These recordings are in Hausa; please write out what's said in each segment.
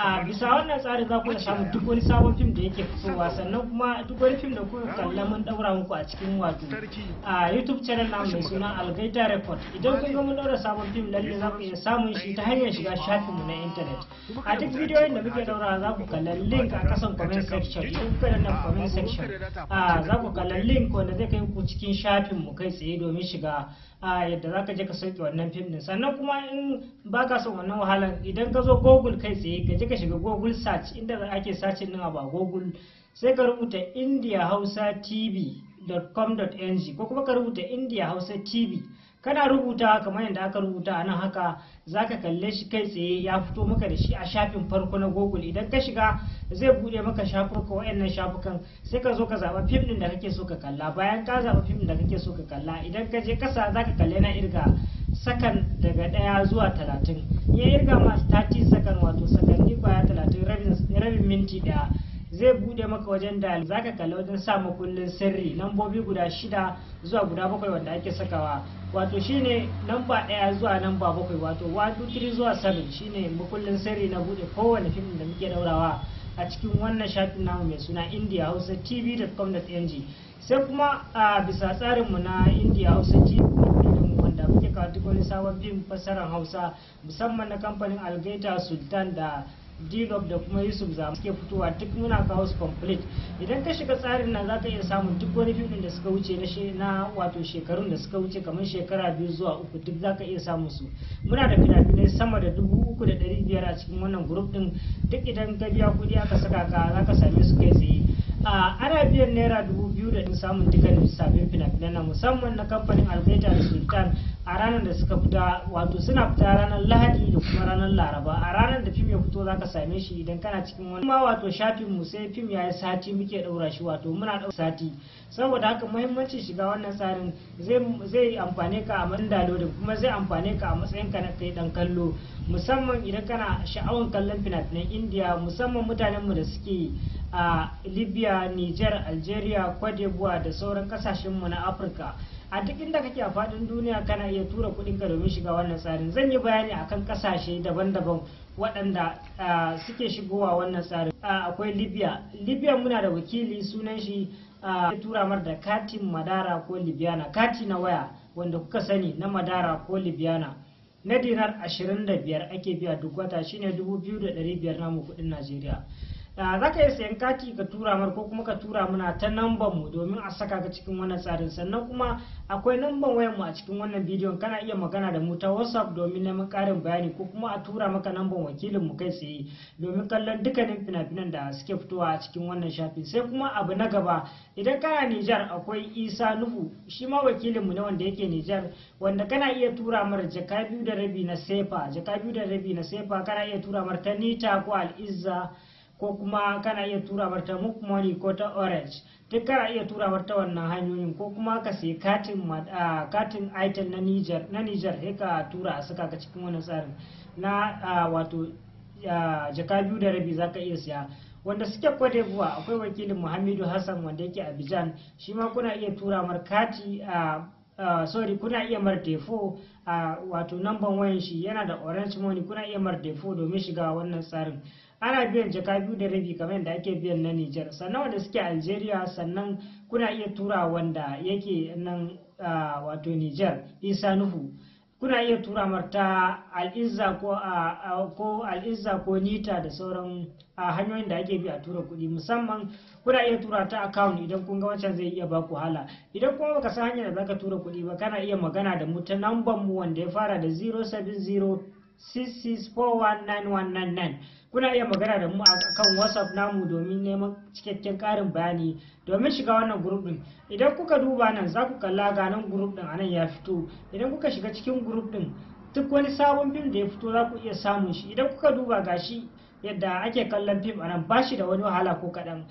a bisa wannan tsarin za ku samu duk wani sabon fim da yake fitowa sannan kuma duk wani fim da kuka kalla mun daura muku a cikin wato a youtube channel namu mai suna algaita report idan kun ga mun daura sabon fim lalle za ku iya samun shi ta hanyar shiga shafin mu na internet a duk bidiyoyin da muke daura za ku kalla link a kasan comment section idan kuka danna comment section a za ku kalla link wanda zai kai ku cikin shafin mu kai tsaye domin shiga a yadda za ka je ka sauke wannan fim din sannan kuma in baka son wannan wahalan idan ka zo google kai tsaye ka je ka shiga google search inda ake sacin din abu a google sai ka rubuta indiahausatv.com.ng ko kuma ka rubuta indiahausa tv kana rubuta kamar yadda aka rubuta a nan haka za ka kalle shi kai tsaye ya fito maka da shi a shafin farko na google idan ka shiga zai bude maka shafuka wayannan shafukan sai ka zo ka zaba fim din da kake so ka kalla bayan ka zaba fim da kake so ka kalla idan ka je kasa za ka kalle na irga sakan daga ɗaya zuwa talatin ya irga masu tati sakan wato sakanni kwaya talatin rabin minti daya zai bude maka wajen da ka kalli wajen sa makullin sirri lambobi guda shida zuwa guda bakwai wanda ake sakawa wato shine namba ɗaya zuwa namba bakwai wato 123 zuwa 7 shine makullin sirri na buɗe kowane fim da muke daurawa a cikin wannan shafin namu mai suna india hausa tv.com.ng sai kuma a bisa tsarinmu na india hausa tv wanda muke kawo duk wani sabon fim fassarar hausa musamman na kamfanin algaita sultan da dilog da kuma yusuf zama suke fitowa duk muna kawo su complete idan ka shiga tsarin nan za ka iya samun duk wani fim da suka wuce na wato shekarun da suka wuce kamar shekara biyu zuwa uku duk za ka iya samun su muna da fina-finai sama da dubu uku da ɗari biyar a cikin wannan grup din duk idan ka biya kuɗi aka saka ka za ka same su kai tsaye ana biyan naira dubu biyu da samun dukkan lissafin fina finai na musamman na kamfanin albaita da sultan a ranar da suka fita wato suna fita ranar lahadi da kuma ranar laraba a ranar da fim ya fito zaka same shi idan kana cikin wani kuma wato shafin mu sai fim ya yi sati muke daura shi wato muna daura sati saboda haka muhimmancin shiga wannan tsarin zai amfane ka a matsayin dalo da kuma zai amfane ka a matsayin ka na kai dan kallo musamman idan kana sha'awar kallon fina-finan indiya musamman mutanenmu da suke a libya niger algeria cote da sauran kasashenmu na afirka a duk inda kake a faɗin duniya kana iya tura kuɗinka domin shiga wannan tsarin zan yi bayani a kan kasashe daban-daban waɗanda suke shigowa wannan tsarin akwai libya libya muna da wakili sunan shi tura mar da katin madara ko libyana kati na waya wanda kuka sani na madara ko libyana na dinar 25 ake biya duk wata shine 2,500 namu kudin najeriya za ka iya sayan kati ka tura mar ko kuma ka tura mana ta namban mu domin a saka ka cikin wannan tsarin sannan kuma akwai namban wayan mu a cikin wannan bidiyon kana iya magana da mu ta whatsapp domin neman karin bayani ko kuma a tura maka namban wakilin mu kai tsaye domin kallon dukkanin fina-finan da suke fitowa a cikin wannan shafin sai kuma abu na gaba idan kana Nijar akwai Isa Nuhu shi ma wakilin mu ne wanda yake Nijar wanda kana iya tura mar jaka biyu da rabi na sefa jaka biyu da rabi na sefa kana iya tura mar ta nita ko al'izza ko kuma kana iya tura ta muk money ko ta orange duk kana iya tura ta wannan hanyoyin ko kuma ka sai katin katin item na niger na niger sai ka tura a saka ka cikin wani tsarin na wato jaka biyu da rabi zaka iya siya wanda suke kwade buwa akwai wakilin Muhammadu Hassan wanda yake Abidjan shi ma kuna iya tura mar kati sorry kuna iya mar defo wato namban wayan shi yana da orange money kuna iya mar defo domin shiga wannan tsarin ana biyan jaka biyu da rabi kamar da ake biyan na Nijar sannan wanda suke Algeria sannan kuna iya tura wanda yake nan wato Nijar Isa Nuhu kuna iya tura marta al'izza ko al'izza ko nita da sauran hanyoyin da ake bi a tura kuɗi musamman kuna iya tura ta account idan kun ga wancan zai iya baku hala idan kuma baka san hanyar da zaka tura kuɗi ba kana iya magana da mu ta namban mu wanda ya fara da 070 66419199 kuna iya magana da mu a kan whatsapp namu domin neman cikakken karin bayani domin shiga wannan group din idan kuka duba nan za ku kalla ga nan group din anan ya fito idan kuka shiga cikin group din duk wani sabon fim da ya fito za ku iya samun shi idan kuka duba gashi yadda ake kallon fim a nan ba shi da wani wahala ko kaɗan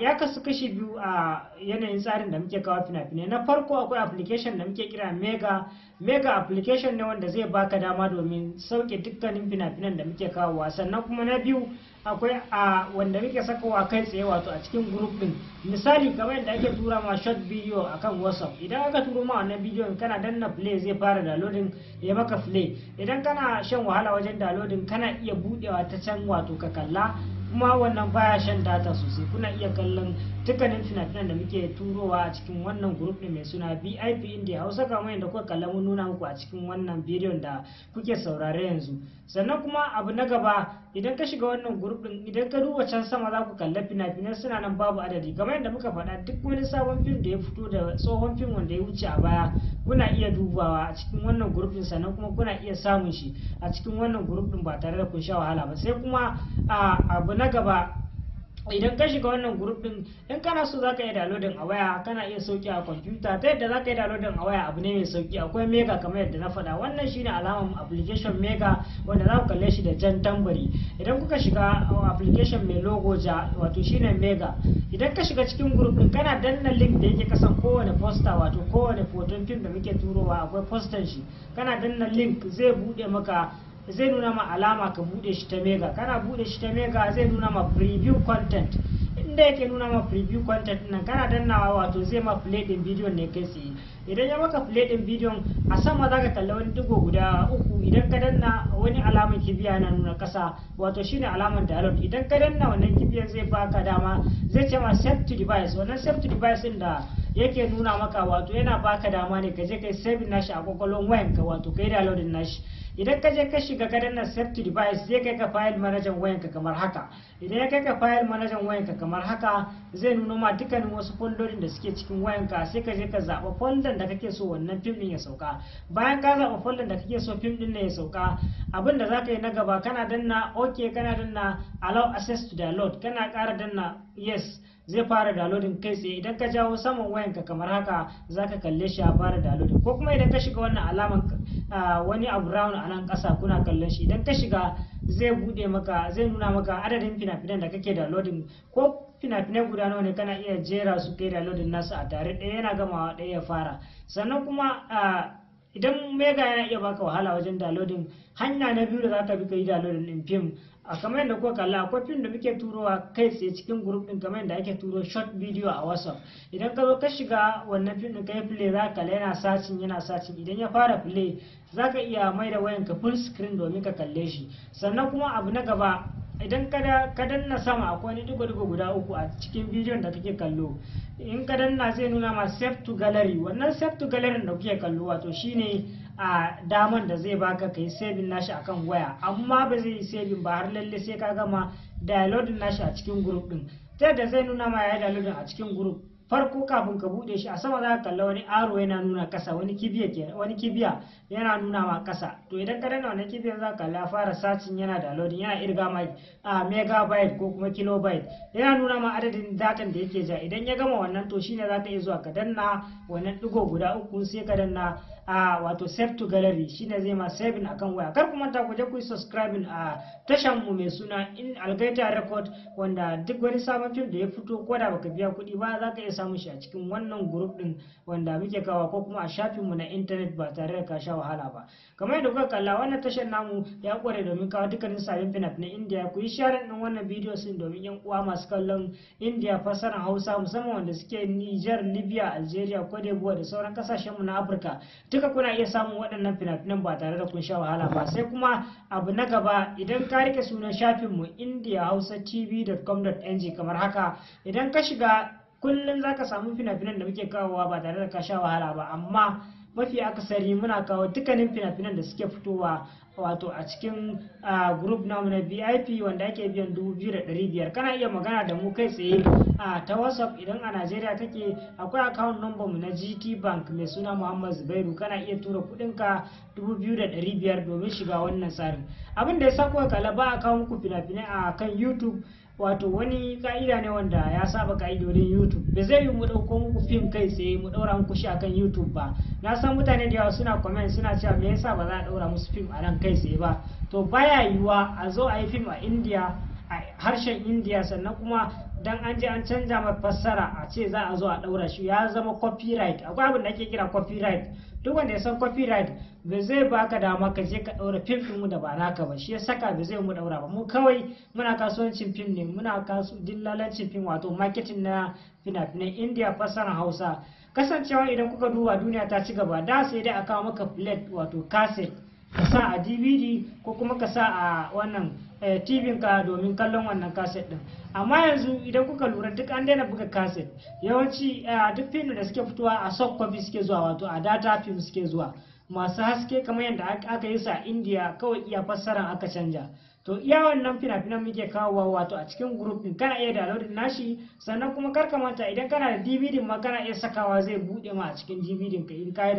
ya kasu kashi biyu a yanayin tsarin da muke kawo fina-finai na farko akwai application da muke kira mega mega application ne wanda zai baka dama domin sauke dukkanin fina-finan da muke wasan sannan kuma na biyu akwai a wanda muke sakawa kai tsaye wato a cikin group din misali kamar yadda ake tura ma short video akan whatsapp idan aka turo ma wannan bidiyon kana danna play zai fara downloading ya maka play idan kana shan wahala wajen downloading kana iya budewa ta can wato ka kalla kuma wannan baya shan data sosai kuna iya kallon dukkanin finafinan da muke turowa a cikin wannan group ne mai suna VIP India Hausa kamar yadda kuka kalla mun nuna muku a cikin wannan bidiyon da kuke saurare yanzu sannan kuma abu na gaba idan ka shiga wannan group din idan ka duba can sama za ku kalla fina-finan suna nan babu adadi kamar yadda muka faɗa duk wani sabon fim da ya fito da tsohon fim wanda ya wuce a baya kuna iya dubawa a cikin wannan group din sannan kuma kuna iya samun shi a cikin wannan group din ba tare da kun sha wahala ba sai kuma abu na gaba idan ka shiga wannan group din in kana so zaka yi downloading a waya kana iya sauki a kwamfuta ta yadda zaka yi downloading a waya abu ne mai sauki akwai mega kamar yadda na faɗa wannan shine alamar application mega wanda zaku kalle shi da jan tambari idan kuka shiga uh, application mai logo ja wato shine mega idan ka shiga cikin group din kana danna link da yake kasan kowane poster wato kowane hoton fim da muke turowa akwai poster shi kana danna link zai bude maka zai nuna ma alama ka bude shi ta mega kana bude shi ta mega zai nuna ma preview content inda yake nuna ma preview content nan kana dannawa wato zai ma play din bidiyon ne kai sai idan ya maka play din bidiyon a sama zaka kalla wani digo guda uku idan ka danna wani alaman kibiya na nuna kasa wato shine alaman download idan ka danna wannan kibiyan zai baka dama zai ce ma save to device wannan save to device din da yake nuna maka wato yana baka dama ne ka je kai save nashi a kwakwalwar wayanka wato kai downloading nashi idan ka je ka shiga ka danna safety device zai kai ka file manager wayanka kamar haka idan ya kai ka file manager wayanka kamar haka zai nuna ma dukkanin wasu folderin da suke cikin wayanka sai ka je ka zaba folder da kake so wannan film din ya sauka bayan ka zaba folder da kake so film din ne ya sauka abin da zaka yi na gaba kana danna okay kana danna allow access to download kana ƙara danna yes zai fara downloading kai tsaye idan ka jawo saman wayanka kamar haka zaka kalle shi a fara downloading ko kuma idan ka shiga wannan alaman wani abu round a nan ƙasa kuna kallon shi idan ka shiga zai bude maka zai nuna maka adadin fina-finan da kake da loading ko fina-finai guda nawa ne kana iya jera su kai da loading nasu a tare ɗaya yana gamawa ɗaya ya fara sannan kuma idan mega yana iya baka wahala wajen downloading hanya na biyu da zaka bi ka yi downloading din film a kamar yadda kuka kalla akwai fim da muke turowa kai tsaye cikin group din kamar yadda ake turo short video a whatsapp idan ka zo ka shiga wannan fim din kai play za ka yana sacin yana sacin idan ya fara play za ka iya mai da wayan ka full screen domin ka kalle shi sannan kuma abu na gaba idan ka danna sama akwai wani digo-digo guda uku a cikin bidiyon da kake kallo in ka danna zai nuna ma save to gallery wannan save to gallery da kuke kallo wato shine a daman da zai baka yi saving nashi akan waya amma ba zai yi saving ba har lalle sai ka gama downloading nashi a cikin group din ta da zai nuna ma ya downloading a cikin group farko kafin ka bude shi a sama za ka kalla wani aro yana nuna kasa wani kibiya ke wani kibiya yana nuna ma kasa to idan ka danna wannan kibiyan za ka kalla fara sacin yana da loading yana irga ma a megabyte ko kuma kilobyte yana nuna ma adadin datan da yake ja idan ya gama wannan to shine za ka iya zuwa ka danna wannan digo guda uku sai ka danna a wato save to gallery ne zai ma saving akan waya kar kuma ta kuje ku subscribing a tashan mu mai suna in algaita record wanda duk wani sabon fim da ya fito ko da baka biya kuɗi ba za ka iya samun shi a cikin wannan group din wanda muke kawa ko kuma a shafin mu na internet ba tare da ka sha wahala ba kamar yadda kuka kalla wannan tashan namu ya kware domin kawo dukkanin sabon film na India ku yi share din wannan bidiyo sun domin yan uwa masu kallon India fasaran Hausa musamman wanda suke Niger Libya Algeria Cote d'Ivoire da sauran kasashen mu na Afirka duka kuna iya samun waɗannan fina-finan ba tare da kun sha wahala ba sai kuma abu na gaba idan ka rike sunan shafinmu indiahausatv.com.ng kamar haka idan ka shiga kullum za ka samu fina-finan da muke kawowa ba tare da ka sha wahala ba amma mafi akasari muna kawo dukkanin fina-finan da suke fitowa wato a cikin group namu na vip wanda ake biyan dubu kana iya magana da mu kai tsaye a ta whatsapp idan a najeriya kake akwai account number mu na gt bank mai suna muhammad zubairu kana iya tura kudinka dubu biyu domin shiga wannan tsarin abin da ya sa kuka kala ba a kawo muku fina-finai a kan youtube wato wani ka'ida ne wanda ya saba ka'idodin youtube da zai yi mu ɗauko muku fim kai sai mu ɗaura muku shi akan youtube ba na san mutane da yawa suna comment suna cewa me yasa ba za a ɗaura musu fim a nan kai sai ba to baya yiwuwa a zo a yi fim a india a harshen india sannan kuma dan an je an canja ma fassara a ce za a zo a ɗaura shi ya zama copyright akwai abin da ake kira copyright duk wanda ya san copyright ba zai baka dama ka je ka daura fim din mu da ba naka ba shi ya saka ba zai mu daura ba mu kawai muna kasuwancin fim ne muna kasu dillalancin fim wato marketing na fina-finan india hausa kasancewa idan kuka duba duniya ta ci gaba da sai dai a kawo maka flat wato cassette ka sa a dvd ko kuma ka sa a wannan eh, tv ka domin kallon wannan kaset din amma yanzu idan kuka lura duk an daina buga kaset yawanci eh, duk fim da suke fitowa a soft copy suke zuwa wato a data film suke zuwa masu haske kamar yadda aka yi su a indiya kawai iya fassara aka canja to iya wannan fina-finan muke kawowa wato a cikin group kana iya downloading nashi sannan kuma kar ka manta idan kana da dvd ma kana iya sakawa zai bude ma a cikin dvd ka in kayi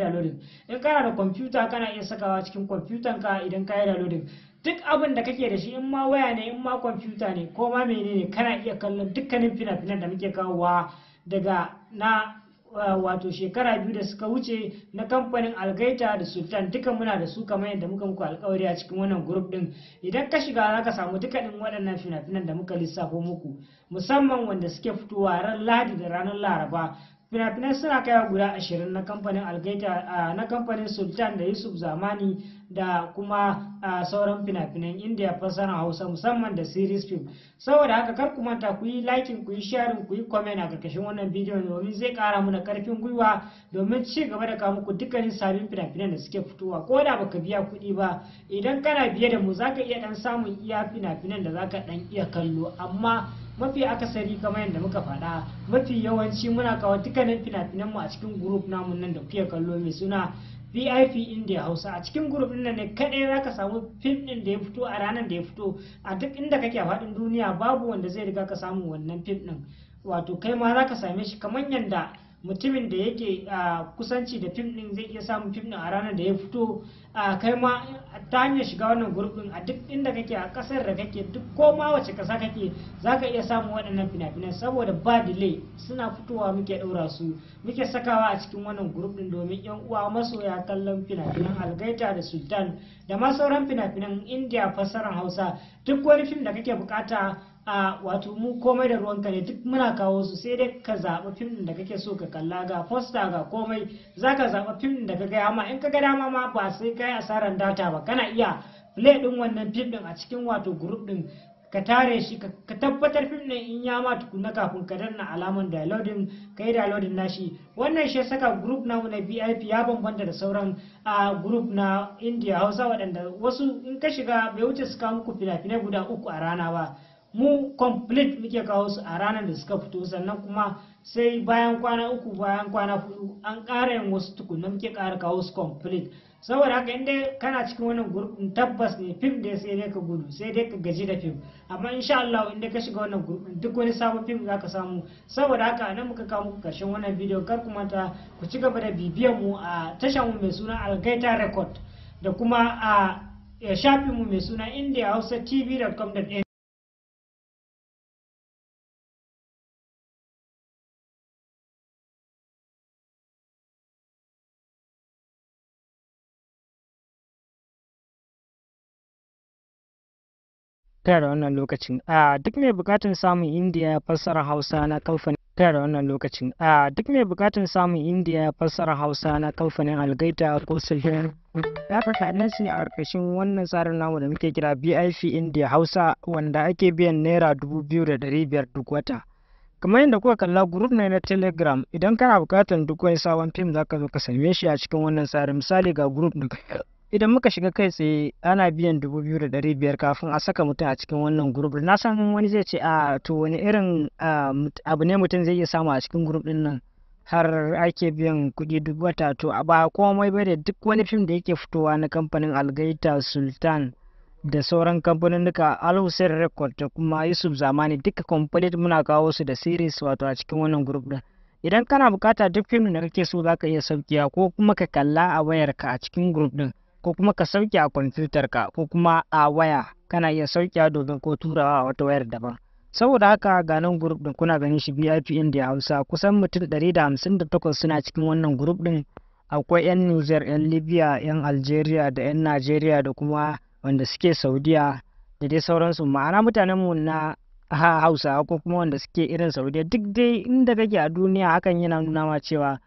in kana da kwamfuta kana iya sakawa cikin computer ka idan kayi downloading duk abin da kake da shi in ma waya ne in ma computer ne ko ma menene kana iya kallon dukkanin fina-finan da muke kawowa daga na wato shekara biyu da suka wuce na kamfanin algaita da sultan duka muna da su kamar yadda muka muku alkawari a cikin wannan grup din idan ka shiga za ka samu dukkanin waɗannan fina-finan da muka lissafo muku musamman wanda suke fitowa ran ladi da ranar laraba fina-finan suna kaiwa guda ashirin na kamfanin algaita na kamfanin sultan da yusuf zamani da kuma a sauran fina-finan indiya fasaran hausa musamman da series film saboda haka kar ku manta ku yi liking ku yi sharing ku yi comment a karkashin wannan bidiyon domin zai kara mana karfin gwiwa domin ci gaba da kawo muku dukkanin sabbin fina-finan da suke fitowa ko da baka biya kuɗi ba idan kana biye da mu zaka iya dan samun iya fina-finan da zaka dan iya kallo amma mafi akasari kamar yadda muka faɗa mafi yawanci muna kawo dukkanin fina-finan mu a cikin group namu nan da kuke kallo mai suna vip india hausa a cikin group ɗin nan ne kaɗai zaka samu fim ɗin da ya fito a ranar da ya fito a duk inda kake a faɗin duniya babu wanda zai riga ka samu wannan fim ɗin wato kai ma zaka same shi kamar yadda mutumin da yake a kusanci da fim din zai iya samun fim din a ranar da ya fito kai ma ta hanyar shiga wannan gurbin a duk inda kake a kasar da kake duk ko ma wace kasa kake za ka iya samun waɗannan fina-finan saboda ba delay suna fitowa muke ɗaura su muke sakawa a cikin wannan gurbin domin yan uwa masoya kallon fina-finan algaita da sultan da ma sauran fina-finan india fassarar hausa duk wani fim da kake bukata a wato mu komai da ruwanka ne duk muna kawo su sai dai ka zaɓi fim ɗin da kake so ka kalla ga fosta ga komai za ka zaɓi fim da ka gaya ma in ka ga dama ma ba sai ka yi asarar data ba kana iya play ɗin wannan fim ɗin a cikin wato group ɗin ka tare shi ka tabbatar fim ɗin in ya ma tukuna kafin ka danna alamar downloading ka yi downloading nashi wannan shi saka group na na vip ya bambanta da sauran a group na india hausa waɗanda wasu in ka shiga bai wuce su kawo muku fina-finai guda uku a rana ba mu complete muke kawo su a ranar da suka fito sannan kuma sai bayan kwana uku bayan kwana hudu an ƙara yin wasu tukunan muke ƙara kawo su complete saboda haka inda kana cikin wannan gurbin tabbas ne fim da sai dai ka gudu sai dai ka gaji da fim amma insha Allah inda ka shiga wannan gurbin duk wani sabon fim za ka samu saboda haka nan muka kawo muku karshen wannan bidiyo kar ku manta ku ci gaba da bibiyar mu a tashar mu mai suna Algaita Record da kuma a eh, shafin mu mai suna indiahausa tv.com ta da wannan lokacin a duk mai bukatun samun indiya fassara hausa na kamfanin ta wannan lokacin a duk mai bukatun samun indiya fassara hausa na kamfanin algaita ko sahihin ya faka nan shi a ƙarƙashin wannan tsarin namu da muke kira bif india hausa wanda ake biyan naira dubu biyu da ɗari biyar duk wata kamar yadda kuka kalla group ne na telegram idan kana bukatan duk wani sabon fim zaka zo ka same shi a cikin wannan tsarin misali ga group ɗin idan muka shiga kai tsaye ana biyan dubu biyu da ɗari biyar kafin a saka mutum a cikin wannan grup na san wani zai ce a to wani irin abu ne mutum zai iya samu a cikin guruf din nan har ake biyan kuɗi duk wata to a ba komai ba da duk wani fim da yake fitowa na kamfanin algaita sultan da sauran kamfanin duka alhussein record da kuma yusuf zamani duka complete muna kawo su da series wato a cikin wannan group din idan kana bukata duk fim da kake so zaka iya saukiya ko kuma ka kalla a wayarka a cikin group din ko kuma ka sauke a kwamfutar ka ko kuma a waya kana iya sauke domin ko turawa a wata wayar daban saboda haka ga nan group din kuna ganin shi VIP India Hausa kusan mutum 158 suna cikin wannan group din akwai 'yan Niger 'yan Libya 'yan Algeria da 'yan Nigeria da kuma wanda suke Saudiya da dai sauransu ma'ana mutanen mu na Hausa ko kuma wanda suke irin Saudiya duk dai inda kake a duniya hakan yana nuna ma cewa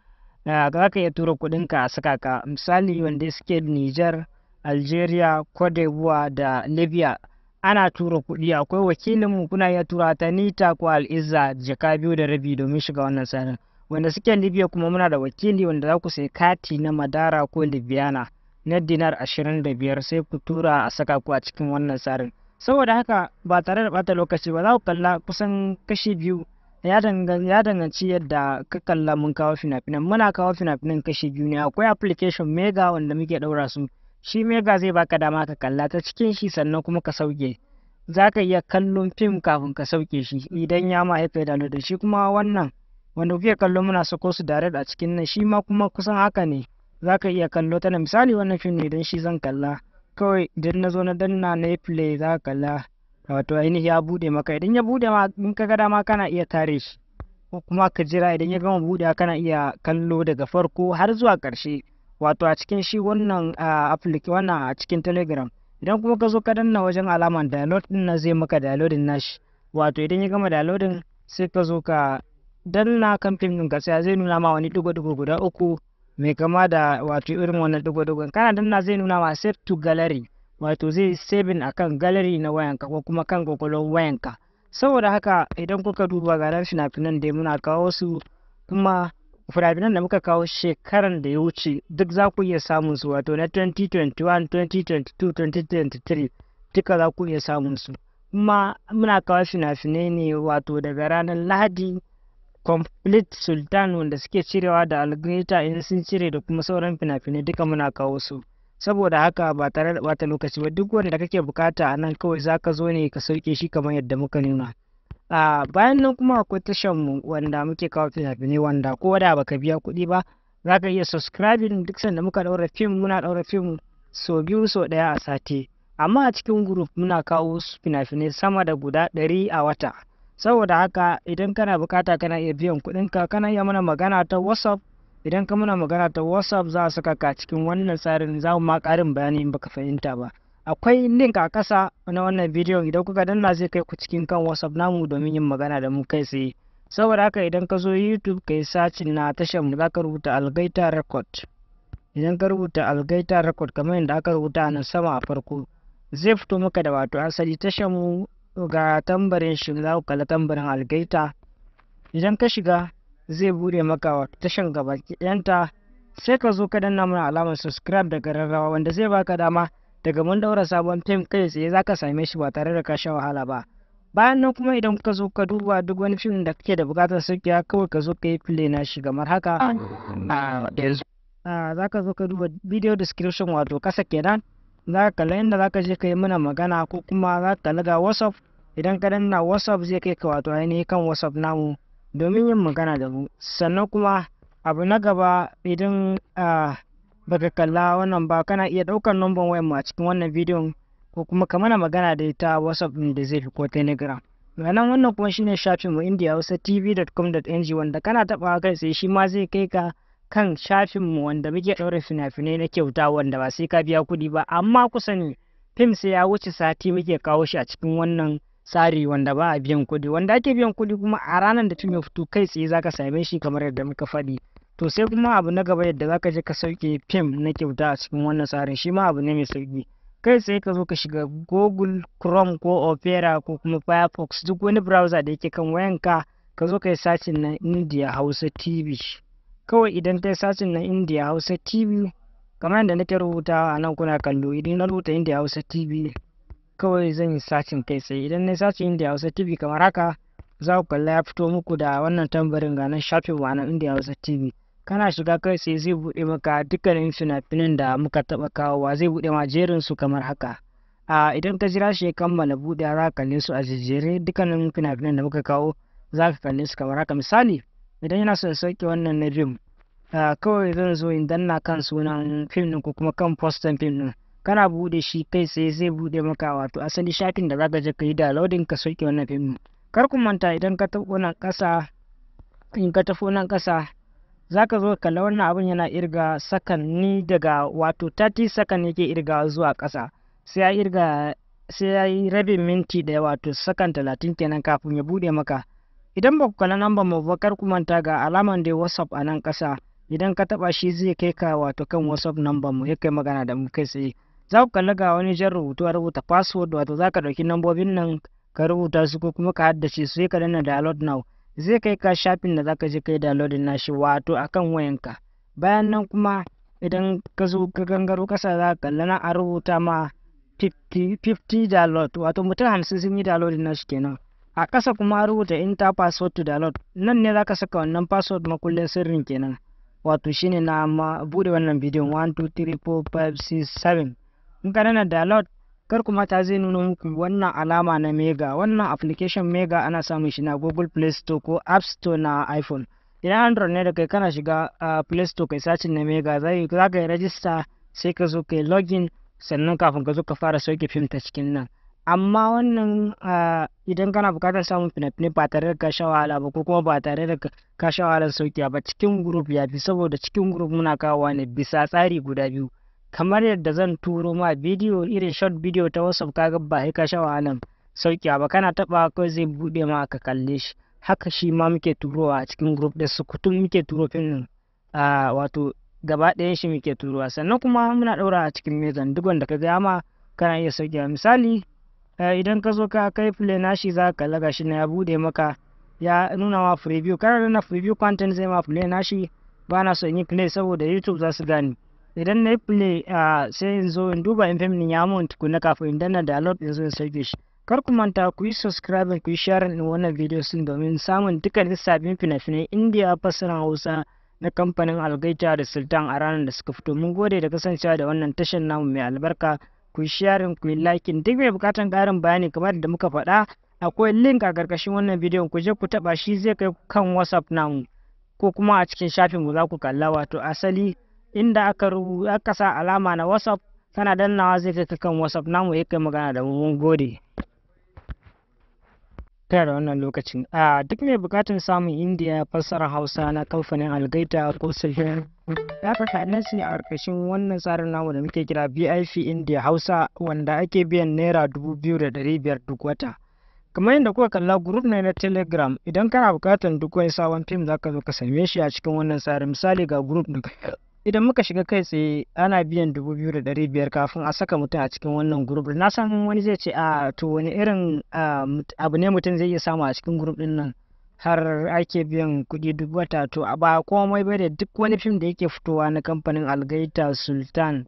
za ka iya tura kuɗin ka a saka ka misali wanda suke Nijar, Algeria, Cote d'Ivoire da Libya ana tura kuɗi akwai wakilinmu kuna iya tura ta nita ko al'izza jaka biyu da rabi domin shiga wannan sanin wanda suke Libya kuma muna da wakili wanda za ku sai kati na Madara ko Libyana na dinar ashirin da biyar sai ku tura a saka ku a cikin wannan tsarin saboda haka ba tare da bata lokaci ba za ku kalla kusan kashi biyu ya danganci yadda ka kalla mun kawo fina-finan muna kawo fina-finan kashi biyu ne akwai application mega wanda muke ɗaura su shi mega zai baka dama ka kalla ta cikin shi sannan kuma ka sauke za ka iya kallon fim kafin ka sauke shi idan ya ma aika da da shi kuma wannan wanda kuke kallo muna sako su direct a cikin nan shi ma kuma kusan haka ne za ka iya kallo ta misali wannan fim ne idan shi zan kalla kawai idan na zo na danna na play za ka kalla wato ainihi ya bude maka idan ya bude ma in ka gada ma kana iya tare shi ko kuma ka jira idan ya gama bude kana iya kallo daga farko har zuwa karshe wato a cikin shi wannan application wannan a cikin telegram idan kuma ka zo ka danna wajen alaman download din na zai maka downloading nashi wato idan ya gama downloading sai ka zo ka danna kamfin ɗin ka sai zai nuna ma wani dugo dugo guda uku mai kama da wato irin wannan dugo digon kana danna zai nuna ma set to gallery wato zai saving kan gallery na wayanka ko kuma kan kwakwalwar wayanka saboda haka idan kuka duba ga nan fina-finan da muna kawo su kuma fina da muka kawo shekaran da ya wuce duk za ku iya samun su wato na 2021 2022 2023 duka za ku iya samun su kuma muna kawo fina-finai ne wato daga ranar lahadi complete sultan wanda suke cirewa da algorithm in sun cire da kuma sauran fina-finai duka muna kawo su saboda haka ba tare da bata lokaci ba duk wanda kake bukata a nan kawai za ka zo ne ka sauke shi kamar yadda muka nuna a bayan nan kuma akwai tashan mu wanda muke kawo fina-finai wanda ko da baka biya kuɗi ba za ka iya subscribing duk sanda muka ɗaura fim muna ɗaura fim so biyu so ɗaya a sati amma a cikin group muna kawo fina-finai sama da guda ɗari a wata saboda haka idan kana bukata kana iya biyan kuɗinka kana iya mana magana ta whatsapp idan ka muna magana ta whatsapp za a saka ka cikin wannan tsarin za mu ma ƙarin bayani in baka fahimta ba akwai link a ƙasa na wannan bidiyon idan kuka danna zai kai ku cikin kan whatsapp namu domin yin magana da mu kai tsaye saboda haka idan ka zo youtube ka yi sacin na tashar mu za ka rubuta algaita record idan ka rubuta algaita record kamar yadda aka rubuta a nan sama a farko zai fito maka da wato asali tashar mu ga tambarin shi za ku kalla tambarin algaita idan ka shiga zai bude maka wa tashan gabaki sai ka zo ka danna mana alamar subscribe da gararrawa wanda zai baka dama daga mun daura sabon fim kai tsaye za ka same shi ba tare da ka sha wahala ba bayan nan kuma idan ka zo ka duba duk wani fim da kake da bukatar sauƙiya kawai ka zo ka yi play na shi kamar haka ah. Ah, ah, za ka zo ka duba video description wato kasa kenan za ka kalla inda za ka je ka yi mana magana ko kuma za ka ga whatsapp idan ka danna whatsapp zai kai ka wato ainihin kan whatsapp namu domin yin magana da mu sannan kuma abu na gaba idan baka kalla wannan ba kana iya ɗaukar numban wayan mu a cikin wannan bidiyon ko kuma ka mana magana da ita whatsapp ne da zai fi ko telegram ranar wannan kuma shine shafin mu india hausa tv.com.ng wanda kana taɓa kai sai shi ma zai kai ka kan shafin mu wanda muke ɗaure fina-finai na kyauta wanda ba sai ka biya kuɗi ba amma kusa ne fim sai ya wuce sati muke kawo shi a cikin wannan tsari wanda ba a biyan kuɗi wanda ake biyan kuɗi kuma a ranar da tun ya fito kai tsaye zaka same shi kamar yadda muka faɗi to sai kuma abu na gaba yadda ka je ka sauke fim na kyauta a cikin wannan tsarin shi ma abu ne mai sauki kai tsaye ka zo ka shiga google chrome ko opera ko kuma firefox duk wani browser da yake kan wayan ka zo ka yi sacin na india hausa tv kawai idan ta yi sacin na india hausa tv kamar yadda nake rubuta a nan kuna kallo idan na rubuta india hausa tv kawai zan yi sacin kai sai idan na sacin india hausa tv kamar haka za ku kalla ya fito muku da wannan tambarin ga nan shafin wa na hausa tv kana shiga kai sai zai buɗe maka dukkanin fina-finan da muka taɓa kawowa zai buɗe ma jerin su kamar haka a idan ka jira shi ya kammala buɗe za ka kalle su a jejjere dukkanin fina-finan da muka kawo za ka kalle su kamar haka misali idan yana son sauke wannan na fim kawai zan zo in danna kan sunan fim ɗin ko kuma kan fostan fim ɗin kana bude shi kai sai zai bude maka wato asali shafin da zaka je kai yi downloading ka soke wannan film kar ku manta idan ka tafi wannan kasa in ka tafi wannan kasa zaka zo la wannan abun yana irga sakanni daga wato 30 second yake irga zuwa kasa sai ya irga sai ya yi rabin minti da wato sakan 30 kenan kafin ya bude maka idan ba ku kalla namba mu ba kar ku manta ga alaman da WhatsApp a nan kasa idan ka taba shi zai kai ka wato kan WhatsApp number mu ya kai magana da mu kai sai. za ku kalla ga wani jan rubutu a rubuta password wato za ka ɗauki nambobin nan ka rubuta su ko kuma ka haddace su sai ka danna download now zai kai ka shafin da za ka je ka yi downloading nashi wato akan wayanka bayan nan kuma idan ka zo ka gangaro kasa za ka kalla na a rubuta ma 50 download wato mutum hamsin sun yi downloading nashi kenan a ƙasa kuma a rubuta enter password to download nan ne za ka saka wannan password makullin sirrin kenan wato shine na ma bude wannan bidiyon 1 2 3 4 5 6 7 in ka download kar kuma ta zai nuna muku wannan alama na mega wannan application mega ana samun shi na google play store ko app store na iphone idan android ne da kai kana shiga play store kai sacin na mega za ka yi rajista sai ka zo kai login sannan kafin ka zo ka fara sauke fim ta cikin nan amma wannan idan kana bukatar samun fina-finai ba tare da ka sha wahala ba ko kuma ba tare da ka sha wahalar sauki ba cikin group ya fi saboda cikin group muna kawowa ne bisa tsari guda biyu kamar yadda zan turo ma bidiyo irin short bidiyo ta whatsapp kaga ba ka sha wahalan sauki ba kana taba ko zai bude ma ka kalle shi haka shi ma muke turowa a cikin group da sukutun muke turo fim a wato gaba ɗayan shi muke turowa sannan kuma muna ɗaura a cikin mezan duk wanda ka gaya ma kana iya sauki misali idan ka zo ka kai play na shi za ka laga shi na ya bude maka ya nuna ma preview kana nuna preview content zai ma play na shi ba na so in yi play saboda youtube za su gani idan na yi a sai in zo in duba in fim ya mun tukuna kafin in danna download in zo in sauke shi kar ku manta ku yi subscribe ku yi share in wannan video sun domin samun dukkanin sabbin fina-finai indiya fasaran hausa na kamfanin algaita da sultan a ranar da suka fito mun gode da kasancewa da wannan tashar namu mai albarka ku yi share ku yi like duk mai bukatan karin bayani kamar da muka faɗa akwai link a karkashin wannan bidiyon ku je ku taba shi zai kai kan whatsapp namu ko kuma a cikin shafin mu za ku kalla wato asali inda aka rubuta aka sa alama na whatsapp kana dannawa zai kai kan whatsapp namu ya kai magana da mu mun gode kai da wannan lokacin a duk mai bukatun samun indiya fassarar hausa na kamfanin algaita ko sahihin ya fi nan ne a ƙarƙashin wannan tsarin namu da muke kira bif india hausa wanda ake biyan naira dubu biyu da dari biyar duk wata kamar yadda kuka kalla group ne na telegram idan kana bukatan duk wani sabon fim zaka zo ka same shi a cikin wannan tsarin misali ga group na idan muka shiga kai tsaye ana biyan dubu biyu da ɗari biyar kafin a saka mutum a cikin wannan grup na san wani zai ce a to wani irin abu ne mutum zai iya samu a cikin guruf din nan har ake biyan kuɗi duk wata to a ba komai ba da duk wani fim da yake fitowa na kamfanin algaita sultan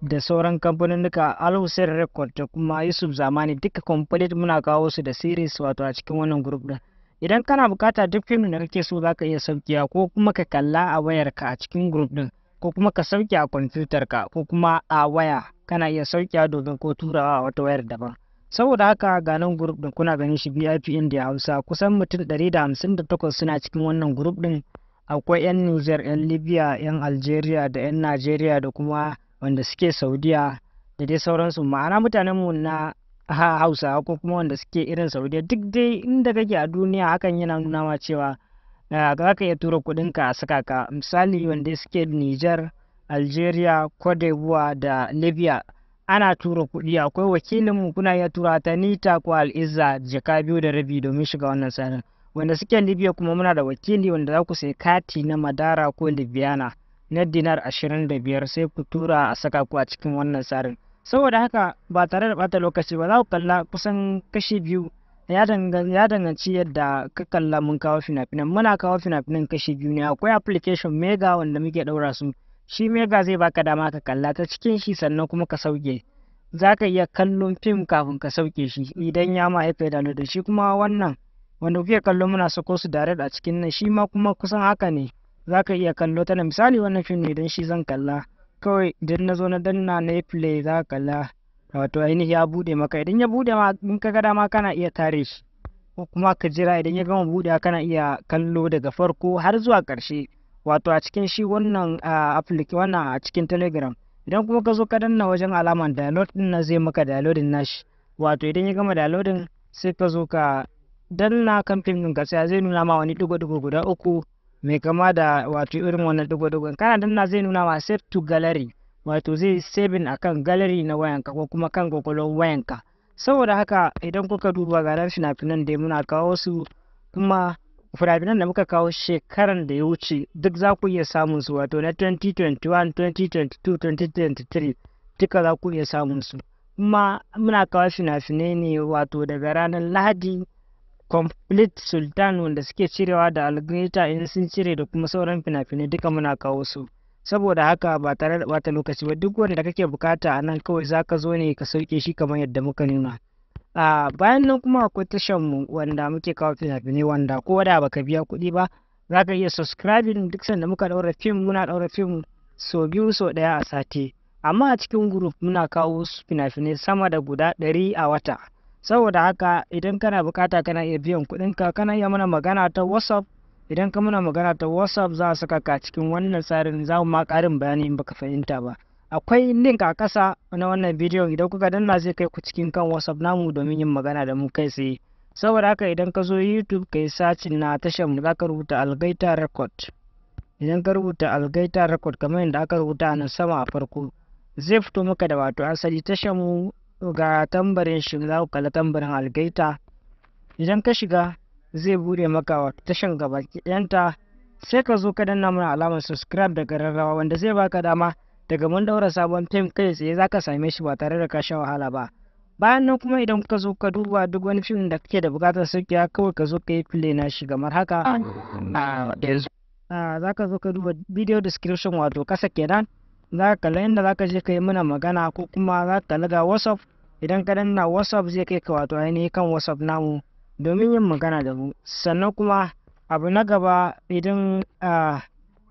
da sauran kamfanin duka alhussein record da kuma yusuf zamani duka complete muna kawo su da series wato a cikin wannan group din idan kana bukata duk fim da kake so zaka iya saukiya ko kuma ka kalla a wayarka a cikin group din ko kuma ka sauke a kwamfutar ka ko kuma a waya kana iya sauke domin ko turawa a wata wayar daban saboda haka ga nan group din kuna ganin shi VIP India Hausa kusan mutum 158 suna cikin wannan grup din akwai 'yan Niger 'yan Libya 'yan Algeria da 'yan Nigeria da kuma wanda suke Saudiya da dai sauransu ma'ana mutanen mu na Hausa ko kuma wanda suke irin Saudiya duk dai inda kake a duniya hakan yana nuna cewa za ka iya tura kuɗin ka a saka ka misali wanda suke Nijar, Algeria, Cote d'Ivoire da Libya ana tura kuɗi akwai wakilinmu kuna iya tura ta nita ko al'izza jaka biyu da rabi domin shiga wannan sanin wanda suke Libya kuma muna da wakili wanda za ku sai kati na Madara ko Libyana na dinar ashirin da biyar sai ku tura a saka ku a cikin wannan sarin saboda haka ba tare da bata lokaci ba za ku kalla kusan kashi biyu ya danganci yadda ka kalla mun kawo fina-finan muna kawo fina-finan kashi biyu ne akwai application mega wanda muke ɗaura su shi mega zai baka dama ka kalla ta cikin shi sannan kuma ka sauke za ka iya kallon fim kafin ka sauke shi idan ya ma aika da da shi kuma wannan wanda kuke kallo muna sako su direct a cikin nan shi ma kuma kusan haka ne za ka iya kallo ta misali wannan fim ne idan shi zan kalla kawai idan na zo na danna na play za ka kalla wato ainihi ya bude maka idan ya bude ma in ka gada ma kana iya tare shi ko kuma ka jira idan ya gama bude kana iya kallo daga farko har zuwa karshe wato a cikin shi wannan application wannan a cikin telegram idan kuma ka zo ka danna wajen alaman download din na zai maka downloading nashi wato idan ya gama downloading sai ka zo ka danna kamfin ɗin ka sai zai nuna ma wani dugo dugo guda uku mai kama da wato irin wannan dugo dugo kana danna zai nuna ma set to gallery wato zai saving akan gallery na wayanka ko kuma kan kwakwalwar wayanka saboda haka idan kuka duba ga nan fina-finan da muna kawo su kuma fina da muka kawo shekaran da ya wuce duk za ku iya samun su wato na 2021 2022 2023 duka za ku iya samun su kuma muna kawo fina-finai ne wato daga ranar lahadi complete sultan wanda suke cirewa da algorithm in sun cire da kuma sauran fina-finai duka muna kawo su saboda haka ba tare da bata lokaci ba duk wanda kake bukata a nan kawai za ka zo ne ka sauke shi kamar yadda muka nuna a bayan nan kuma akwai tashan mu wanda muke kawo fina-finai wanda ko da baka biya kuɗi ba za ka iya subscribing duk sanda muka daura fim muna daura fim so biyu so ɗaya a sati amma a cikin group muna kawo fina-finai sama da guda ɗari a wata saboda haka idan kana bukata kana iya biyan kuɗinka kana iya mana magana ta whatsapp idan ka muna magana ta whatsapp za a saka ka cikin wannan tsarin za mu ma ƙarin bayani in baka fahimta ba akwai link a ƙasa na wannan bidiyon idan kuka danna zai kai ku cikin kan whatsapp namu domin yin magana da mu kai tsaye saboda haka idan ka zo youtube ka yi sacin na tashar mu za ka rubuta algaita record idan ka rubuta algaita record kamar yadda aka rubuta a nan sama a farko zai fito maka da wato asali tashar mu ga tambarin shi za ku kalla tambarin algaita idan ka shiga zai bude maka wa tashan gabaki sai ka zo ka danna mana alamar subscribe da gararrawa wanda zai baka dama daga mun daura sabon fim kai tsaye za ka same shi ba tare da ka sha wahala ba bayan nan kuma idan ka zo ka duba duk wani fim da kake da bukatar sauƙiya kawai ka zo ka yi play na shi kamar haka ah. Ah, ah, za ka zo ka duba video description wato kasa kenan za ka kalla inda za ka je ka yi mana magana ko kuma za ka ga whatsapp idan ka danna whatsapp zai kai ka wato ainihin kan whatsapp namu domin yin magana da mu sannan kuma abu na gaba idan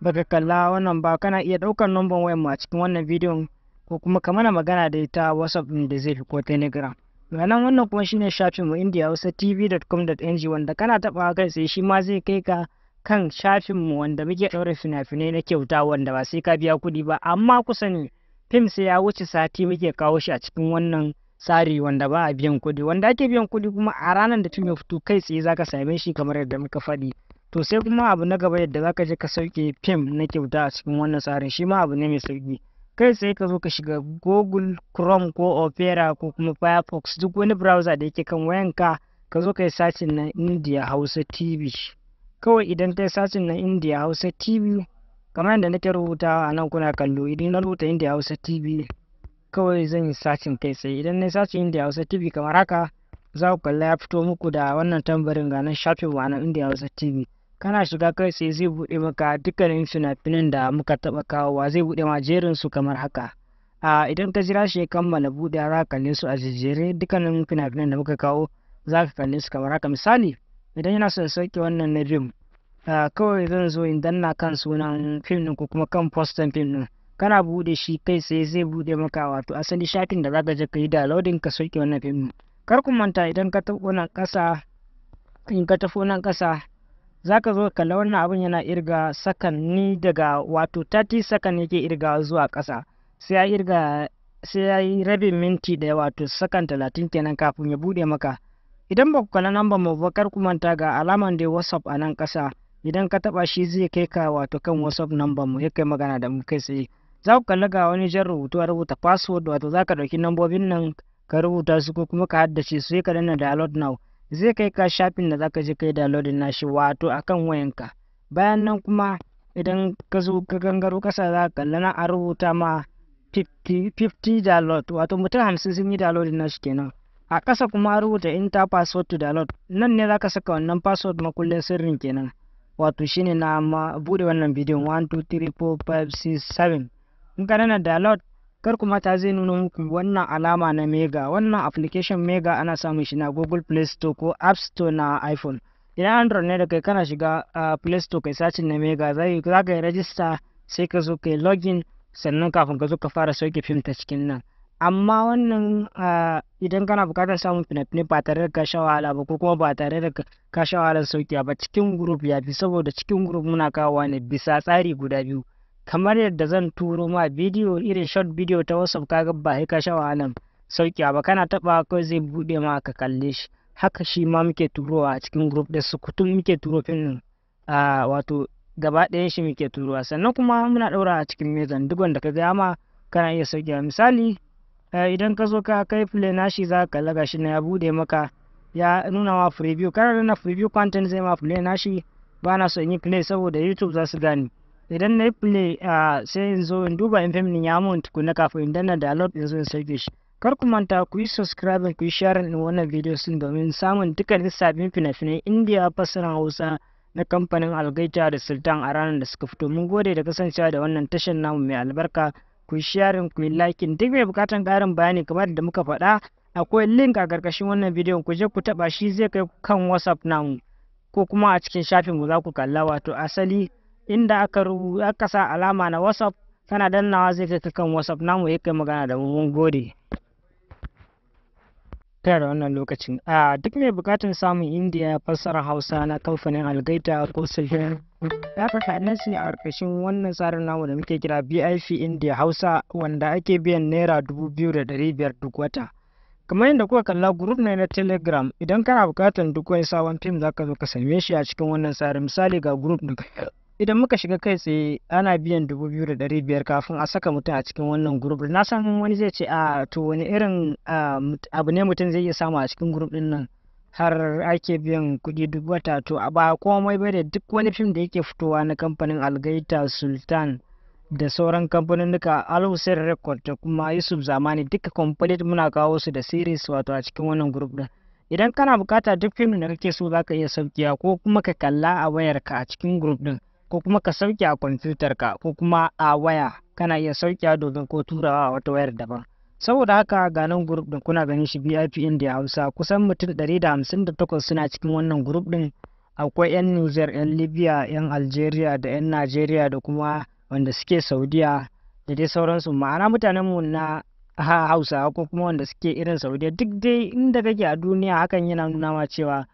baka kalla wannan ba kana iya ɗaukar numban wayan mu a cikin wannan bidiyon ko kuma ka mana magana da ita whatsapp ɗin da zai fi ko telegram ranar wannan kuma shine shafin mu india hausa tv.com.ng wanda kana taɓa kai sai shi ma zai kai ka kan shafin mu wanda muke ɗaure fina-finai na kyauta wanda ba sai ka biya kuɗi ba amma kusa ne fim sai ya wuce sati muke kawo shi a cikin wannan tsari wanda ba a biyan kuɗi wanda ake biyan kuɗi kuma a ranar da tun ya fito kai tsaye za ka same shi kamar yadda muka faɗi to sai kuma abu na gaba yadda za ka je ka sauke fim na kyauta a cikin wannan tsarin shi ma abu ne mai sauki kai tsaye ka zo ka shiga google chrome ko opera ko kuma firefox duk wani browser da yake kan wayanka ka zo ka yi sacin na india hausa tv kawai idan ka yi sacin na india hausa tv kamar yadda nake rubutawa a nan kuna kallo idan na rubuta india hausa tv kawai zan yi sacin kai tsaye idan na sacin india hausa tv kamar haka za ku kalla ya fito muku da wannan tambarin ga nan shafin wa na india hausa tv kana shiga kai sai zai buɗe maka dukkanin fina-finan da muka taɓa kawowa zai buɗe ma jerin su kamar haka a idan ka jira shi ya kammala buɗe za ka kalle su a jejjere dukkanin fina-finan da muka kawo za ka kalle su kamar haka misali idan yana son sauke wannan na fim kawai zan zo in danna kan sunan fim ɗin ko kuma kan fostan fim ɗin kana bude shi kai sai zai bude maka wato asali shafin da zaka je ka yi downloading ka soke wannan film kar ku manta idan ka tafi wannan kasa in ka tafi wannan kasa zaka zo kalla wannan abun yana irga sakanni daga wato 30 sakan yake irga zuwa kasa sai ya irga sai ya yi rabin minti da wato sakan 30 kenan kafin ya bude maka idan ba ku kalla namba mu ba kar ku manta ga alaman da whatsapp a nan kasa idan ka taba shi zai kai ka wato kan whatsapp number mu ya kai magana da mu kai sai za ku kalla ga wani jan rubutu a rubuta password wato za ka ɗauki nambobin nan ka rubuta su ko kuma ka haddace su sai ka danna download now zai kai ka shafin da za ka je ka yi downloading nashi wato akan wayanka bayan nan kuma idan ka zo ka gangaro kasa za ka kalla na a rubuta ma 50 download wato mutum hamsin sun yi downloading nashi kenan a ƙasa kuma a rubuta enter password to download nan ne za ka saka wannan password makullin sirrin kenan wato shine na ma bude wannan bidiyon 1 2 3 4 5 6 7 in ka download kar kuma ta zai nuna muku wannan alama na mega wannan application mega ana samun shi na google play store ko app store na iphone idan android ne da kai kana shiga play store kai sacin na mega za ka yi rajista sai ka zo kai login sannan kafin ka zo ka fara sauke fim ta cikin nan amma wannan idan kana bukatar samun fina-finai ba tare da ka sha wahala ba ko kuma ba tare da ka sha wahalar sauki ba cikin group ya fi saboda cikin group muna kawowa ne bisa tsari guda biyu kamar yadda zan turo ma bidiyo irin short bidiyo ta whatsapp kaga ba ka sha wahalan sauki ba kana taba ko zai bude ma ka kalle shi haka shi ma muke turowa a cikin group da su kutum muke turo fin a wato gaba ɗayan shi muke turowa sannan kuma muna ɗaura a cikin mezan duk wanda ka gaya ma kana iya sauki misali idan ka zo ka kai play na shi za ka laga shi na ya bude maka ya nuna ma preview kana nuna preview content zai ma play na shi ba na so in yi play saboda youtube za su gani idan na yi a sai in zo in duba in ya mun tukuna kafin in danna download in zo in sauke shi kar ku manta ku yi subscribe ku yi share in wannan video sun domin samun dukkanin sabbin fina-finai indiya fasaran hausa na kamfanin algaita da sultan a ranar da suka fito mun gode da kasancewa da wannan tashar namu mai albarka ku yi share ku yi like duk mai bukatan karin bayani kamar da muka faɗa akwai link a ƙarƙashin wannan bidiyon ku je ku taɓa shi zai kai kan whatsapp namu ko kuma a cikin shafin mu za ku kalla wato asali inda aka rubuta aka sa alama na whatsapp kana dannawa zai kai kan whatsapp namu ya magana da mu mun gode tare da wannan lokacin a duk mai bukatun samun indiya fassarar hausa na kamfanin algaita ko sahihin ya fi nan a ƙarƙashin wannan tsarin namu da muke kira bif india hausa wanda ake biyan naira dubu biyu da ɗari biyar duk wata kamar yadda kuka kalla group ne na telegram idan kana bukatar duk wani sabon fim zaka zo ka same shi a cikin wannan tsarin misali ga group na idan muka shiga kai tsaye ana biyan dubu biyu da ɗari biyar kafin a saka mutum a cikin wannan grup na san wani zai ce a to wani irin abu ne mutum zai iya samu a cikin grup din nan har ake biyan kuɗi duk wata to a ba komai bai da duk wani fim da yake fitowa na kamfanin algaita sultan da sauran kamfanin duka alhussein record da kuma yusuf zamani duka complete muna kawo su da series wato a cikin wannan group din idan kana bukata duk fim da kake so zaka iya saukiya ko kuma ka kalla a wayarka a cikin group din ko kuma ka sauke a kwamfutar ka ko kuma a waya kana iya sauke domin ko turawa a wata wayar daban saboda haka ga nan group din kuna ganin shi VIP India Hausa kusan mutum 158 suna cikin wannan group din akwai 'yan Niger 'yan Libya 'yan Algeria da 'yan Nigeria da kuma wanda suke Saudiya da dai sauransu ma'ana mutanen mu na Hausa ko kuma wanda suke irin Saudiya duk dai inda kake a duniya hakan yana nuna ma cewa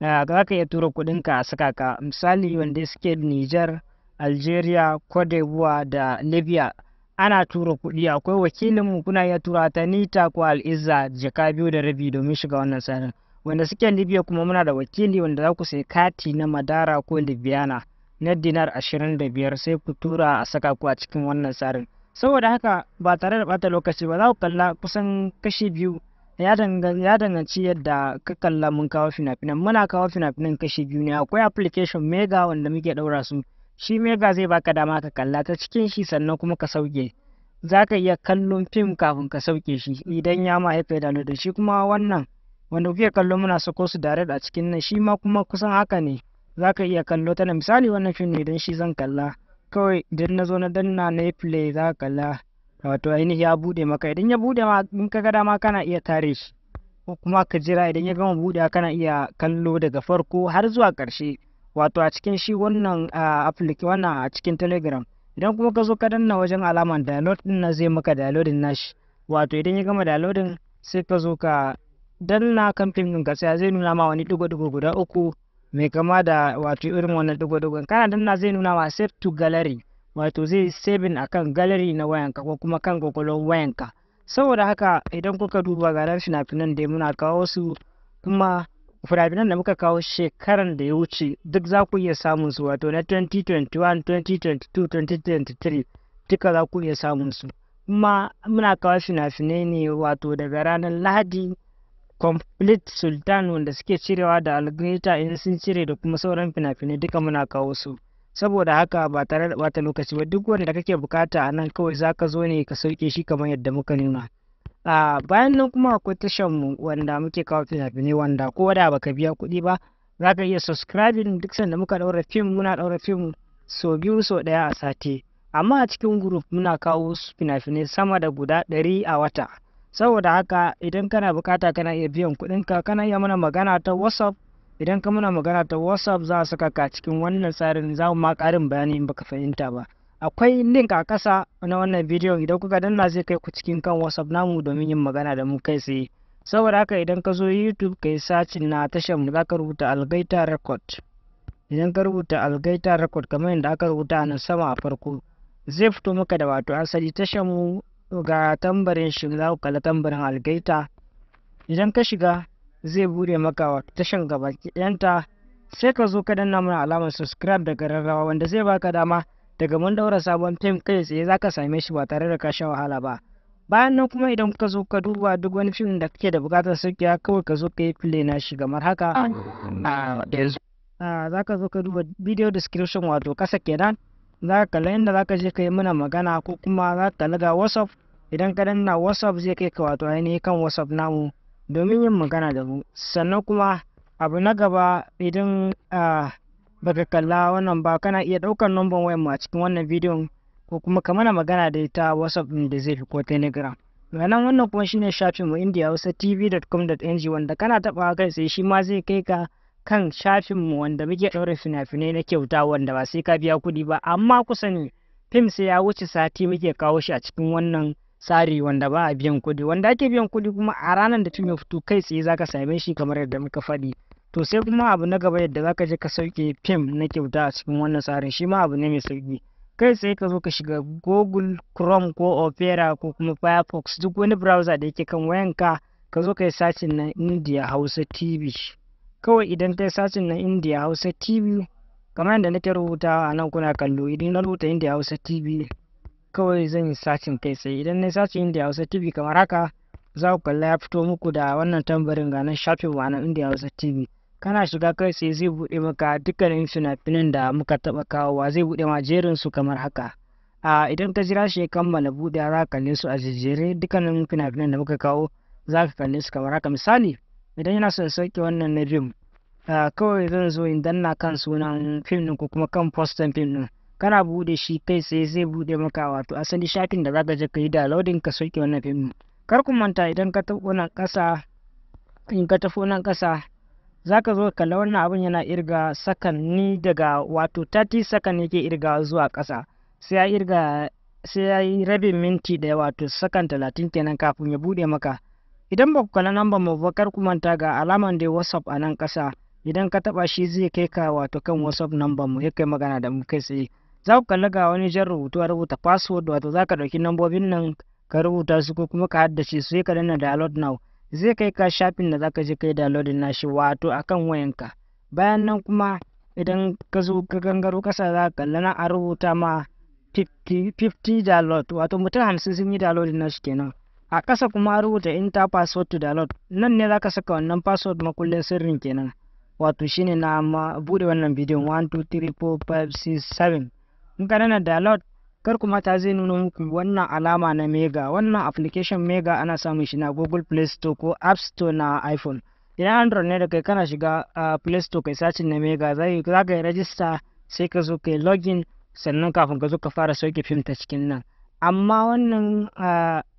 za ka iya tura kuɗin ka a saka ka misali wanda suke Nijar, Algeria, Cote d'Ivoire da Libya ana tura kuɗi akwai wakilinmu kuna iya tura ta nita ko al'izza jaka biyu da rabi domin shiga wannan sanin wanda suke Libya kuma muna da wakili wanda za ku sai kati na Madara ko Libyana na dinar ashirin da biyar sai ku tura a saka ku a cikin wannan tsarin saboda haka ba tare da bata lokaci ba za ku kalla kusan kashi biyu ya danganci yadda ka kalla mun kawo fina-finan muna kawo fina-finan kashi biyu ne akwai application mega wanda muke ɗaura su shi mega zai baka dama ka kalla ta cikin shi sannan kuma ka sauke za ka iya kallon fim kafin ka sauke shi idan ya ma haifa da da shi kuma wannan wanda kuke kallo muna sako su direct a cikin nan shi ma kuma kusan haka ne za ka iya kallo ta misali wannan fim ne idan shi zan kalla kawai idan na zo na danna na play za ka kalla wato ainihi ya buɗe maka idan ya buɗe ma in ka ga dama kana iya tare shi ko kuma ka jira idan ya gama buɗe kana iya kallo daga farko har zuwa ƙarshe wato a cikin shi wannan aplike wannan a cikin telegram idan kuma ka zo ka danna wajen alaman download din na zai maka downloading nashi wato idan ya gama downloading sai ka zo ka danna kamfin ɗin sai zai nuna ma wani digo-digo guda uku mai kama da wato irin wannan digo-digon kana danna zai nuna ma set to gallery wato zai saving akan gallery na wayanka ko kuma kan kwakwalwar wayanka saboda haka idan kuka duba ga nan fina-finan da muna kawo su kuma fina da muka kawo shekaran da ya wuce duk za ku iya samun su wato na 2021 2022 2023 duka za ku iya samun su kuma muna kawo fina-finai ne wato daga ranar lahadi complete sultan wanda suke cirewa da algorithm in sun cire da kuma sauran fina-finai duka muna kawo su saboda haka ba tare da bata lokaci ba duk wanda kake bukata a nan kawai za ka zo ne ka sauke shi kamar yadda muka nuna a bayan nan kuma akwai tashan mu wanda muke kawo fina-finai wanda ko da baka biya kuɗi ba za ka iya subscribing duk sanda muka ɗaura fim muna ɗaura fim so biyu so ɗaya a sati amma a cikin group muna kawo fina-finai sama da guda ɗari a wata saboda haka idan kana bukata kana iya biyan kuɗinka kana iya mana magana ta whatsapp idan ka muna magana ta whatsapp za a saka ka cikin wannan tsarin za mu ma karin bayani in baka fahimta ba akwai link a ƙasa na wannan bidiyon idan kuka danna zai kai ku cikin kan whatsapp namu domin yin magana da mu kai tsaye saboda haka idan ka zo youtube ka yi sacin na tashar mu za ka rubuta algaita record idan ka rubuta algaita record kamar yadda aka rubuta a nan sama a farko zai fito maka da wato asali tashar mu ga tambarin shi za ku kalla tambarin algaita idan ka shiga zai bude maka wa tashan gabaki sai ka zo ka danna mana alamar subscribe da gararrawa wanda zai baka dama daga mun daura sabon fim kai tsaye za ka same shi ba tare da ka sha wahala ba bayan nan kuma idan ka zo ka duba duk wani fim da kake da bukatar sauƙiya kawai ka zo ka yi play na shi kamar haka ah. za ka zo ka duba video description wato kasa kenan za ka kalla inda za ka je ka yi mana magana ko kuma za ka kalla ga whatsapp idan ka danna whatsapp zai kai ka wato ainihin kan whatsapp namu domin yin magana da mu sannan kuma abu na gaba idan baka kalla wannan ba kana iya ɗaukar numban wayan mu a cikin wannan bidiyon ko kuma ka mana magana da ita whatsapp ɗin da zai fi ko telegram ranar wannan kuma shine shafin mu india hausa tv.com.ng wanda kana taɓa kai sai shi ma zai kai ka kan shafin mu wanda muke ɗaure fina-finai na kyauta wanda ba sai ka biya kuɗi ba amma kusa ne fim sai ya wuce sati muke kawo shi a cikin wannan tsari wanda ba a biyan kuɗi wanda ake biyan kuɗi kuma a ranar da fim ya fito kai tsaye za ka same shi kamar yadda muka faɗi to sai kuma abu na gaba yadda za ka je ka sauke fim na kyauta a cikin wannan tsarin shi ma abu ne mai sauki kai tsaye ka zo ka shiga google chrome ko opera ko kuma firefox duk wani browser da yake kan wayanka ka zo ka yi sacin na india hausa tv kawai idan ka yi sacin na india hausa tv kamar yadda nake rubutawa a nan kuna kallo idan na rubuta india hausa tv kawai zan yi sacin kai sai idan na sacin inda hausa tv kamar haka za ku kalla ya fito muku da wannan tambarin ga nan shafin wa na hausa tv kana shiga kai sai zai buɗe maka dukkanin fina da muka taɓa kawowa zai buɗe ma jerin su kamar haka a idan ka jira shi ya kammala buɗe za ka kalle su a jejjere dukkanin fina da muka kawo za ka kalle su kamar haka misali idan yana son sauke wannan na fim kawai zan zo in danna kan sunan fim ɗin ko kuma kan fostan fim ɗin kana bude shi kai sai zai bude maka wato asali shafin da zaka je ka yi downloading ka soke wannan film kar ku manta idan ka tafi wannan kasa in ka tafi wannan kasa zaka zo kalla wannan abun yana irga sakanni daga wato 30 sakan yake irga zuwa kasa sai ya irga sai ya yi rabin minti da wato sakan 30 kenan kafin ya bude maka idan ba ku kalla namba mu ba kar ku manta ga alaman da WhatsApp a nan kasa idan ka taba shi zai kai ka wato kan WhatsApp number mu ya kai magana da mu kai sai. za ku kalla ga wani jan rubutu a rubuta password wato za ka ɗauki nambobin nan ka rubuta su ko kuma ka haddace su sai ka danna download now zai kai ka shafin da za ka je ka yi downloading nashi wato akan wayanka bayan nan kuma idan ka zo ka gangaro kasa za ka kalla na a rubuta ma 50 download wato mutum hamsin sun yi downloading nashi kenan a ƙasa kuma a rubuta enter password to download nan ne za ka saka wannan password makullin sirrin kenan wato shine na ma bude wannan bidiyon 1 2 3 4 5 6 7 in ka nana download kar kuma ta zai nuna muku wannan alama na mega wannan application mega ana samun shi na google play store ko app store na iphone idan android ne da kai kana shiga play store kai sacin na mega za ka yi rajista sai ka zo kai login sannan kafin ka zo ka fara sauke fim ta cikin nan amma wannan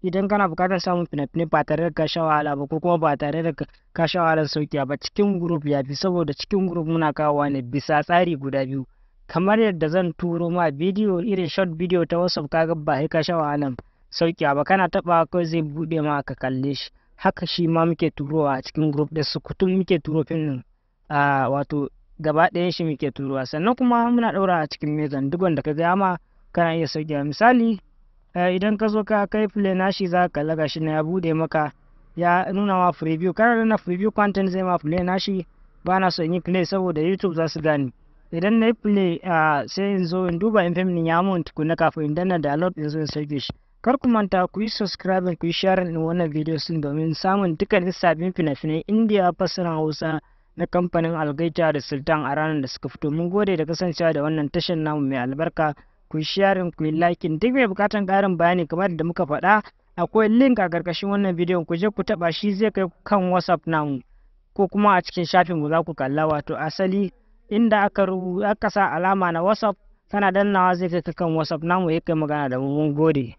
idan kana bukatar samun fina-finai ba tare da ka sha wahala ba ko kuma ba tare da ka sha wahalar sauki ba cikin group ya fi saboda cikin group muna kawowa ne bisa tsari guda biyu kamar yadda zan turo ma bidiyo irin short bidiyo ta whatsapp kaga ba ka sha wahalan sauki ba kana taba ko zai bude ma ka kalle shi haka shi ma muke turowa a cikin group da su kutum muke turo fim a wato gaba ɗayan shi muke turowa sannan kuma muna ɗaura a cikin mezan duk wanda ka gaya ma kana iya sauki misali idan ka zo ka kai play na shi za ka laga shi na ya bude maka ya nuna ma preview kana nuna preview content zai ma play na shi ba na so in yi play saboda youtube za su gani idan na yi a sai in zo in duba in fim ya mun tukuna kafin in danna download in zo in sauke shi kar ku manta ku yi subscribe ku yi share in wannan video sun domin samun dukkanin sabbin fina-finai indiya fasaran hausa na kamfanin algaita da sultan a ranar da suka fito mun gode da kasancewa da wannan tashar namu mai albarka ku yi share ku yi like duk mai bukatan karin bayani kamar da muka faɗa akwai link a karkashin wannan bidiyon ku je ku taba shi zai kai kan whatsapp namu ko kuma a cikin shafin mu za ku kalla wato asali inda aka rubuta aka sa alama na whatsapp kana dannawa zai kai kan whatsapp namu ya magana da mu mun gode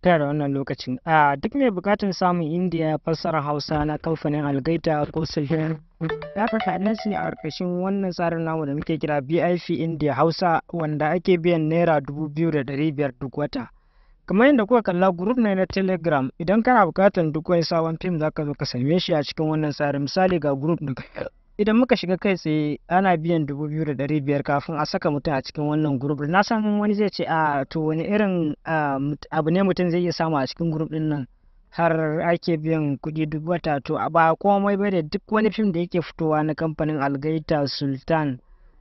ta da wannan lokacin a duk mai bukatun samun indiya fassarar hausa na kamfanin algaita ko sahihin ya fi ne a ƙarƙashin wannan tsarin namu da muke kira bif india hausa wanda ake biyan naira dubu biyu da dari biyar duk wata kamar yadda kuka kalla group ne na telegram idan kana bukatan duk wani sabon fim zaka zo ka same shi a cikin wannan tsarin misali ga group na idan muka shiga kai tsaye ana biyan dubu biyu da ɗari biyar kafin a saka mutum a cikin wannan grup na san wani zai ce a to wani irin abu ne mutum zai iya samu a cikin guruf din nan har ake biyan kuɗi duk wata to a ba komai ba da duk wani fim da yake fitowa na kamfanin algaita sultan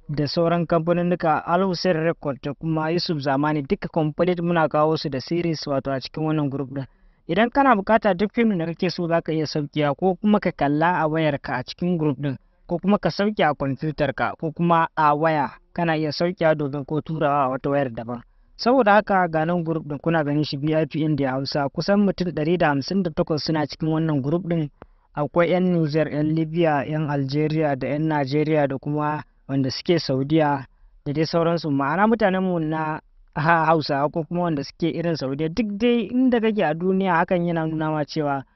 da sauran kamfaninnika alhussein record da kuma yusuf zamani duka complete muna kawo su da series wato a cikin wannan group din idan kana bukata duk fim da kake so zaka iya saukiya ko kuma ka kalla a wayarka a cikin group din ko kuma ka sauke a kwamfutar ka ko kuma a waya kana iya sauke domin ko turawa a wata wayar daban saboda haka ga nan group din kuna ganin shi VIP India Hausa kusan mutum ɗari da 158 suna cikin wannan group din akwai 'yan Niger 'yan Libya 'yan Algeria da 'yan Nigeria da kuma wanda suke Saudiya da dai sauransu ma'ana mutanen mu na Hausa ko kuma wanda suke irin Saudiya duk dai inda kake a duniya hakan yana nuna ma cewa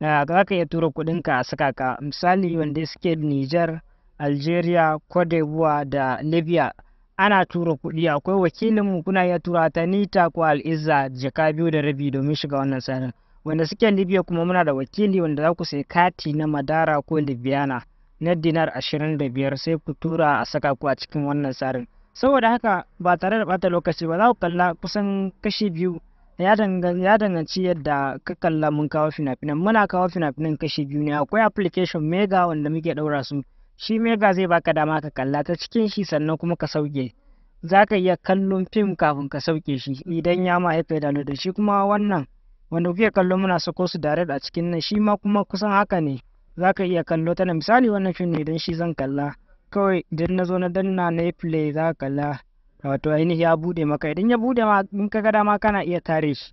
za ka iya tura kuɗin ka a saka ka misali wanda suke Nijar, Algeria, Cote d'Ivoire da Libya ana tura kuɗi akwai wakilinmu kuna iya tura ta nita ko al'izza jaka biyu da rabi domin shiga wannan sanin wanda suke Libya kuma muna da wakili wanda za ku sai kati na Madara ko Libyana na dinar ashirin da biyar sai ku tura a saka ku a cikin wannan tsarin saboda haka ba tare da bata lokaci ba za ku kalla kusan kashi biyu ya danganci yadda ka kalla mun kawo fina-finan muna kawo fina-finan kashi biyu ne akwai application mega wanda muke ɗaura su shi mega zai baka dama ka kalla ta cikin shi sannan kuma ka sauke za ka iya kallon fim kafin ka sauke shi idan ya ma aika da da shi kuma wannan wanda kuke kallo muna sako su direct a cikin nan shi ma kuma kusan haka ne za ka iya kallo ta misali wannan fim ne idan shi zan kalla kawai idan na zo na danna na play za ka kalla wato ainihi ya bude maka idan ya bude ma in ka gada dama kana iya tare shi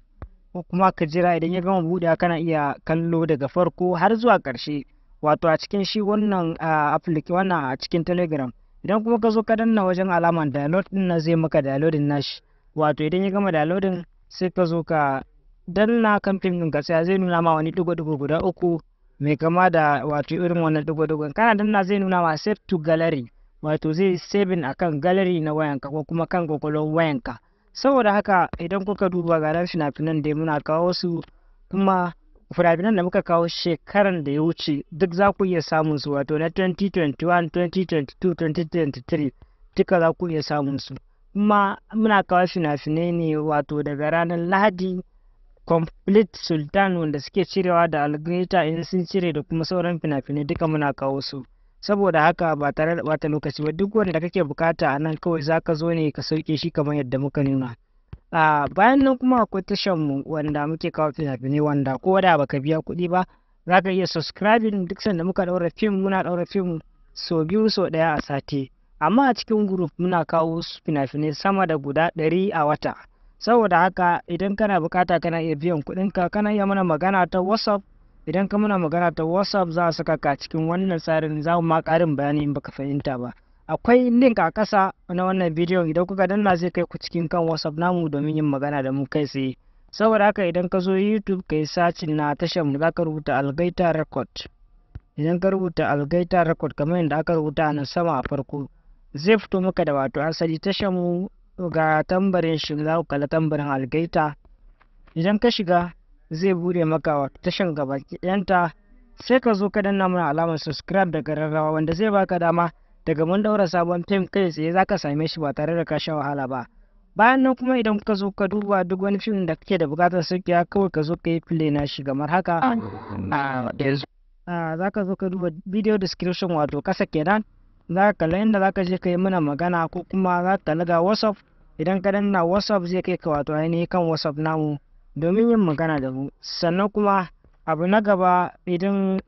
ko kuma ka jira idan ya gama bude kana iya kallo daga farko har zuwa karshe wato a cikin shi wannan application wannan a cikin telegram idan kuma ka zo ka danna wajen alaman download din na zai maka downloading nashi wato idan ya gama downloading sai ka zo ka danna kamfin ɗin sai zai nuna ma wani dugo dugo guda uku mai kama da wato irin wannan dugo digon kana danna zai nuna ma set to gallery wato zai saving kan gallery na wayanka ko kuma kan kwakwalwar wayanka saboda haka idan kuka duba ga nan fina-finan da muna kawo su kuma fina da muka kawo shekaran da ya wuce duk za ku iya samun su wato na 2021 2022 2023 duka za ku iya samun su kuma muna kawo fina-finai ne wato daga ranar lahadi complete sultan wanda suke cirewa da algorithm in sun cire da kuma sauran fina-finai duka muna kawo su saboda haka ba tare da bata lokaci ba duk wanda kake bukata a nan kawai za ka zo ne ka sauke shi kamar yadda muka nuna a bayan nan kuma akwai tashan mu wanda muke kawo fina-finai wanda ko da baka biya kuɗi ba za ka iya subscribing duk sanda muka ɗaura fim muna ɗaura fim so biyu so ɗaya a sati amma a cikin group muna kawo fina-finai sama da guda ɗari a wata saboda haka idan kana bukata kana iya biyan kuɗinka kana iya mana magana ta whatsapp idan ka muna magana ta whatsapp za a saka ka cikin wannan tsarin za mu ma karin bayani in baka fahimta ba akwai link a ƙasa na wannan bidiyon idan kuka danna zai kai ku cikin kan whatsapp namu domin yin magana da mu kai tsaye saboda haka idan ka zo youtube ka yi sacin na tashar mu za ka rubuta algaita record idan ka rubuta algaita record kamar yadda aka rubuta a nan sama a farko zai fito maka da wato asali tashar mu ga tambarin shi za ku kalla tambarin algaita idan ka shiga zai bude maka wato tashan gabaki sai ka zo ka danna mana alamar subscribe da gararrawa wanda zai baka dama daga mun daura sabon fim kai tsaye zaka same shi ba tare da ka sha wahala ba bayan nan kuma idan ka zo ka duba duk wani fim da kake da bukatar sauƙiya kawai ka zo ka yi play na shi kamar haka ah. Ah, ah, za ka zo ka duba video description wato kasa kenan za ka kalla inda za ka je ka yi mana magana ko kuma za ka whatsapp idan ka danna whatsapp zai kai ka wato ainihin kan whatsapp namu domin yin magana da mu sannan kuma abu na gaba idan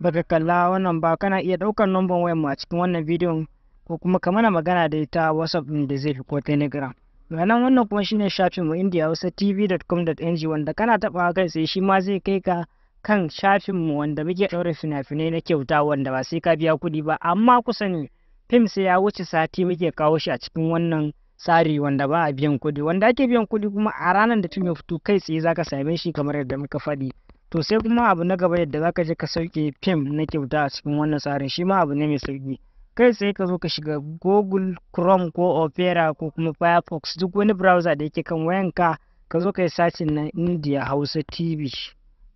baka kalla wannan ba kana iya ɗaukar numban wayan mu a cikin wannan bidiyon ko kuma ka mana magana da ita whatsapp ɗin da zai fi ko telegram ranar wannan kuma shine shafin mu india hausa tv.com.ng wanda kana taɓa kai sai shi ma zai kai ka kan shafin mu wanda muke ɗaure fina-finai na kyauta wanda ba sai ka biya kuɗi ba amma kusa ne fim sai ya wuce sati muke kawo shi a cikin wannan tsari wanda ba a biyan kuɗi wanda ake biyan kuɗi kuma a ranar da tun ya fito kai tsaye za ka same shi kamar yadda muka faɗi to sai kuma abu na gaba yadda za ka je ka sauke fim na kyauta a cikin wannan tsarin shi ma abu ne mai sauki kai tsaye ka zo ka shiga google chrome ko opera ko kuma firefox duk wani browser da yake kan wayanka ka zo ka yi sacin na india hausa tv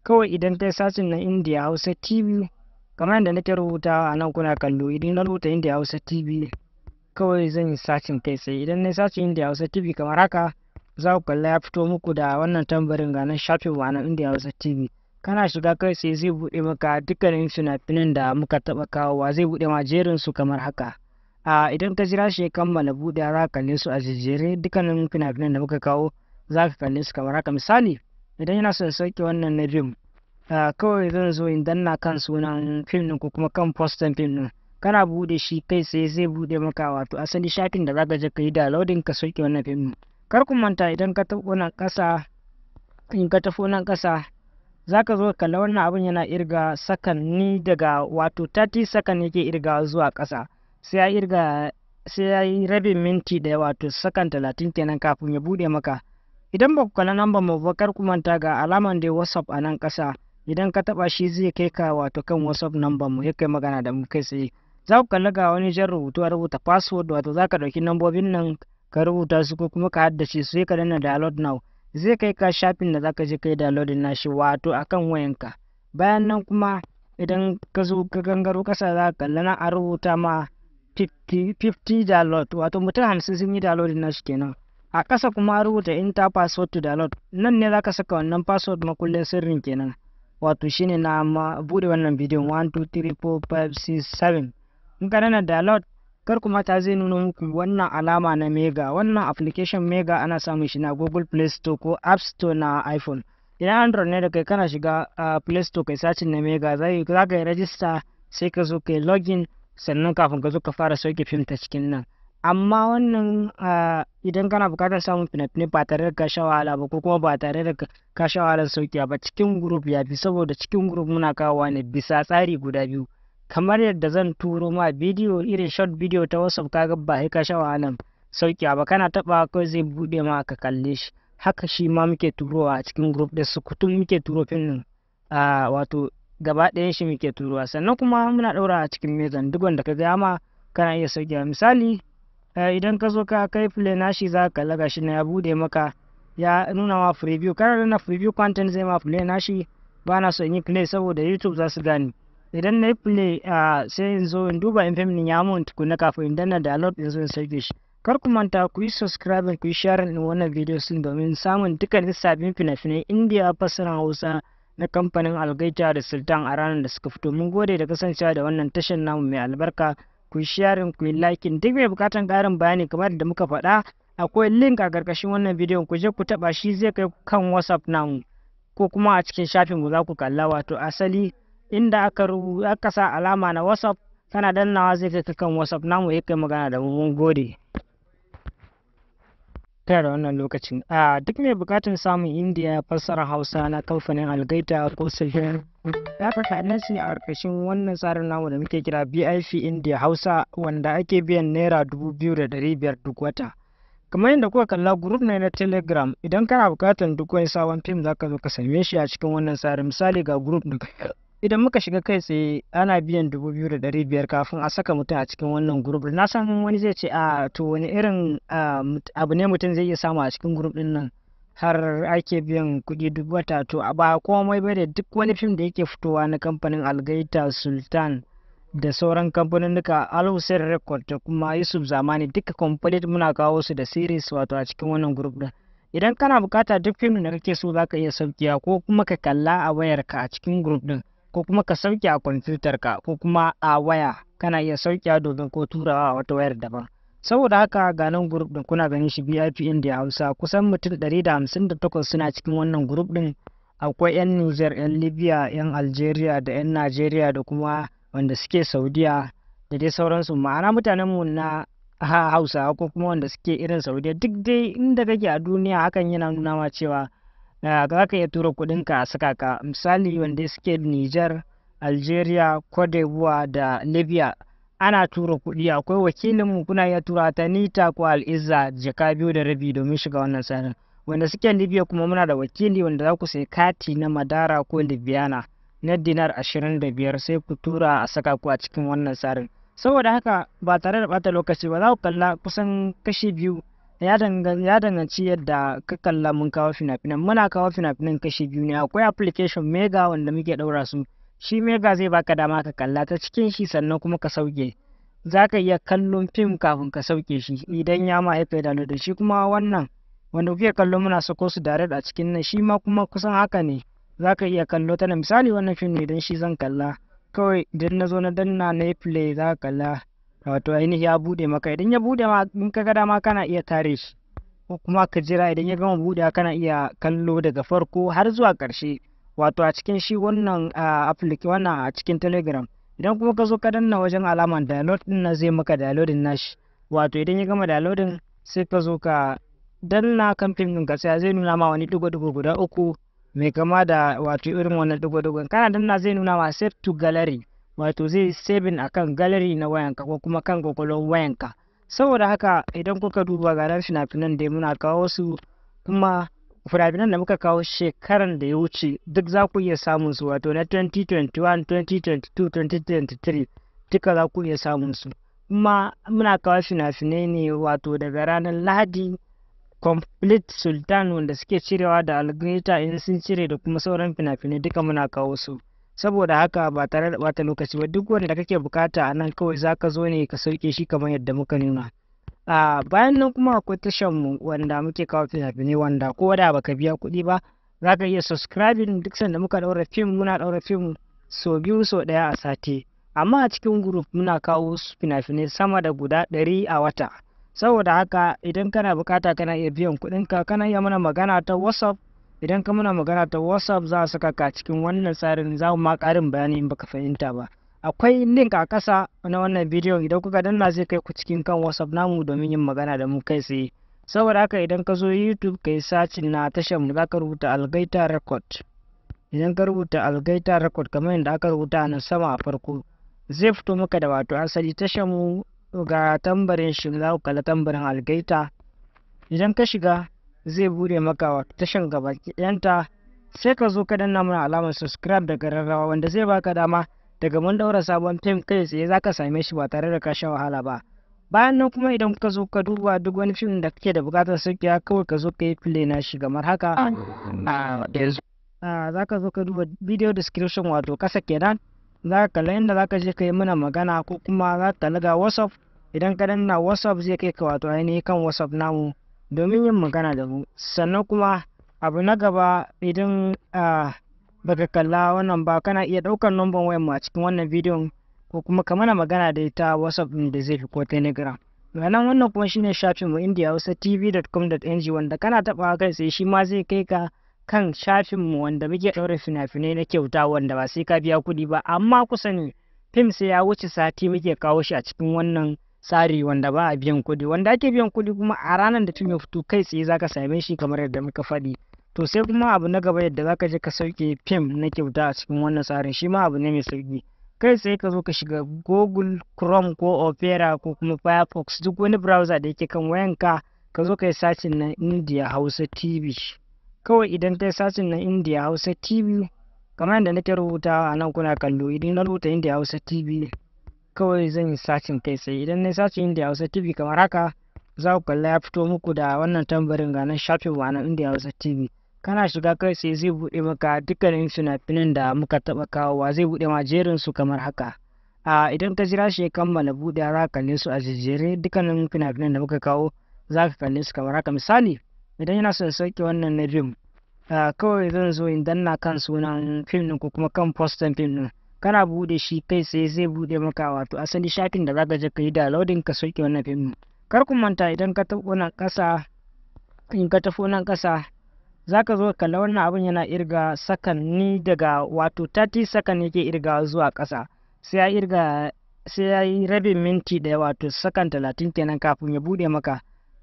kawai idan ta yi sacin na india hausa tv kamar yadda nake rubuta a nan kuna kallo idan na rubuta india hausa tv kawai zan yi sacin kai sai idan na sacin indiya hausa tv kamar haka za ku kalla ya fito muku da wannan tambarin ga nan shafin wa na hausa tv kana shiga kai sai zai buɗe maka dukkanin fina-finan da muka taɓa kawowa zai buɗe ma jerin su kamar haka a idan ka jira shi kammala buɗe za ka kalle su a jejjere dukkanin fina-finan da muka kawo za ka kalle su kamar haka misali idan yana son sauke wannan na fim kawai zan zo in danna kan sunan fim ɗin ko kuma kan fostan fim ɗin kana bude shi kai sai zai bude maka wato asali shafin da zaka je kai yi downloading ka soke wannan film kar ku manta idan ka tafi wannan kasa in ka tafi wannan kasa zaka zo la wannan abun yana irga sakanni daga wato 30 sakan yake irga zuwa kasa sai ya irga sai ya yi minti da wato sakan 30 kenan kafin ya bude maka idan ba ku kalla number mu ba kar ku manta ga alaman da WhatsApp a nan kasa idan ka taba shi zai kai ka wato kan WhatsApp number mu ya kai magana da mu kai sai. za ku kalla ga wani jan rubutu a rubuta password wato za ka ɗauki nambobin nan ka rubuta su ko kuma ka haddace su sai ka danna download now zai kai ka shafin da za ka je ka yi downloading shi wato akan wayanka bayan nan kuma idan ka zo ka gangaro kasa za ka kalla na a rubuta ma 50 download wato mutum hamsin sun yi downloading shi kenan a ƙasa kuma a rubuta enter password to download nan ne za ka saka wannan password makullin sirrin kenan wato shine na ma bude wannan bidiyon 1 2 3 4 5 6 7 in ka dana download kar kuma ta zai nuna muku wannan alama na mega wannan application mega ana samun shi na google play store ko app store na iphone idan android ne da kai kana shiga play store kai sacin na mega za ka yi rajista sai ka zo kai login sannan kafin ka zo ka fara sauke fim ta cikin nan amma wannan idan kana bukatar samun fina-finai ba tare da ka sha wahala ba ko kuma ba tare da ka sha wahalar sauki ba cikin group ya fi saboda cikin group muna kawowa ne bisa tsari guda biyu kamar yadda zan turo ma bidiyo irin short bidiyo ta whatsapp kaga ba ka sha wahalan sauki ba kana taba kawai zai bude ma ka kalle shi haka shi ma muke turowa a cikin group da su kutum muke turo fim a wato gaba ɗayan shi muke turowa sannan kuma muna ɗaura a cikin mezan duk wanda ka gaya ma kana iya sauki misali idan ka zo ka kai play na shi za ka laga shi na ya buɗe maka ya nuna ma preview kana nuna preview content zai ma play na shi ba na so in yi play saboda youtube za su gani idan na yi a sai in zo in duba in fim ya mun tukuna kafin in danna alot in zo in sauke shi kar ku manta ku yi subscribe ku yi share in wannan video sun domin samun dukkanin sabbin fina-finai indiya fasaran hausa na kamfanin algaita da sultan a ranar da suka fito mun gode da kasancewa da wannan tashar namu mai albarka ku yi share ku yi like duk mai bukatan karin bayani kamar da muka faɗa akwai link a ƙarƙashin wannan bidiyon ku je ku taɓa shi zai kai kan whatsapp namu ko kuma a cikin shafin mu za ku kalla wato asali inda aka rubuta aka sa alama na whatsapp kana dannawa zai kai kan whatsapp namu ya kai magana da mun gode tare da wannan lokacin a duk mai bukatun samun indiya fassarar hausa na kamfanin algaita ko sahihin ya fi nan a ƙarƙashin wannan tsarin namu da muke kira bif india hausa wanda ake biyan naira dubu biyu da dari biyar duk wata kamar yadda kuka kalla group ne na telegram idan kana bukatan duk wani sabon fim zaka zo ka same shi a cikin wannan tsarin misali ga group na idan muka shiga kai tsaye ana biyan dubu biyu da ɗari biyar kafin a saka mutum a cikin wannan grup na san wani zai ce a to wani irin abu ne mutum zai iya samu a cikin grup din nan har ake biyan kuɗi duk wata to a ba komai ba da duk wani fim da yake fitowa na kamfanin algaita sultan da sauran kamfanin duka alhussein record da kuma yusuf zamani duka complete muna kawo su da series wato a cikin wannan group din idan kana bukata duk fim da kake so zaka iya saukiya ko kuma ka kalla a wayarka a cikin group din ko kuma ka sauke a kwamfutar ka ko kuma a waya kana iya sauke domin ko turawa a wata wayar daban saboda haka ga nan group din kuna ganin shi VIP India Hausa kusan mutum ɗari da 158 suna cikin wannan grup din akwai 'yan Niger 'yan Libya 'yan Algeria da 'yan Nigeria da kuma wanda suke Saudiya da dai sauransu ma'ana mutanen mu na Hausa ko kuma wanda suke irin Saudiya duk dai inda kake a duniya hakan yana nuna cewa za ka iya tura ka a saka ka misali wanda suke Nijar, Algeria, Cote d'Ivoire da Libya ana tura kuɗi akwai wakilinmu kuna iya tura ta nita ko al'izza jaka biyu da rabi domin shiga wannan sanin wanda suke Libya kuma muna da wakili wanda za ku sai kati na Madara ko Libyana na dinar ashirin da biyar sai ku tura a saka ku a cikin wannan sarin saboda haka ba tare da bata lokaci ba za ku kalla kusan kashi biyu ya danganci yadda ka kalla mun kawo fina-finan muna kawo fina-finan kashi biyu ne akwai application mega wanda muke ɗaura su shi mega zai baka dama ka kalla ta cikin shi sannan kuma ka sauke za ka iya kallon fim kafin ka sauke shi idan ya ma aika da da shi kuma wannan wanda kuke kallo muna sako su direct a cikin nan shi ma kuma kusan haka ne za ka iya kallo ta misali wannan fim ne idan shi zan kalla kawai idan na zo na danna na play za ka kalla wato ainihi ya bude maka idan ya bude ma in ka gada ma kana iya tare shi ko kuma ka jira idan ya gama bude kana iya kallo daga farko har zuwa karshe wato a cikin shi wannan application wannan a cikin telegram idan kuma ka zo ka danna wajen alaman download din na zai maka downloading nashi wato idan ya gama downloading sai ka zo ka danna kamfin ɗin ka sai zai nuna ma wani dugo-dugo guda uku mai kama da wato irin wannan dugo dugo kana danna zai nuna ma set to gallery wato zai saving akan gallery na wayanka ko kuma kan kwakwalwar wayanka saboda haka idan kuka duba ga nan fina-finan da muna kawo su kuma fina da muka kawo shekaran da ya wuce duk za ku iya samun su wato na 2021 2022 2023 duka za ku iya samun su kuma muna kawo fina-finai ne wato daga ranar lahadi complete sultan wanda suke cirewa da algorithm in sun cire da kuma sauran fina-finai duka muna kawo su saboda haka ba tare da bata lokaci ba duk wanda kake bukata a nan kawai za ka zo ne ka sauke shi kamar yadda muka nuna a bayan nan kuma akwai tashan mu wanda muke kawo fina-finai wanda ko da baka biya kuɗi ba Za ka iya subscribing duk sanda muka daura fim muna daura fim so biyu so ɗaya a sati amma a cikin group muna kawo fina-finai sama da guda ɗari a wata saboda haka idan kana bukata kana iya biyan kuɗinka kana iya mana magana ta whatsapp idan ka muna magana ta whatsapp za a saka ka cikin wannan tsarin za mu ma ƙarin bayani in baka fahimta ba akwai link a ƙasa na wannan bidiyon idan kuka danna zai kai ku cikin kan whatsapp namu domin yin magana da mu kai tsaye saboda haka idan ka zo youtube ka yi sacin na tashar mu za ka rubuta algaita record idan ka rubuta algaita record kamar yadda aka rubuta a nan sama a farko zai fito maka da wato asali tashar mu ga tambarin shi za ku kalla tambarin algaita idan ka shiga zai bude maka wa tashan gabaki sai ka zo ka danna mana alamar subscribe da gararrawa wanda zai baka dama daga mun daura sabon fim kai tsaye za ka same shi ba tare da ka sha wahala ba bayan nan kuma idan ka zo ka duba duk wani fim da kake da bukatar sauƙiya kawai ka zo ka yi play na shi kamar haka ah. za ka zo ka duba video description wato kasa kenan za ka kalla inda za ka je ka yi mana magana ko kuma za ka ga whatsapp idan ka danna whatsapp zai kai ka wato ainihin kan whatsapp namu domin yin magana da mu sannan kuma abu na gaba idan baka kalla wannan ba kana iya ɗaukar numban wayan mu a cikin wannan bidiyon ko kuma ka mana magana da ita whatsapp ɗin da zai fi ko telegram ma'anan wannan kuma shine shafin mu india hausa tv.com.ng wanda kana taɓa kai sai shi ma zai kai ka kan shafin mu wanda muke ɗaure fina-finai na kyauta wanda ba sai ka biya kuɗi ba amma kusa ne fim sai ya wuce sati muke kawo shi a cikin wannan tsari wanda ba a biyan kuɗi wanda ake biyan kuɗi kuma a ranar da fim ya fito kai tsaye za ka same shi kamar yadda muka faɗi to sai kuma abu na gaba yadda za ka je ka sauke fim na kyauta a cikin wannan tsarin shi ma abu ne mai sauki kai tsaye ka zo ka shiga google chrome ko opera ko kuma firefox duk wani browser da yake kan wayanka ka zo ka yi sacin na india hausa tv kawai idan ka yi sacin na india hausa tv kamar yadda nake rubuta a nan kuna kallo idan na rubuta india hausa tv kawai zan yi sacin kai sai idan na sacin india hausa tv kamar haka za ku kalla ya fito muku da wannan tambarin ga nan shafin wa na india hausa tv kana shiga kai sai zai buɗe maka dukkanin fina da muka taɓa kawowa zai buɗe ma jerin su kamar haka a idan ka jira shi ya kammala buɗe za ka kalle su a jejjere dukkanin fina da muka kawo za ka kalle su kamar haka misali idan yana son sauke wannan na fim kawai zan zo in danna kan sunan fim ɗin ko kuma kan fostan fim ɗin kana bude shi kai sai zai bude maka wato asali shafin da zaka je kai downloading ka soke wannan fim kar ku manta idan ka tafi wannan kasa in ka tafi wannan kasa zaka zo la wannan abun yana irga sakanni daga wato 30 sakan yake irga zuwa kasa sai ya irga sai ya yi rabin minti da wato sakan 30 kenan kafin ya bude maka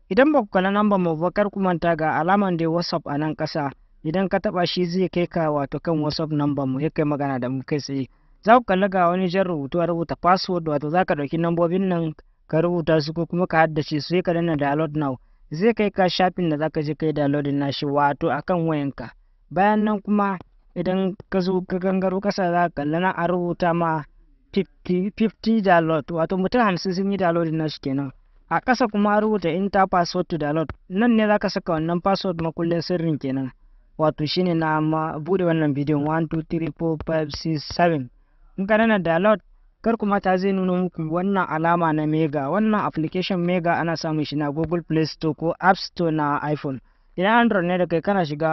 idan ba ku kalla namba mu ba kar ku manta ga alaman da whatsapp a nan kasa idan ka taba shi zai kai ka wato kan whatsapp number mu ya kai magana da mu kai sai. za ku kalla ga wani jan rubutu a rubuta password wato za ka ɗauki nambobin nan ka rubuta su ko kuma ka haddace su sai ka danna download now zai kai ka shafin da za ka je ka yi downloading nashi wato akan wayanka bayan nan kuma idan ka zo ka gangaro kasa za ka kalla na a rubuta ma 50 download wato mutum hamsin sun yi downloading nashi kenan a ƙasa kuma a rubuta enter password to download nan ne za ka saka wannan password kullum sirrin kenan wato shine na ma bude wannan bidiyon 1 2 3 4 5 6 7 in ka na download kar kuma ta zai nuna muku wannan alama na mega wannan application mega ana samun shi na google play store ko app store na iphone idan android ne da kai kana shiga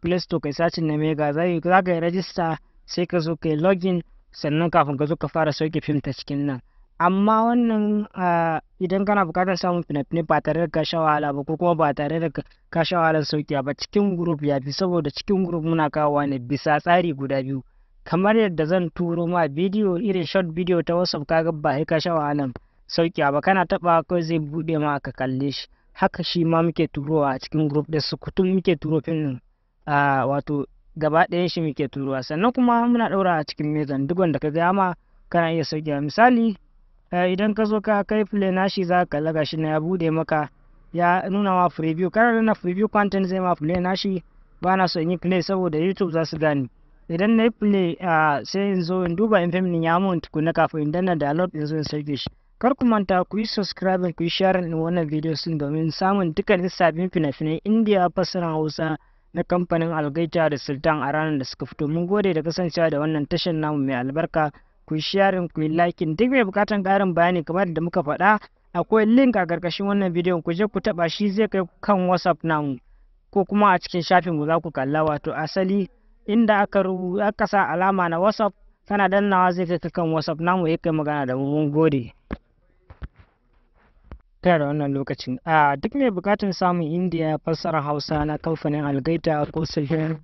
play store kai sacin na mega za ka yi rajista sai ka zo kai login sannan kafin ka zo ka fara sauke fim ta cikin nan amma wannan idan kana bukatar samun fina-finai ba tare da ka sha wahala ba ko kuma ba tare da ka sha wahalar sauki ba cikin group ya fi saboda cikin group muna kawowa ne bisa tsari guda biyu kamar yadda zan turo ma bidiyo irin short video ta whatsapp kaga ba ka sha wahalan sauki ba kana taba ko zai bude ma ka kalle shi haka shi ma muke turowa a cikin group da su kutum muke turo fin a wato gaba ɗayan shi muke turowa sannan kuma muna ɗaura a cikin mezan duk wanda ka gaya ma kana iya sauki misali idan ka zo ka kai play na shi za ka laga shi na ya bude maka ya nuna ma preview kana nuna preview content zai ma play na shi ba na so in yi play saboda youtube za su gani idan na yi a sai in zo in duba in ya mun tukuna kafin in danna download in zo in sauke shi kar ku manta ku yi subscribe ku yi share in wannan video sun domin samun dukkanin sabbin fina-finai indiya fasaran hausa na kamfanin algaita da sultan a ranar da suka fito mun gode da kasancewa da wannan tashar namu mai albarka ku yi share ku yi like duk mai bukatan karin bayani kamar da muka faɗa akwai link a karkashin wannan bidiyon ku je ku taba shi zai kai kan whatsapp namu ko kuma a cikin shafin mu za ku kalla wato asali inda aka rubuta aka sa alama na whatsapp kana dannawa zai kai kan whatsapp namu ya magana da mu mun gode tare da wannan lokacin a duk mai bukatun samun indiya fassara hausa na kamfanin algaita ko sahihin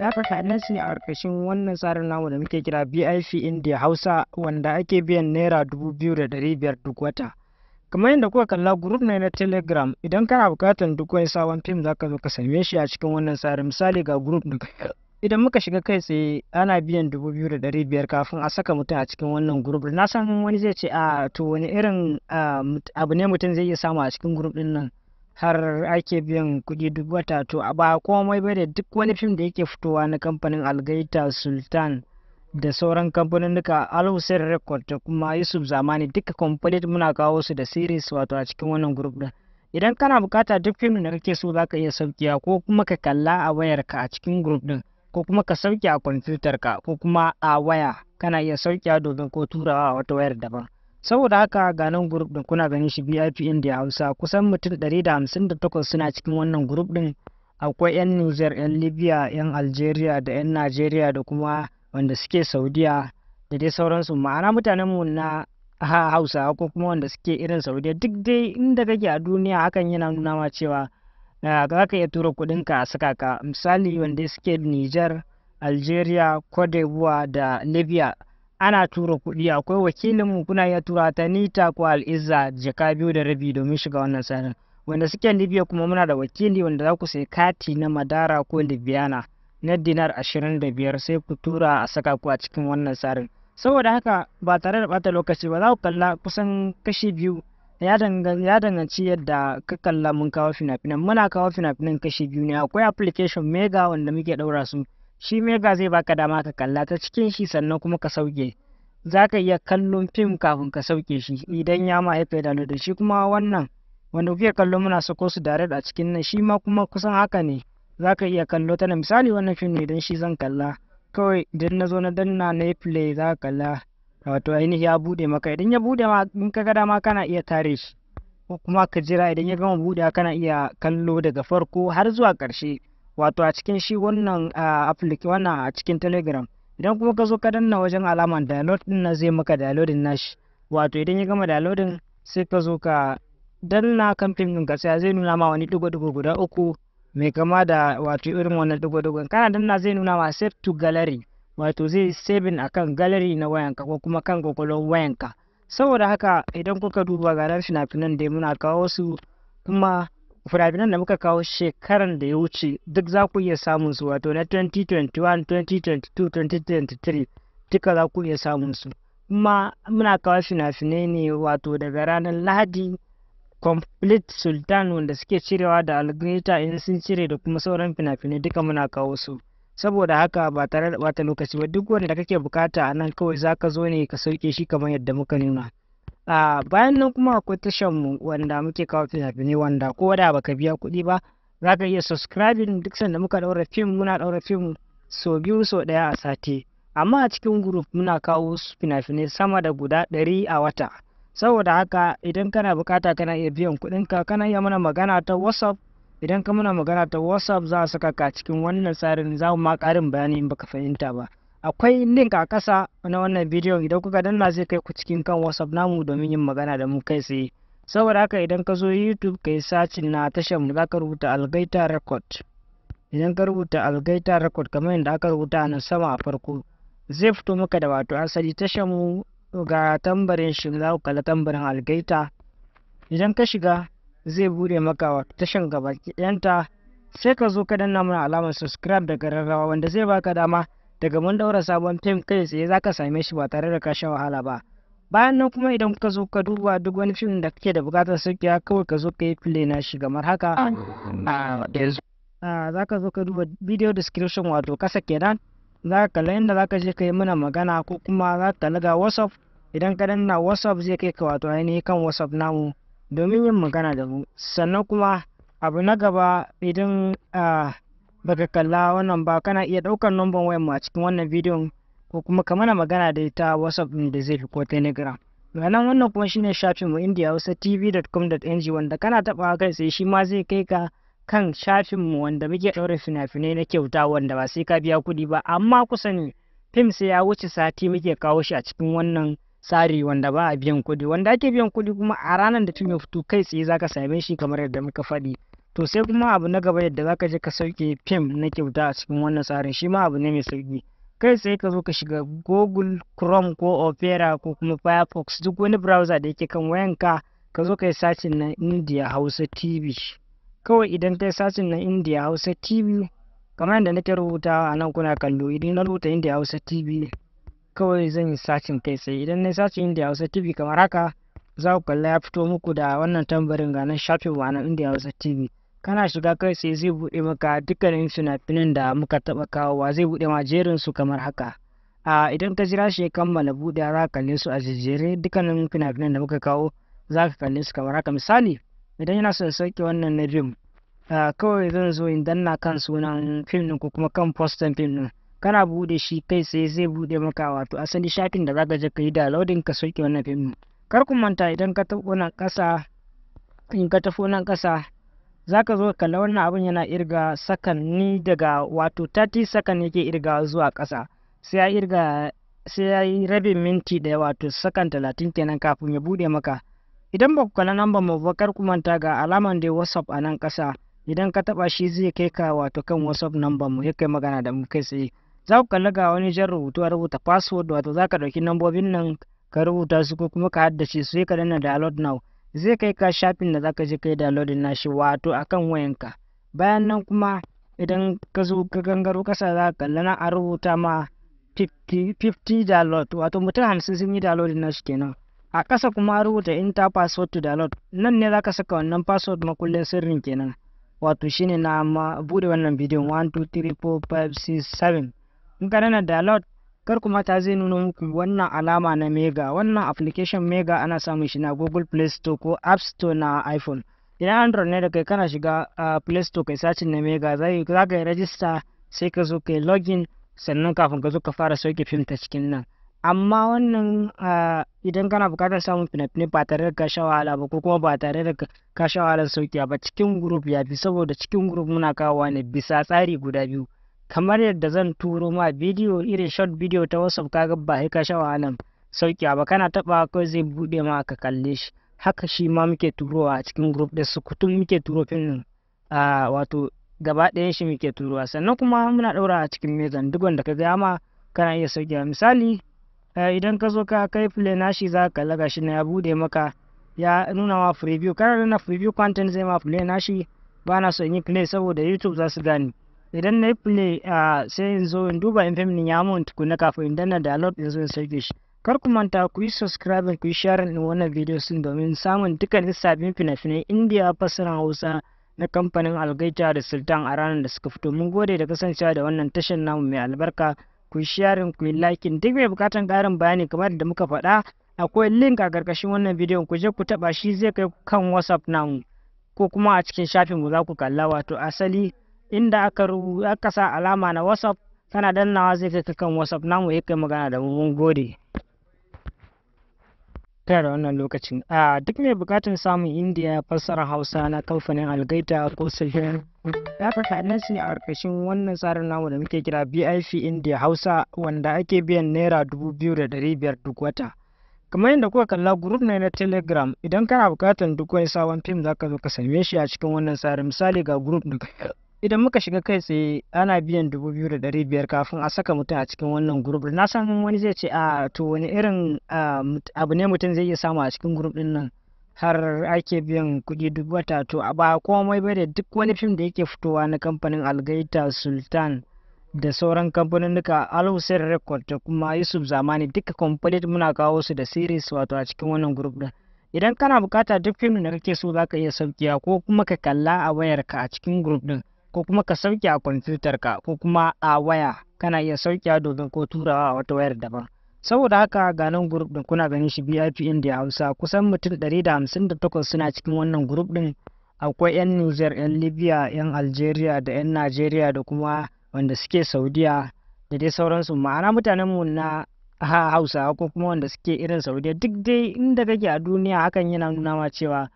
ya faka nan ne a ƙarƙashin wannan tsarin namu da muke kira bif india hausa wanda ake biyan naira dubu biyu da dari biyar duk wata kamar yadda kuka kalla group ne na telegram idan kana bukatan duk wani sabon fim zaka zo ka same shi a cikin wannan tsarin misali ga group na idan muka shiga kai tsaye ana biyan dubu biyu da ɗari biyar kafin a saka mutum a cikin wannan grup na san wani zai ce a to wani irin abu ne mutum zai iya samu a cikin grup din nan har ake biyan kuɗi duk wata to a ba komai ba da duk wani fim da yake fitowa na kamfanin algaita sultan da sauran kamfanin duka alhussein record da kuma yusuf zamani duka complete muna kawo su da series wato a cikin wannan group din idan kana bukata duk fim da kake so zaka iya saukiya ko kuma ka kalla a wayarka a cikin group din ko kuma ka sauke a kwamfutar ka ko kuma a waya kana iya sauke domin ko turawa a wata wayar daban saboda haka ga nan group din kuna ganin shi VIP India Hausa kusan mutum ɗari da 158 suna cikin wannan group din akwai 'yan Niger 'yan Libya 'yan Algeria da 'yan Nigeria da kuma wanda suke Saudiya da dai sauransu ma'ana mutanen mu na Hausa ko kuma wanda suke irin Saudiya duk dai inda kake a duniya hakan yana nuna ma cewa za ka iya tura kuɗin ka a saka ka misali wanda suke Nijar, Algeria, Cote d'Ivoire da Libya ana tura kuɗi akwai wakilinmu kuna iya tura ta nita ko al'izza jaka biyu da rabi domin shiga wannan sanin wanda suke Libya kuma muna da wakili wanda za ku sai kati na Madara ko Libyana na dinar ashirin da biyar sai ku tura a saka ku a cikin wannan sarin saboda haka ba tare da bata lokaci ba za ku kalla kusan kashi biyu ya danganci yadda ka kalla mun kawo fina-finan muna kawo fina-finan kashi biyu ne akwai application mega wanda muke ɗaura su shi mega zai baka dama ka kalla ta cikin shi sannan kuma ka sauke za ka iya kallon fim kafin ka sauke shi idan ya ma da da shi kuma wannan wanda kuke kallo muna sako su direct a cikin nan shi ma kuma kusan haka ne za ka iya kallo ta misali wannan fim ne idan shi zan kalla kawai idan na zo na danna na play za ka kalla wato ainihi ya bude maka idan ya bude ma in ka ga dama kana iya tare shi ko kuma ka jira idan ya gama bude kana iya kallo daga farko har zuwa karshe wato a cikin shi wannan application wannan a cikin telegram idan kuma ka zo ka danna wajen alaman download din na zai maka downloading nashi wato idan ya gama downloading sai ka zo ka danna kamfin ɗin ka sai zai nuna ma wani digo-digo guda uku mai kama da wato irin wannan digo-digon kana danna zai nuna ma save to gallery wato zai saving akan gallery na wayanka ko kuma kan kwakwalwar wayanka saboda haka idan kuka duba ga nan fina-finan da muna kawo su kuma fina da muka kawo shekaran da ya wuce duk za ku iya samun su wato na 2021 2022 2023 duka za ku iya samun su kuma muna kawo fina-finai ne wato daga ranar lahadi complete sultan wanda suke cirewa da algorithm in sun cire da kuma sauran fina-finai duka muna kawo su saboda haka ba tare da bata lokaci ba duk wanda kake bukata a nan kawai za ka zo ne ka sauke shi kamar yadda muka nuna a bayan nan kuma akwai tashan mu wanda muke kawo fina-finai wanda ko da baka biya kuɗi ba Za ka iya subscribing duk sanda muka daura fim muna daura fim so biyu so ɗaya a sati amma a cikin group muna kawo fina-finai sama da guda ɗari a wata saboda haka idan kana bukata kana iya biyan kuɗinka kana iya mana magana ta whatsapp idan ka muna magana ta whatsapp za a saka ka cikin wannan tsarin za mu ma ƙarin bayani in baka fahimta ba akwai link a ƙasa na wannan bidiyon idan kuka danna zai kai ku cikin kan whatsapp namu domin yin magana da mu kai tsaye saboda haka idan ka zo youtube ka yi sacin na tashar mu za ka rubuta algaita record idan ka rubuta algaita record kamar yadda aka rubuta a nan sama a farko zai fito maka da wato asali tashar mu ga tambarin shi za ku kalla tambarin algaita idan ka shiga zai bude maka wa tashan gabaki ɗayanta sai ka zo ka danna mana alamar subscribe da gararrawa wanda zai baka dama daga mun daura sabon fim kai tsaye za ka same shi ba tare da ka wahala ba bayan nan kuma idan ka zo ka duba duk wani fim da kake da bukatar sauƙiya kawai ka zo ka yi play na shi kamar haka ah. Ah, ah, za ka zo ka duba video description wato kasa kenan za ka kalla inda za ka je ka yi mana magana ko kuma za ka daga whatsapp idan ka danna whatsapp zai kai ka wato ainihin kan whatsapp namu domin yin magana da mu sannan kuma abu na gaba idan baka kalla wannan ba kana iya ɗaukar numban wayan mu a cikin wannan bidiyon ko kuma ka mana magana da ita whatsapp ɗin da zai fi ko telegram ranar wannan kuma shine shafin mu india hausa tv.com.ng wanda kana taɓa kai sai shi ma zai kai ka kan shafin mu wanda muke ɗaure fina-finai na kyauta wanda ba sai ka biya kuɗi ba amma kusa ne fim sai ya wuce sati muke kawo shi a cikin wannan tsari wanda ba a biyan kuɗi wanda ake biyan kuɗi kuma a ranar da tun ya fito kai tsaye za ka same shi kamar yadda muka faɗi to sai kuma abu na gaba yadda za ka je ka sauke fim na kyauta a cikin wannan tsarin shi ma abu ne mai sauki kai tsaye ka zo ka shiga google chrome ko opera ko kuma firefox duk wani browser da yake kan wayanka ka zo ka yi sacin na india hausa tv kawai idan ka yi sacin na india hausa tv kamar yadda nake rubutawa a nan kuna kallo idan na rubuta india hausa tv kawai zan yi sacin kai sai idan na sacin india hausa tv kamar haka za ku kalla ya fito muku da wannan tambarin ga nan shafin wa na india hausa tv kana shiga kai sai zai buɗe maka dukkanin fina da muka taɓa kawowa zai buɗe ma jerin su kamar haka a idan ka jira shi ya kammala buɗe za ka kalle su a jejjere dukkanin fina da muka kawo za ka kalle su kamar haka misali idan yana son sauke wannan na fim kawai zan zo in danna kan sunan fim ɗin ko kuma kan fostan fim ɗin kana bude shi kai sai zai bude maka wato asali shafin da zaka je kai yi downloading ka soke wannan film kar ku manta idan ka tafi wannan kasa in ka tafi wannan kasa zaka zo la wannan abun yana irga sakanni daga wato 30 second yake irga zuwa kasa sai ya irga sai ya yi rabin minti da wato sakan 30 kenan kafin ya bude maka idan ba ku kalla number mu ba kar ku manta ga alaman da whatsapp a nan kasa idan ka taba shi zai kai ka wato kan whatsapp number mu ya kai magana da mu kai sai. za ku kalla ga wani jan rubutu a rubuta password wato za ka ɗauki nambobin nan ka rubuta su ko kuma ka haddace su sai ka danna download now zai kai ka shafin da za ka je ka yi downloading nashi wato akan wayanka bayan nan kuma idan ka zo ka gangaro kasa za ka kalla na a rubuta ma 50 download wato mutum hamsin sun yi downloading nashi kenan a ƙasa kuma a rubuta enter password to download nan ne za ka saka wannan password makullin sirrin kenan wato shine na ma bude wannan bidiyon 1 2 3 4 5 6 7 in ka na download kar kuma ta zai nuna muku wannan alama na mega wannan application mega ana samun shi na google play store ko app store na iphone idan android ne da kai kana shiga play store kai sacin na mega za ka yi rajista sai ka zo kai login sannan kafin ka zo ka fara sauke fim ta cikin nan amma wannan idan kana bukatar samun fina-finai ba tare da ka sha wahala ba ko kuma ba tare da ka sha wahalar sauki ba cikin group ya fi saboda cikin group muna kawowa ne bisa tsari guda biyu kamar yadda zan turo ma bidiyo irin short video ta whatsapp kaga ba ka sha nan sauki ba kana taba ko zai bude ma ka kalle shi haka shi ma muke turowa a cikin group da su kutum muke turo fin a wato gaba ɗayan shi muke turowa sannan kuma muna ɗaura a cikin mezan duk wanda ka gaya ma kana iya sauki misali idan ka zo ka kai play shi za ka laga shi na ya bude maka ya nuna ma preview kana nuna preview content zai ma play shi ba na so in yi play saboda youtube za su gani idan na yi play sai in zo in duba in fim ya mun tukuna kafin in danna download in zo in sauke shi kar ku manta ku yi subscribe ku yi share wannan video sun domin samun dukkanin sabbin fina-finai indiya fasaran hausa na kamfanin algaita da sultan a ranar da suka fito mun gode da kasancewa da wannan tashar namu mai albarka ku yi share ku yi like duk mai bukatan karin bayani kamar da muka faɗa akwai link a ƙarƙashin wannan video ku je ku taɓa shi zai kai kan whatsapp namu ko kuma a cikin shafin mu za ku kalla wato asali inda aka rubuta aka sa alama na whatsapp kana dannawa zai kai kan whatsapp namu ya kai magana da mu mun gode kai wannan lokacin a duk mai bukatun samun indiya fassarar hausa na kamfanin algaita ko sahihin ya fata nan ne a ƙarƙashin wannan tsarin namu da muke kira bif india hausa wanda ake biyan naira dubu biyu da dari biyar duk wata kamar yadda kuka kalla group ne na telegram idan kana bukatan duk wani sabon fim zaka zo ka same shi a cikin wannan tsarin misali ga group na idan muka shiga kai tsaye ana biyan dubu biyu da ɗari biyar kafin a saka mutum a cikin wannan grup na san wani zai ce a to wani irin abu ne mutum zai iya samu a cikin grup din nan har ake biyan kuɗi duk wata to a ba komai ba da duk wani fim da yake fitowa na kamfanin algaita sultan da sauran kamfaninnuka alhussein record da kuma yusuf zamani duka complete muna kawo su da series wato a cikin wannan group din idan kana bukata duk fim da kake so zaka iya saukiya ko kuma ka kalla a wayarka a cikin group din ko kuma ka sauke a kwamfutar ka ko kuma a waya kana iya sauke domin ko turawa a wata wayar daban saboda haka ga nan group din kuna ganin shi VIP India Hausa kusan mutum ɗari da 158 suna cikin wannan grup din akwai 'yan Niger 'yan Libya 'yan Algeria da 'yan Nigeria da kuma wanda suke Saudiya da dai sauransu ma'ana mutanen mu na Hausa ko kuma wanda suke irin Saudiya duk dai inda kake a duniya hakan yana nuna ma cewa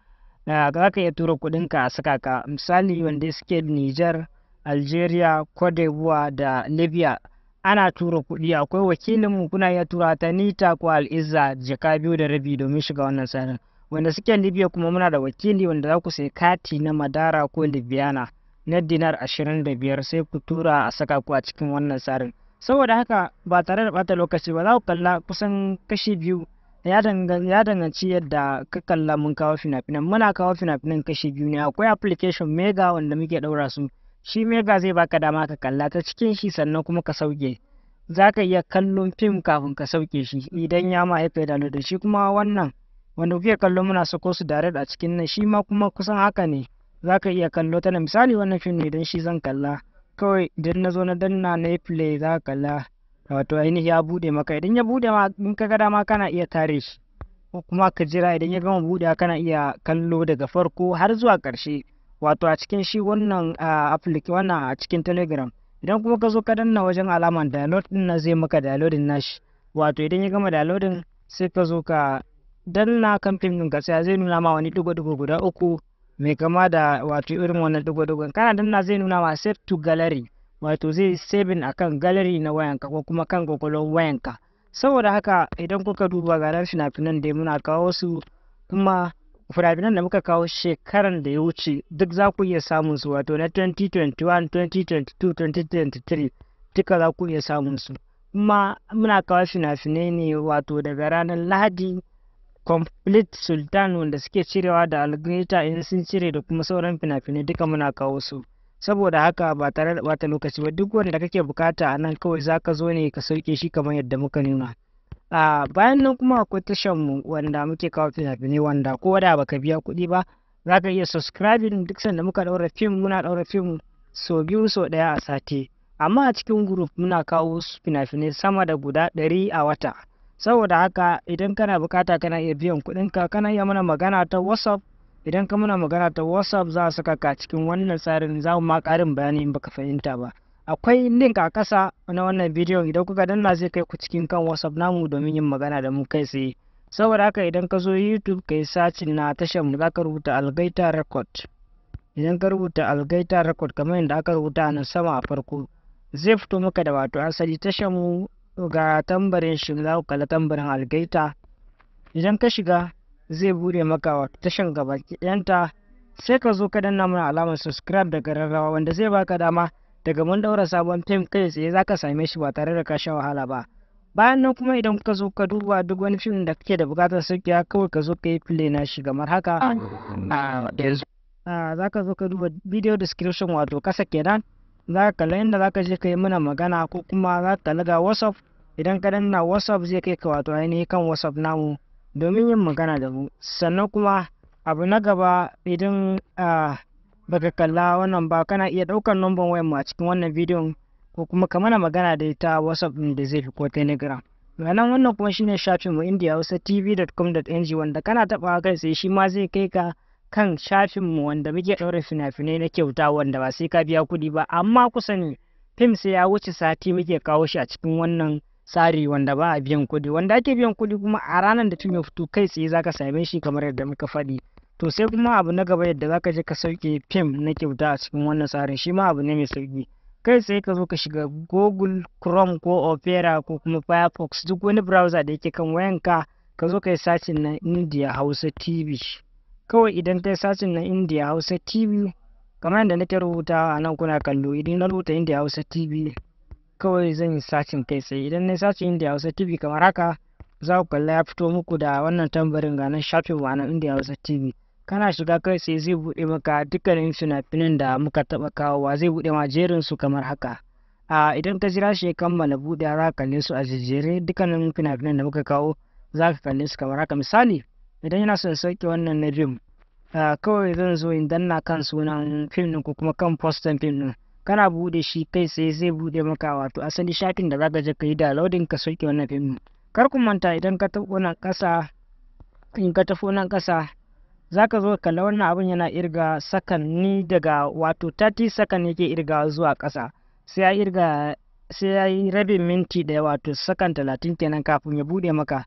za ka iya tura ka a saka ka misali wanda suke Nijar, Algeria, Cote d'Ivoire da Libya ana tura kuɗi akwai wakilinmu kuna iya tura ta nita ko al'izza jaka biyu da rabi domin shiga wannan sanin wanda suke Libya kuma muna da wakili wanda za ku sai kati na Madara ko Libyana na dinar ashirin da biyar sai ku tura a saka ku a cikin wannan tsarin saboda haka ba tare da bata lokaci ba za ku kalla kusan kashi biyu ya danganci yadda ka kalla mun kawo fina-finan muna kawo fina-finan kashi biyu ne akwai application mega wanda muke ɗaura su shi mega zai baka dama ka kalla ta cikin shi sannan kuma ka sauke za ka iya kallon fim kafin ka sauke shi idan ya ma aika da da shi kuma wannan wanda kuke kallo muna sako su direct a cikin nan shi ma kuma kusan haka ne za ka iya kallo ta misali wannan fim ne idan shi zan kalla kawai idan na zo na danna na play za ka kalla wato ainihi ya bude maka idan ya bude ma in ka ga dama kana iya tare shi ko kuma ka jira idan ya gama budewa kana iya kallo daga farko har zuwa karshe wato a cikin shi wannan application wannan a cikin telegram idan kuma ka zo ka danna wajen alaman download din na zai maka downloading nashi wato idan ya gama downloading sai ka zo ka danna kamfin ɗin ka sai zai nuna ma wani dugo-dugo guda uku mai kama da wato irin wannan dugo-dugon kana danna zai nuna ma set to gallery wato zai saving kan gallery na wayanka ko kuma kan kwakwalwar wayanka saboda haka idan kuka duba ga nan fina-finan da muna kawo su kuma fina da muka kawo shekaran da ya wuce duk za ku iya samun su wato na 2021 2022 2023 duka za ku iya samun su kuma muna kawo fina-finai ne wato daga ranar lahadi complete sultan wanda suke cirewa da algorithm in sun cire da kuma sauran fina-finai duka muna kawo su saboda haka ba tare da bata lokaci ba duk wanda kake bukata a nan kawai za ka zo ne ka sauke shi kamar yadda muka nuna a bayan nan kuma akwai tashan mu wanda muke kawo fina-finai wanda ko da baka biya kuɗi ba za ka iya subscribing duk sanda muka ɗaura fim muna ɗaura fim so biyu so ɗaya a sati amma a cikin group muna kawo fina-finai sama da guda ɗari a wata saboda haka idan kana bukata kana iya biyan kuɗinka kana iya mana magana ta whatsapp idan ka muna magana ta whatsapp za a saka ka cikin wannan tsarin za mu ma ƙarin bayani in baka fahimta ba akwai link a ƙasa na wannan bidiyon idan kuka danna zai kai ku cikin kan whatsapp namu domin yin magana da mu kai tsaye saboda haka idan ka zo youtube ka yi sacin na tashar mu za ka rubuta algaita record idan ka rubuta algaita record kamar yadda aka rubuta a nan sama a farko zai fito maka da wato asali tashar mu ga tambarin shi za ku kalla tambarin algaita idan ka shiga zai bude maka wato tashan gabaki sai ka zo ka danna mana alamar subscribe da gararrawa wanda zai baka dama daga mun daura sabon fim kai tsaye za ka same shi ba tare da ka sha wahala ba bayan nan kuma idan ka zo ka duba duk wani fim da kake da buƙatar sauƙiya kawai ka zo ka yi play na shi kamar haka ah. Ah, ah, za ka zo ka duba video description wato kasa kenan za ka kalla inda za ka je ka yi mana magana ko kuma za ka ga whatsapp idan ka danna whatsapp zai kai ka wato ainihin kan whatsapp namu domin yin magana da mu sannan kuma abu na gaba idan baka kalla wannan ba kana iya ɗaukar numban wayan mu a cikin wannan bidiyon ko kuma ka mana magana da ita whatsapp ɗin da zai fi ko telegram ranar wannan kuma shine shafin mu india hausa tv.com.ng wanda kana taɓa kai sai shi ma zai kai ka kan shafin mu wanda muke ɗaure fina-finai na kyauta wanda ba sai ka biya kuɗi ba amma kusa ne fim sai ya wuce sati muke kawo shi a cikin wannan tsari wanda ba a biyan kuɗi wanda ake biyan kuɗi kuma a ranar da fim ya fito kai tsaye za ka same shi kamar yadda muka faɗi to sai kuma abu na gaba yadda za ka je ka sauke fim na kyauta a cikin wannan tsarin shi ma abu ne mai sauki kai tsaye ka zo ka shiga google chrome ko opera ko kuma firefox duk wani browser da yake kan wayanka ka zo ka yi sacin na india hausa tv kawai idan ka yi sacin na india hausa tv kamar yadda nake rubutawa a nan kuna kallo idan na rubuta india hausa tv kawai zan yi sacin kai tsaye idan na sacin ya hausa tv kamar haka za ku kalla ya fito muku da wannan tambarin ga nan shafin wa na ya hausa tv kana shiga kai sai zai buɗe maka dukkanin fina da muka taɓa kawowa zai buɗe ma jerin su kamar haka a idan ka jira shi ya kammala buɗe za ka kalle su a jejjere dukkanin fina da muka kawo za ka kalle su kamar haka misali idan yana son sauke wannan na rim kawai zan zo in danna kan sunan fim ɗin ko kuma kan fostan fim ɗin kana bude shi kai sai zai bude maka wato asali shafin da zaka je kai yi downloading ka soke wannan film kar ku manta idan ka tafi wannan kasa in ka tafi wannan kasa zaka zo kalla wannan abun yana irga sakanni daga wato 30 second yake irga zuwa kasa sai ya irga sai ya yi rabin minti da wato sakan 30 kenan kafin ya bude maka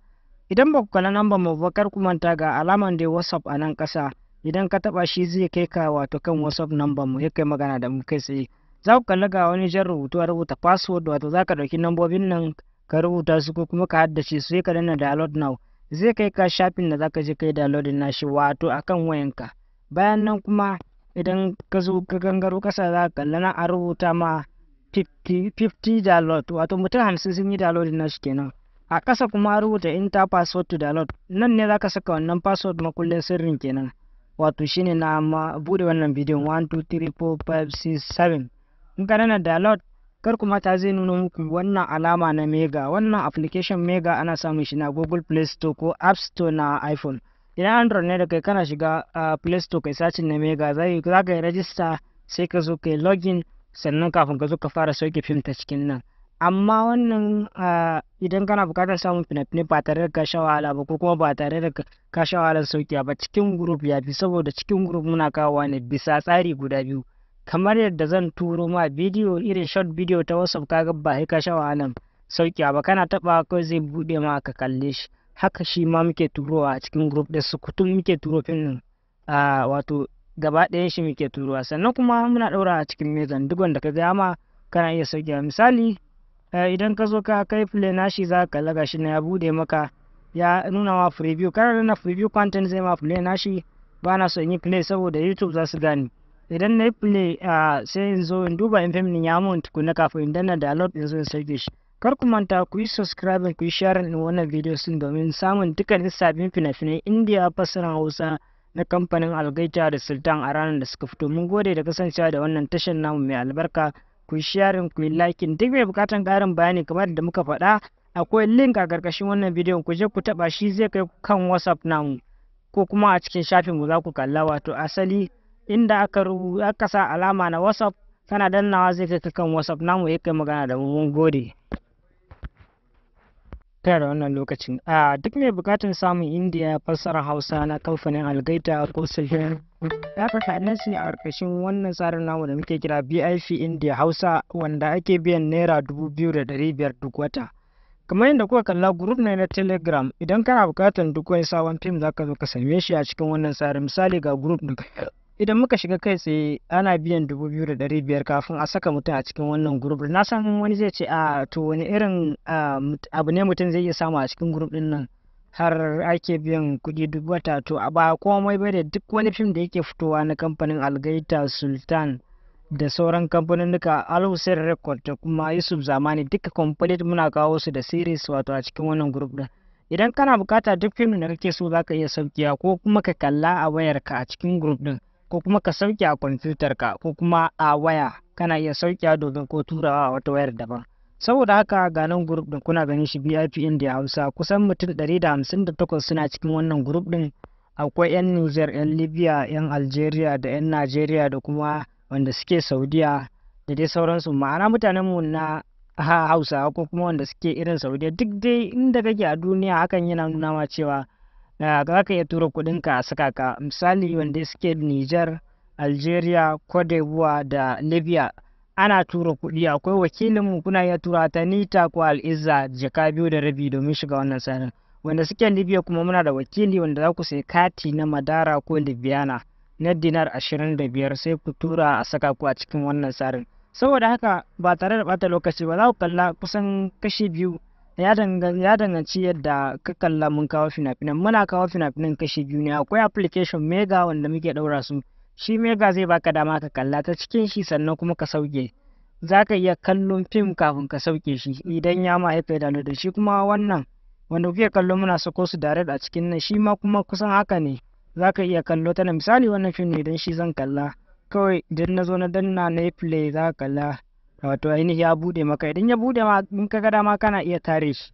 idan ba ku kalla namba mu ba kar ku manta ga alaman da whatsapp a nan kasa idan ka taba shi zai kai ka wato kan whatsapp number mu ya kai magana da mu kai sai za ku kalla ga wani jan rubutu a rubuta password wato za ka ɗauki nambobin nan ka rubuta su ko kuma ka haddace su sai ka danna download now zai kai ka shafin da za ka je ka yi downloading shi wato akan wayanka bayan nan kuma idan ka zo ka gangaro kasa za ka kalla na a rubuta ma 50 download wato mutum hamsin sun yi downloading shi kenan a ƙasa kuma a rubuta enter password to download nan ne za ka saka wannan password makullin sirrin kenan wato shine na ma bude wannan bidiyon 1 2 3 4 5 6 7 in ka na download kar kuma ta zai nuna muku wannan alama na mega wannan application mega ana samun shi na google play store ko app store na iphone idan android ne da kai kana shiga play store kai sacin na mega za ka yi rajista sai ka zo kai login sannan kafin ka zo ka fara sauke fim ta cikin nan amma wannan idan kana bukatar samun fina-finai ba tare da ka sha wahala ba ko kuma ba tare da ka sha wahalar sauki ba cikin group ya fi saboda cikin group muna kawowa ne bisa tsari guda biyu kamar yadda zan turo ma bidiyo irin short video ta whatsapp kaga ba ka sha wahalan sauki ba kana taba ko zai bude ma ka kalle shi haka shi ma muke turowa a cikin group da su kutum muke turo fim a wato gaba ɗayan shi muke turowa sannan kuma muna ɗaura a cikin mezan duk wanda ka gaya ma kana iya sauki misali idan ka zo ka kai play shi za ka laga shi na ya bude maka ya nuna ma preview kana nuna preview content zai ma play shi ba na so yi play saboda youtube za su gani idan na yi a sai in zo in duba in fim ya mun tukuna kafin in danna alot in zo in sauke shi kar ku manta ku yi subscribe ku yi share in wannan video sun domin samun dukkanin sabbin fina-finai indiya fasaran hausa na kamfanin algaita da sultan a ranar da suka fito mun gode da kasancewa da wannan tashar namu mai albarka ku yi share ku yi like duk mai bukatan karin bayani kamar da muka faɗa akwai link a karkashin wannan bidiyon ku je ku taba shi zai kai kan whatsapp namu ko kuma a cikin shafin mu za ku kalla wato asali inda aka rubuta aka sa alama na whatsapp kana dannawa zai kai kan whatsapp namu ya kai magana da mu mun gode kai da wannan lokacin a duk mai bukatun samun indiya fassarar hausa na kamfanin algaita ko sahihin ya faka nan shi a ƙarƙashin wannan tsarin namu da muke kira bif india hausa wanda ake biyan naira dubu biyu da dari biyar duk wata kamar yadda kuka kalla group ne na telegram idan kana bukatan duk wani sabon fim zaka zo ka same shi a cikin wannan tsarin misali ga group na idan muka shiga kai tsaye ana biyan dubu biyu da ɗari biyar kafin a saka mutum a cikin wannan grup na san wani zai ce a to wani irin abu ne mutum zai iya samu a cikin grup din nan har ake biyan kuɗi duk wata to a ba komai ba da duk wani fim da yake fitowa na kamfanin algaita sultan da sauran kamfaninnuka alhussein record da kuma yusuf zamani duka complete muna kawo su da series wato a cikin wannan group din idan kana bukata duk fim da kake so zaka iya saukiya ko kuma ka kalla a wayarka a cikin group din ko kuma ka sauke a kwamfutar ka ko kuma a waya kana iya sauke domin ko turawa a wata wayar daban saboda haka ga nan group din kuna ganin shi VIP India Hausa kusan mutum ɗari da 158 suna cikin wannan group din akwai 'yan Niger 'yan Libya 'yan Algeria da 'yan Nigeria da kuma wanda suke Saudiya da dai sauransu ma'ana mutanen mu na Hausa ko kuma wanda suke irin Saudiya duk dai inda kake a duniya hakan yana nuna ma cewa za ka iya tura kuɗin ka a saka ka misali wanda suke Nijar, Algeria, Cote d'Ivoire da Libya ana tura kuɗi akwai wakilinmu kuna iya tura ta nita ko al'izza jaka biyu da rabi domin shiga wannan sanin wanda suke Libya kuma muna da wakili wanda za ku sai kati na Madara ko Libyana na dinar ashirin da biyar sai ku tura a saka ku a cikin wannan sarin saboda haka ba tare da bata lokaci ba za ku kalla kusan kashi biyu ya danganci yadda ka kalla mun kawo fina-finan muna kawo fina-finan kashi biyu ne akwai application mega wanda muke ɗaura su shi mega zai baka dama ka kalla ta cikin shi sannan kuma ka sauke za ka iya kallon fim kafin ka sauke shi idan ya ma haifa da shi kuma wannan wanda kuke kallo muna sako su direct a cikin nan shi ma kuma kusan haka ne za ka iya kallo ta misali wannan fim ne idan shi zan kalla kawai idan na zo na danna na play za ka kalla wato ainihi ya bude maka idan ya bude ma in ka ga dama kana iya tare shi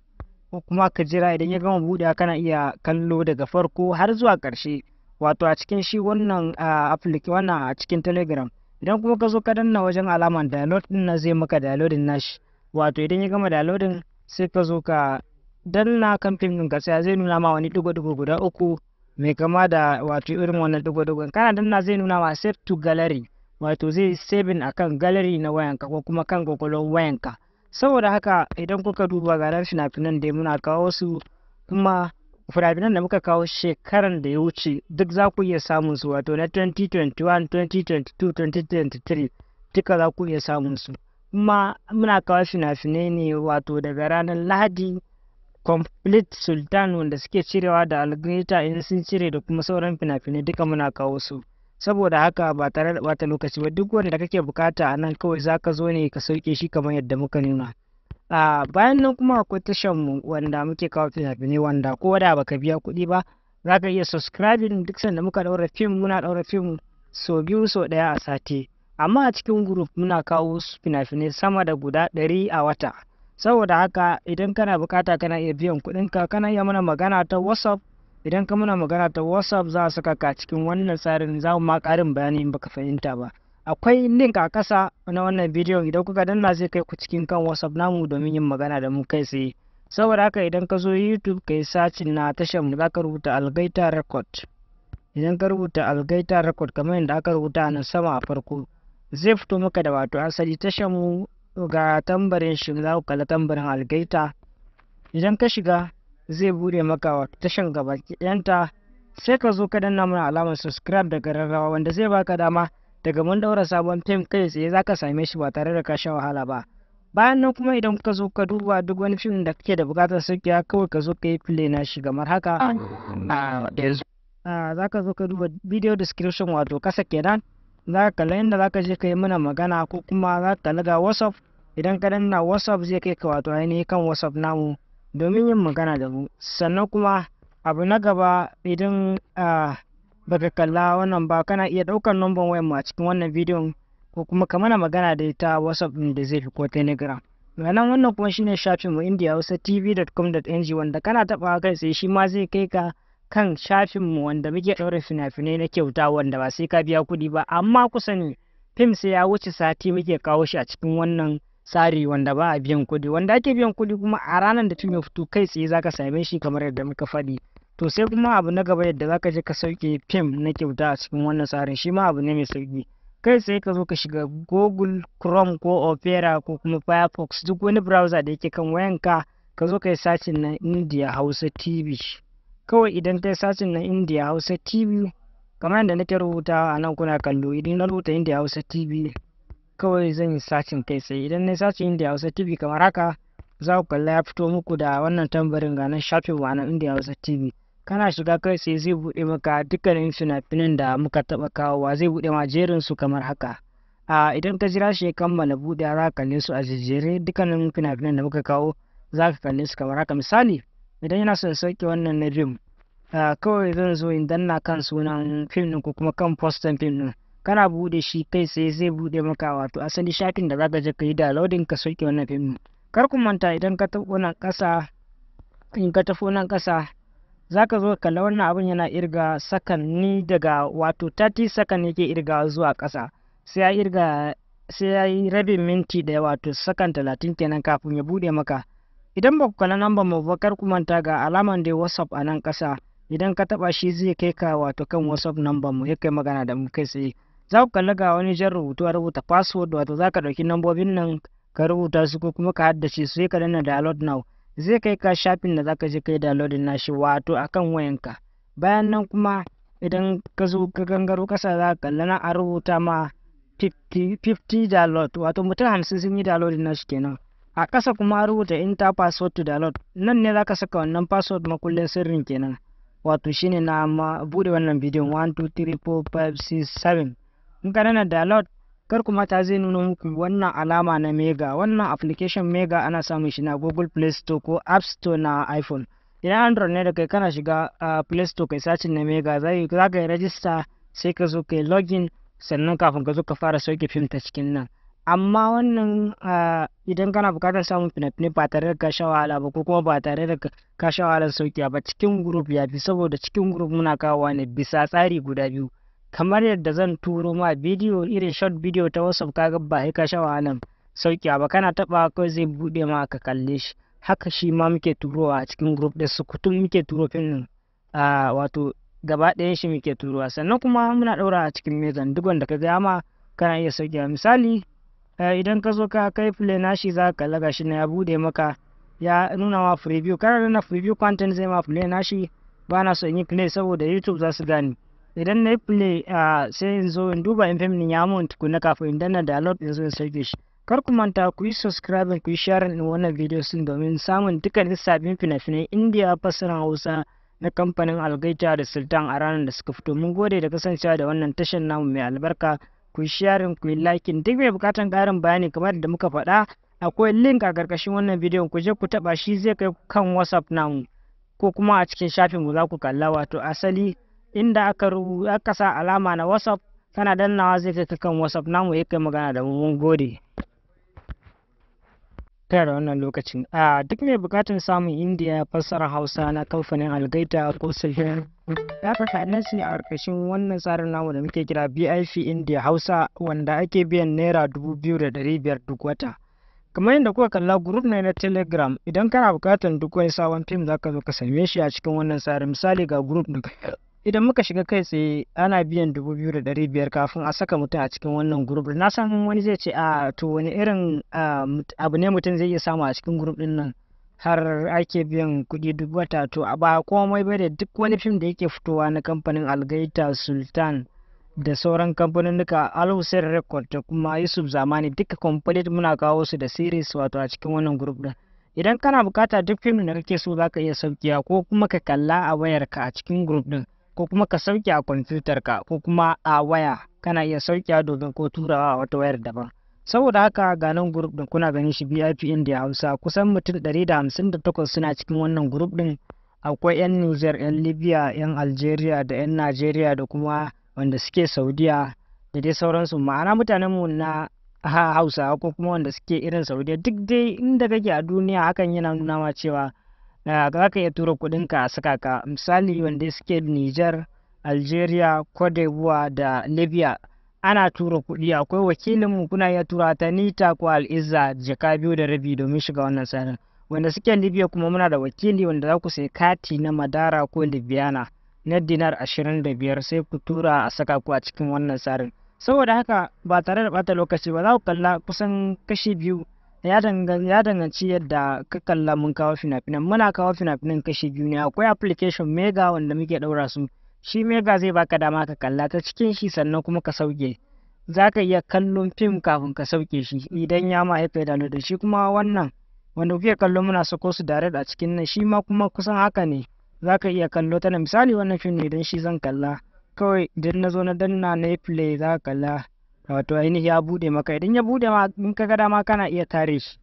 ko kuma ka jira idan ya gama budewa kana iya kallo daga farko har zuwa karshe wato a cikin shi wannan application wannan a cikin telegram idan kuma ka zo ka danna wajen alaman download din na zai maka downloading nashi wato idan ya gama downloading sai ka zo ka danna kamfin ɗin ka sai zai nuna ma wani dugo dugo guda uku mai kama da wato irin wannan dugo digon kana danna zai nuna ma set to gallery wato zai saving akan gallery na wayanka ko kuma kan kwakwalwar wayanka saboda haka idan kuka duba ga nan fina-finan da muna kawo su kuma fina da muka kawo shekaran da ya wuce duk za ku iya samun su wato na 2021 2022 2023 duka za ku iya samun su kuma muna kawo fina-finai ne wato daga ranar lahadi complete sultan wanda suke cirewa da algorithm in sun cire da kuma sauran fina-finai duka muna kawo su saboda haka ba tare da bata lokaci ba duk wanda kake bukata a nan kawai za ka zo ne ka sauke shi kamar yadda muka nuna a bayan nan kuma akwai tashan mu wanda muke kawo fina-finai wanda ko da baka biya kuɗi ba za ka iya subscribing duk sanda muka daura fim muna daura fim so biyu so ɗaya a sati amma a cikin group muna kawo fina-finai sama da guda ɗari a wata saboda haka idan kana bukata kana iya biyan kuɗinka kana iya mana magana ta whatsapp idan ka muna magana ta whatsapp za a saka ka cikin wannan tsarin za mu ma ƙarin bayani in baka fahimta ba akwai link a ƙasa na wannan bidiyon idan kuka danna zai kai ku cikin kan whatsapp namu domin yin magana da mu kai tsaye saboda haka idan ka zo youtube ka yi sacin na tashar mu za ka rubuta algaita record idan ka rubuta algaita record kamar yadda aka rubuta a nan sama a farko zai fito maka da wato asali tashar mu ga tambarin shi za ku kalla tambarin algaita idan ka shiga zai bude maka wa tashan gabaki sai ka zo ka danna mana alamar subscribe da gararrawa wanda zai baka dama daga mun daura sabon fim kai tsaye za ka same shi ba tare da ka sha wahala ba bayan nan kuma idan ka zo ka duba duk wani fim da kake da bukatar sauƙiya kawai ka zo ka yi play na shi kamar haka ah. Ah, ah, za ka zo ka duba video description wato kasa kenan za ka kalla inda za ka je ka yi mana magana ko kuma za ka whatsapp idan ka danna whatsapp zai kai ka wato ainihin kan whatsapp namu domin yin magana da mu sannan kuma abu na gaba idan baka kalla wannan ba kana iya ɗaukar numban wayan mu a cikin wannan bidiyon ko kuma ka mana magana da ita whatsapp ɗin da zai fi ko telegram ranar wannan kuma shine shafin mu india hausa tv.com.ng wanda kana taɓa kai sai shi ma zai kai ka kan shafin mu wanda muke ɗaure fina-finai na kyauta wanda ba sai ka biya kuɗi ba amma kusa ne fim sai ya wuce sati muke kawo shi a cikin wannan tsari wanda ba a biyan kuɗi wanda ake biyan kuɗi kuma a ranar da tun ya fito kai tsaye za ka same shi kamar yadda muka faɗi to sai kuma abu na gaba yadda za ka je ka sauke fim na kyauta a cikin wannan tsarin shi ma abu ne mai sauki kai tsaye ka zo ka shiga google chrome ko opera ko kuma firefox duk wani browser da yake kan wayanka ka zo ka yi sacin na india hausa tv kawai idan ka yi sacin na india hausa tv kamar yadda nake rubutawa a nan kuna kallo idan na rubuta india hausa tv kawai zan yi sacin kai sai idan na sacin india hausa tv kamar haka za ku kalla ya fito muku da wannan tambarin ga nan shafin wa na hausa tv kana shiga kai sai zai buɗe maka dukkanin fina da muka taɓa kawowa zai buɗe ma jerin su kamar haka a idan ka jira shi ya kammala buɗe za ka kalle su a jejjere dukkanin fina da muka kawo za ka kalle su kamar haka misali idan yana son sauke wannan na fim kawai zan zo in danna kan sunan fim ɗin ko kuma kan fostan fim ɗin kana bude shi kai sai zai bude maka wato asali shafin da zaka je kai yi downloading ka soke wannan fim kar ku manta idan ka tafi wannan kasa in ka tafi wannan kasa zaka zo kalla wannan abun yana irga sakanni daga wato 30 second yake irga zuwa kasa sai ya irga sai ya yi rabin minti da wato sakan 30 kenan kafin ya bude maka idan ba ku kalla namba mu ba kar ku manta ga alaman da whatsapp a nan kasa idan ka taba shi zai kai ka wato kan whatsapp number mu ya kai magana da mu kai sai za ku kalla ga wani jan rubutu a rubuta password wato za ka ɗauki nambobin nan ka rubuta su ko kuma ka haddace su sai ka danna download now zai kai ka shafin da za ka je ka yi downloading nashi wato akan wayanka bayan nan kuma idan ka zo ka gangaro kasa za ka kalla na a rubuta ma 50 download wato mutum hamsin sun yi downloading nashi kenan a ƙasa kuma a rubuta enter password to download nan ne za ka saka wannan password makullin sirrin kenan wato shine na ma bude wannan bidiyon 1 2 3 4 5 6 7 in ka na download kar kuma ta zai nuna muku wannan alama na mega wannan application mega ana samun shi na google play store ko app store na iphone idan android ne da kai kana shiga play store kai sacin na mega za ka yi rajista sai ka zo kai login sannan kafin ka zo ka fara sauke fim ta cikin nan amma wannan idan kana bukatar samun fina-finai ba tare da ka sha wahala ba ko kuma ba tare da ka sha wahalar sauki ba cikin group ya fi saboda cikin group muna kawowa ne bisa tsari guda biyu kamar yadda zan turo ma bidiyo irin short bidiyo ta whatsapp kaga ba ai ka sha wahalan sauki ba kana taba kawai zai bude ma ka kalle shi haka shi ma muke turowa a cikin group da sukutun muke turo fin a wato gaba ɗayan shi muke turowa sannan kuma muna ɗaura a cikin mezan duk wanda ka gaya ma kana iya sauki misali idan ka zo ka kai play shi za ka laga shi na ya bude maka ya nuna ma preview kana nuna preview content zai ma play shi ba na so in yi play saboda youtube za su gani idan na yi play sai in zo in duba in fim ya mun tukuna kafin in danna download in zo in sauke shi kar ku manta ku yi subscribe ku yi share in wannan video sun domin samun dukkanin sabbin fina-finai indiya fasaran hausa na kamfanin algaita da sultan a ranar da suka fito mun gode da kasancewa da wannan tashar namu mai albarka ku yi share ku yi like duk mai bukatan karin bayani kamar da muka faɗa akwai link a karkashin wannan bidiyon ku je ku taba shi zai kai kan whatsapp namu ko kuma a cikin shafin mu za ku kalla wato asali inda aka rubuta aka sa alama na whatsapp kana dannawa zai kai kan whatsapp namu ya kai magana da mu mun gode tare da wannan lokacin a duk mai bukatun samun indiya fassarar hausa na kamfanin algaita ko sahihin ya faka nan ne a ƙarƙashin wannan tsarin namu da muke kira bif india hausa wanda ake biyan naira dubu biyu da ɗari biyar duk wata kamar yadda kuka kalla group ne na telegram idan kana bukatan duk wani sabon fim zaka zo ka same shi a cikin wannan tsarin misali ga group na idan muka shiga kai tsaye ana biyan dubu biyu da ɗari biyar kafin a saka mutum a cikin wannan grup na san wani zai ce a to wani irin abu ne mutum zai iya samu a cikin grup din nan har ake biyan kuɗi duk wata to a ba komai ba da duk wani fim da yake fitowa na kamfanin algaita sultan da sauran kamfanin duka alhussein record da kuma yusuf zamani duka complete muna kawo su da series wato a cikin wannan group din idan kana bukata duk fim da kake so zaka iya saukiya ko kuma ka kalla a wayarka a cikin group din ko kuma ka sauke a kwamfutar ka ko kuma a waya kana iya sauke domin ko turawa a wata wayar daban saboda haka ga nan group din kuna ganin shi VIP India Hausa kusan mutum ɗari da 158 suna cikin wannan group din akwai 'yan Niger 'yan Libya 'yan Algeria da 'yan Nigeria da kuma wanda suke Saudiya da dai sauransu ma'ana mutanen mu na Hausa ko kuma wanda suke irin Saudiya duk dai inda kake a duniya hakan yana nuna ma cewa za ka iya tura kuɗin ka a saka ka misali wanda suke Nijar, Algeria, Cote d'Ivoire da Libya ana tura kuɗi akwai wakilinmu kuna iya tura ta nita ko al'izza jaka biyu da rabi domin shiga wannan sanin wanda suke Libya kuma muna da wakili wanda za ku sai kati na Madara ko Libyana na dinar ashirin da biyar sai ku tura a saka ku a cikin wannan tsarin saboda haka ba tare da bata lokaci ba za ku kalla kusan kashi biyu ya danganci yadda ka kalla mun kawo fina-finan muna kawo fina-finan kashi biyu ne akwai application mega wanda muke ɗaura su shi mega zai baka dama ka kalla ta cikin shi sannan kuma ka sauke za ka iya kallon fim kafin ka sauke shi idan ya ma aika da da shi kuma wannan wanda kuke kallo muna sako su da a cikin nan shi ma kuma kusan haka ne za ka iya kallo ta misali wannan fim ne idan shi zan kalla kawai idan na zo na danna na play za ka kalla wato ainihi ya bude maka idan ya bude ma in ka gada ma kana iya tare shi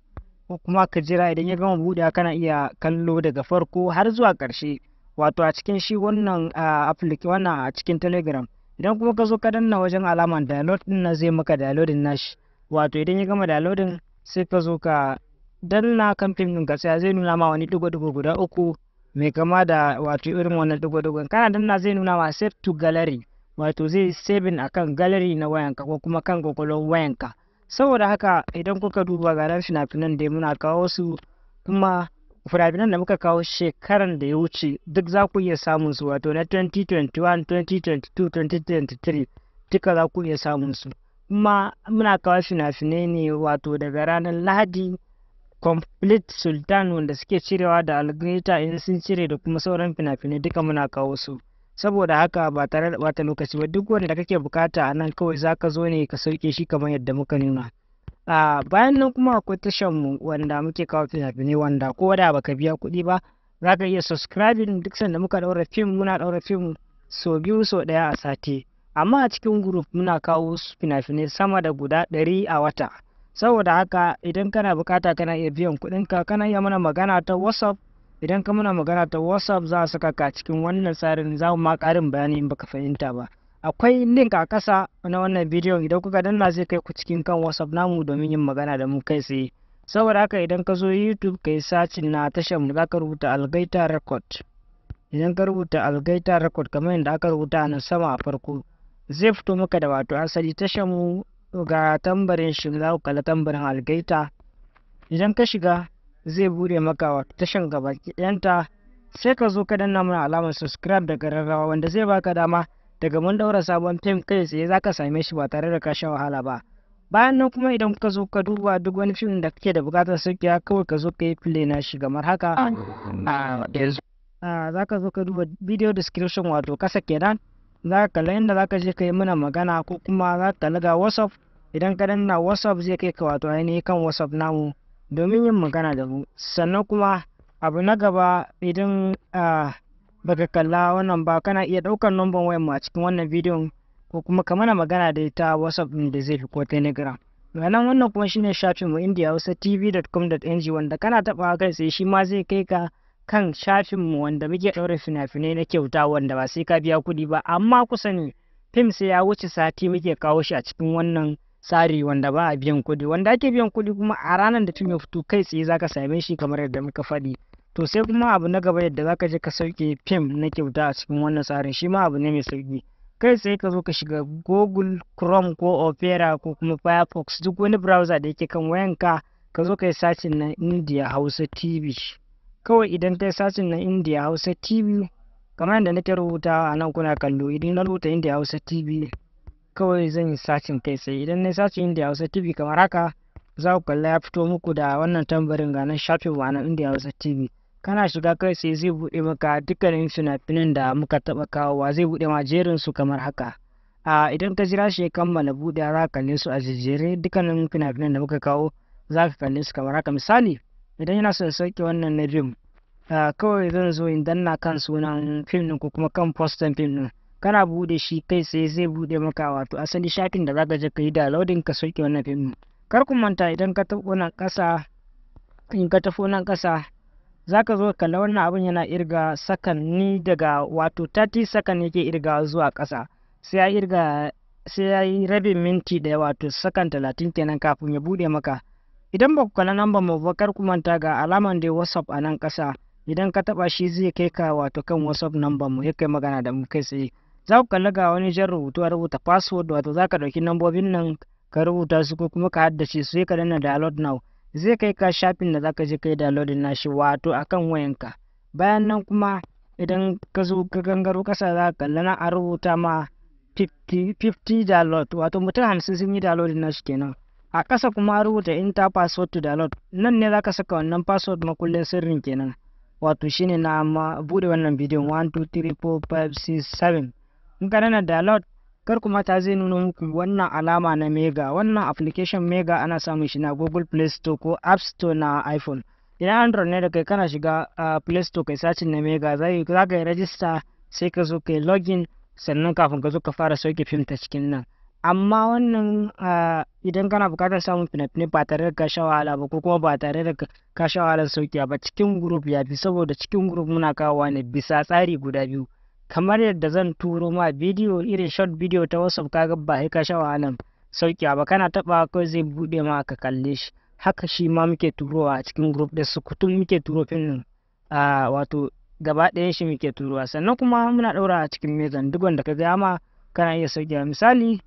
ko kuma ka jira idan ya gama bude kana iya kallo daga farko har zuwa karshe wato a cikin shi wannan application wannan a cikin telegram idan kuma ka zo ka danna wajen alaman download din na zai maka downloading nashi wato idan ya gama downloading sai ka zo ka danna kamfin ɗin ka sai zai nuna ma wani digo-digo guda uku mai kama da wato irin wannan digo-digon kana danna zai nuna ma set to gallery wato zai saving akan gallery na wayanka ko kuma kan kwakwalwar wayanka saboda haka idan kuka duba ga nan fina-finan da muna kawo su kuma fina da muka kawo shekaran da ya wuce duk za ku iya samun su wato na 2021 2022 2023 duka za ku iya samun su kuma muna kawo fina-finai ne wato daga ranar lahadi complete sultan wanda suke cirewa da algorithm in sun cire da kuma sauran fina-finai duka muna kawo su saboda haka ba tare da bata lokaci ba duk wanda kake bukata a nan kawai za ka zo ne ka sauke shi kamar yadda muka nuna a bayan nan kuma akwai tashan mu wanda muke kawo fina-finai wanda ko da baka biya kuɗi ba za ka iya subscribing duk sanda muka daura fim muna daura fim so biyu so ɗaya a sati amma a cikin group muna kawo fina-finai sama da guda ɗari a wata saboda haka idan kana bukata kana iya biyan kuɗinka kana iya mana magana ta whatsapp idan ka muna magana ta whatsapp za a saka ka cikin wannan tsarin za mu ma karin bayani in baka fahimta ba akwai link a ƙasa na wannan bidiyon idan kuka danna zai kai ku cikin kan whatsapp namu domin yin magana da mu kai tsaye saboda haka idan ka zo youtube ka yi sacin na tashar mu za ka rubuta algaita record idan ka rubuta algaita record kamar yadda aka rubuta a nan sama a farko zai fito maka da wato asali tashar mu ga tambarin shi za ku kalla tambarin algaita idan ka shiga zai bude maka wato tashan gabaki ɗayanta sai ka zo ka danna mana alamar subscribe da gararrawa wanda zai baka dama daga mun daura sabon fim kai tsaye zaka same shi ba tare da ka sha wahala ba bayan nan kuma idan ka zo ka duba duk wani fim da kake da bukatar sauƙiya kawai ka zo ka yi play na shi kamar haka ah, ah, ah, za ka zo ka duba video description wato kasa kenan za ka kalla inda za ka je ka yi mana magana ko kuma za ka liga whatsapp idan ka danna whatsapp zai kai ka wato ainihin kan whatsapp namu domin yin magana da mu sannan kuma abu na gaba idan baka kalla wannan ba kana iya ɗaukar numban wayan mu a cikin wannan bidiyon ko kuma ka mana magana da ita whatsapp ɗin da zai fi ko telegram ranar wannan kuma shine shafin mu india hausa tv.com.ng wanda kana taɓa kai sai shi ma zai kai ka kan shafin mu wanda muke ɗaure fina-finai na kyauta wanda ba sai ka biya kuɗi ba amma kusa ne fim sai ya wuce sati muke kawo shi a cikin wannan tsari wanda ba a biyan kuɗi wanda ake biyan kuɗi kuma a ranar da fim ya fito kai tsaye zaka same shi kamar yadda muka faɗi to sai kuma abu na gaba yadda za ka je ka sauke fim na kyauta a cikin wannan tsarin shi ma abu ne mai sauki kai tsaye ka zo ka shiga google chrome ko opera ko kuma firefox duk wani browser da yake kan wayanka ka zo ka yi sacin na india hausa tv kawai idan ka yi sacin na india hausa tv kamar yadda nake rubuta a nan kuna kallo idan na rubuta india hausa tv kawai zan yi sacin kai sai idan na sacin india hausa tv kamar haka za ku kalla ya fito muku da wannan tambarin ga nan shafin wa na india hausa tv kana shiga kai sai zai buɗe maka dukkanin fina da muka taɓa kawowa zai buɗe ma jerin su kamar haka a idan ka jira shi ya kammala buɗe za ka kalle su a jejjere dukkanin fina da muka kawo za ka kalle su kamar haka misali idan yana son sauke wannan na fim kawai zan zo in danna kan sunan fim ɗin ko kuma kan fostan fim ɗin kana bude shi kai sai zai bude maka wato asali shafin da zaka je ka yi downloading ka soke wannan film kar ku manta idan ka tafi nan kasa in ka tafi wannan kasa zaka zo kalla wannan abun yana irga sakanni daga wato 30 second yake irga zuwa kasa sai ya irga sai ya yi rabin minti da wato sakan 30 kenan kafin ya bude maka idan ba ku kalla namba mu ba kar ku manta ga alaman da WhatsApp a nan kasa idan ka taba shi zai kai ka wato kan WhatsApp number mu ya kai magana da mu kai sai. za ku kalla ga wani jan rubutu a rubuta password wato za ka ɗauki nambobin nan ka rubuta su ko kuma ka haddace su sai ka danna download now zai kai ka shafin da za ka je ka yi downloading nashi wato akan wayanka bayan nan kuma idan ka zo ka gangaro kasa za ka kalla na a rubuta ma 50 download wato mutum hamsin sun yi downloading nashi kenan a ƙasa kuma a rubuta enter password to download nan ne za ka saka wannan password kullum sirrin kenan wato shine na ma bude wannan bidiyon 1 2 3 4 5 6 7 in ka na download kar kuma ta zai nuna muku wannan alama na mega wannan application mega ana samun shi na google play store ko app store na iphone idan android ne da kai kana shiga play store kai sacin na mega za ka yi rajista sai ka zo kai login sannan kafin ka zo ka fara sauke fim ta cikin nan amma wannan idan kana bukatar samun fina-finai ba tare da ka sha wahala ba ko kuma ba tare da ka sha wahalar sauki ba cikin group ya fi saboda cikin group muna kawowa ne bisa tsari guda biyu kamar yadda zan turo ma bidiyo irin short bidiyo ta whatsapp kaga ba ka sha wahalan sauki ba kana taba kawai zai bude ma ka kalle shi haka shi ma muke turowa a cikin group da su kutum muke turo fim a wato gaba ɗayan shi muke turowa sannan kuma muna ɗaura a cikin mezan duk wanda ka gaya ma kana iya sauki misali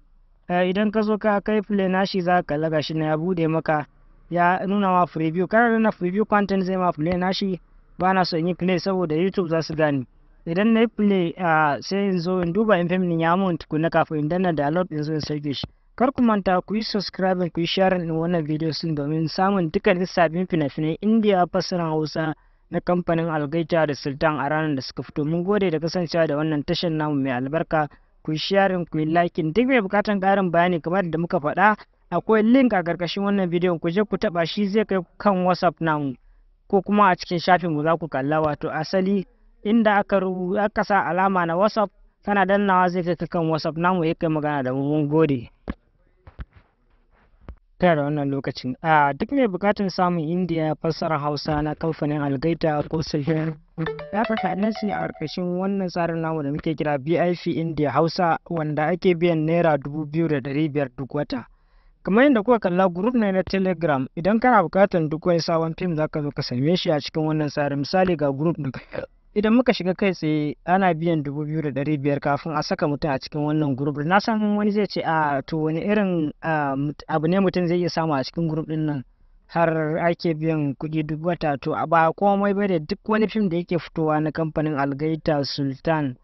idan ka zo ka kai play nashi za ka laga shi na ya bude maka ya nuna ma preview kana nuna preview content zai ma play nashi ba na so in yi play saboda youtube za su gani idan na yi a sai in zo in duba in fim ya mun tukuna kafin in danna download in zo in sauke shi kar ku manta ku yi subscribe ku yi share ni wannan video sun domin samun dukkanin sabbin fina-finai indiya fasaran hausa na kamfanin algaita da sultan a ranar da suka fito mun gode da kasancewa da wannan tashar namu mai albarka ku yi share ku yi like duk mai bukatan karin bayani kamar da muka faɗa akwai link a karkashin wannan video ku je ku taba shi zai kai kan whatsapp namu ko kuma a cikin shafin mu za ku kalla wato asali inda aka rubuta aka sa alama na whatsapp kana dannawa zai kai kan whatsapp namu ya kai magana da mu mun gode kai da wannan lokacin a duk mai bukatun samun indiya fassarar hausa na kamfanin algaita ko sahihin ya faka nan shi a ƙarƙashin wannan tsarin namu da muke kira bif india hausa wanda ake biyan naira dubu biyu da dari biyar duk wata kamar yadda kuka kalla group ne na telegram idan kana bukatar duk wani sabon fim zaka zo ka same shi a cikin wannan tsarin misali ga group na idan muka shiga kai tsaye ana biyan dubu biyu da ɗari biyar kafin a saka mutum a cikin wannan grup na san wani zai ce a to wani irin abu ne mutum zai iya samu a cikin grup din nan har ake biyan kuɗi duk wata to a ba komai ba da duk wani fim da yake fitowa na kamfanin algaita sultan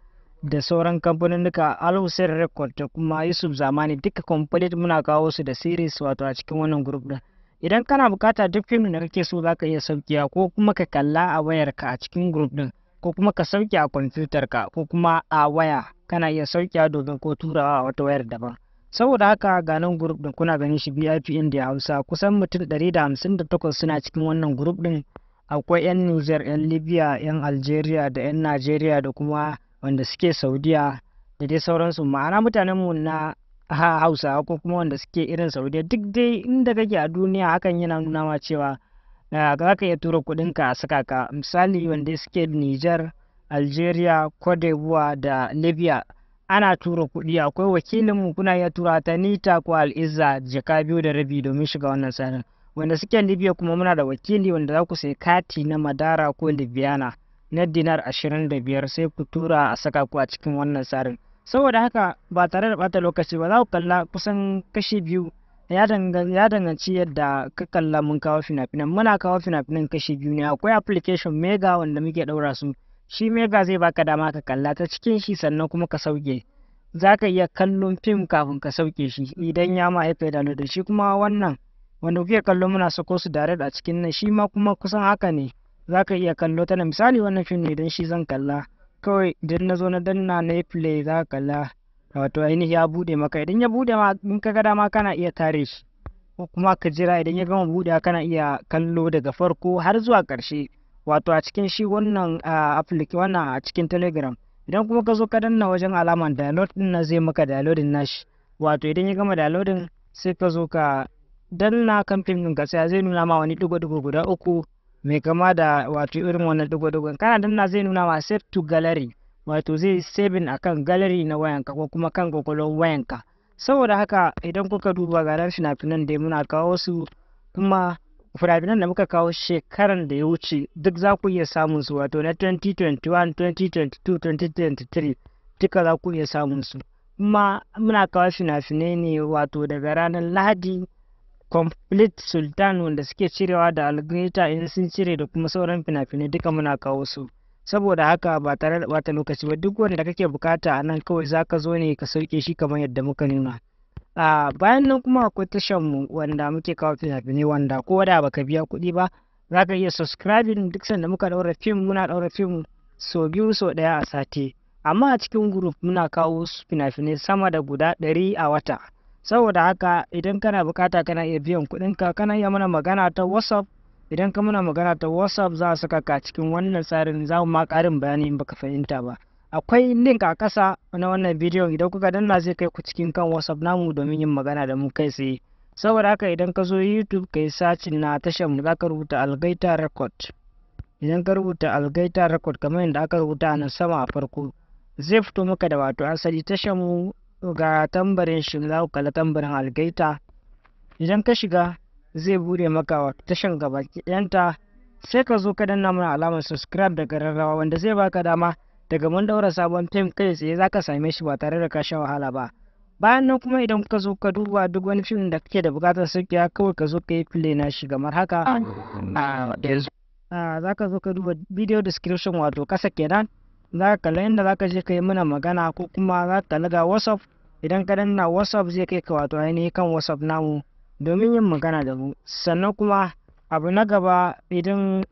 da sauran kamfanin duka alhussein record da kuma yusuf zamani duka complete muna kawo su da series wato a cikin wannan grup din idan kana bukata duk fim da kake so zaka iya saukiya ko kuma ka kalla a wayarka a cikin guruf din ko kuma ka sauke a kwamfutar ka ko kuma a waya kana iya sauke domin ko turawa a wata wayar daban saboda haka ga nan ɗin din kuna ganin shi VIP India Hausa kusan mutum ɗari da 158 suna cikin wannan grup din akwai 'yan Niger 'yan Libya 'yan Algeria da 'yan Nigeria da kuma wanda suke Saudiya da dai sauransu ma'ana mutanen mu na Hausa ko kuma wanda suke irin Saudiya duk dai inda kake a duniya hakan yana nuna cewa za ka iya tura kuɗin ka a saka ka misali wanda suke Nijar, Algeria, Cote d'Ivoire da Libya ana tura kuɗi akwai wakilinmu kuna iya tura ta nita ko al'izza jaka biyu da rabi domin shiga wannan sanin wanda suke Libya kuma muna da wakili wanda za ku sai kati na Madara ko Libyana na dinar ashirin da biyar sai ku tura a saka ku a cikin wannan tsarin saboda haka ba tare da bata lokaci ba za ku kalla kusan kashi biyu ya danganci yadda ka kalla mun kawo fina-finan muna kawo fina-finan kashi biyu ne akwai application mega wanda muke ɗaura su shi mega zai baka dama ka kalla ta cikin shi sannan kuma ka sauke za ka iya kallon fim kafin ka sauke shi idan ya ma aika da shi kuma wannan wanda kuke kallo muna sako su direct a cikin nan shi ma kuma kusan haka ne za ka iya kallo ta misali wannan fim ne idan shi zan kalla kawai idan na zo na danna na play za ka kalla wato ainihi ya bude maka idan ya bude ma in ka ga dama kana iya tare shi ko kuma ka jira idan ya gama budewa kana iya kallo daga farko har zuwa karshe wato a cikin shi wannan application wannan a cikin telegram idan kuma ka zo ka danna wajen alaman download din na zai maka downloading nashi wato idan ya gama downloading sai ka zo ka danna kamfin ɗin ka sai zai nuna ma wani dugo dugo guda uku mai kama da wato irin wannan dugo digon kana danna zai nuna ma set to gallery wato zai yi saving kan gallery na wayanka ko kuma kan kwakwalwar wayanka saboda haka idan kuka duba ga nan fina-finan da muna kawo su kuma fina da muka kawo shekaran da ya wuce duk za ku iya samun su wato na 2021 2022 2023 duka za ku iya samun su kuma muna kawo fina-finai ne wato daga ranar lahadi complete sultan wanda suke cirewa da algorithm in sun cire da kuma sauran fina-finai duka muna kawo su saboda haka ba tare da bata lokaci ba duk wanda kake bukata a nan kawai za ka zo ne ka sauke shi kamar yadda muka nuna a bayan nan kuma akwai tashan mu wanda muke kawo fina-finai wanda ko da baka biya kuɗi ba za ka iya subscribing duk sanda muka ɗaura fim muna daura fim so biyu so ɗaya a sati amma a cikin group muna kawo fina-finai sama da guda ɗari a wata saboda haka idan kana bukata kana iya biyan kuɗinka kana iya mana magana ta whatsapp idan ka muna magana ta whatsapp za a saka ka cikin wannan tsarin za mu ma karin bayani in baka fahimta ba akwai link a ƙasa na wannan bidiyon idan kuka danna zai kai ku cikin kan whatsapp namu domin yin magana da mu kai tsaye saboda haka idan ka zo youtube ka yi sacin na tashar mu za ka rubuta algaita record idan ka rubuta algaita record kamar yadda aka rubuta a nan sama a farko zai fito maka da wato asali tashar mu ga tambarin shi za ku kalla tambarin algaita idan ka shiga zai bude maka tashan gabaki ɗayanta sai ka zo ka danna mana alamar subscribe da gararrawa wanda zai baka dama daga mun daura sabon fim kai tsaye za ka same shi ba tare da ka sha wahala ba bayan nan kuma idan ka zo ka duba duk wani fim da kake da bukatar sauƙiya kawai ka zo ka yi play na shi kamar haka ah. Ah, ah, za ka zo ka duba video description wato kasa kenan za ka kalli inda za ka je ka yi mana magana ko kuma za ka ga whatsapp idan ka danna whatsapp zai kai ka wato ainihin kan whatsapp namu domin yin magana da mu sannan kuma abu na gaba idan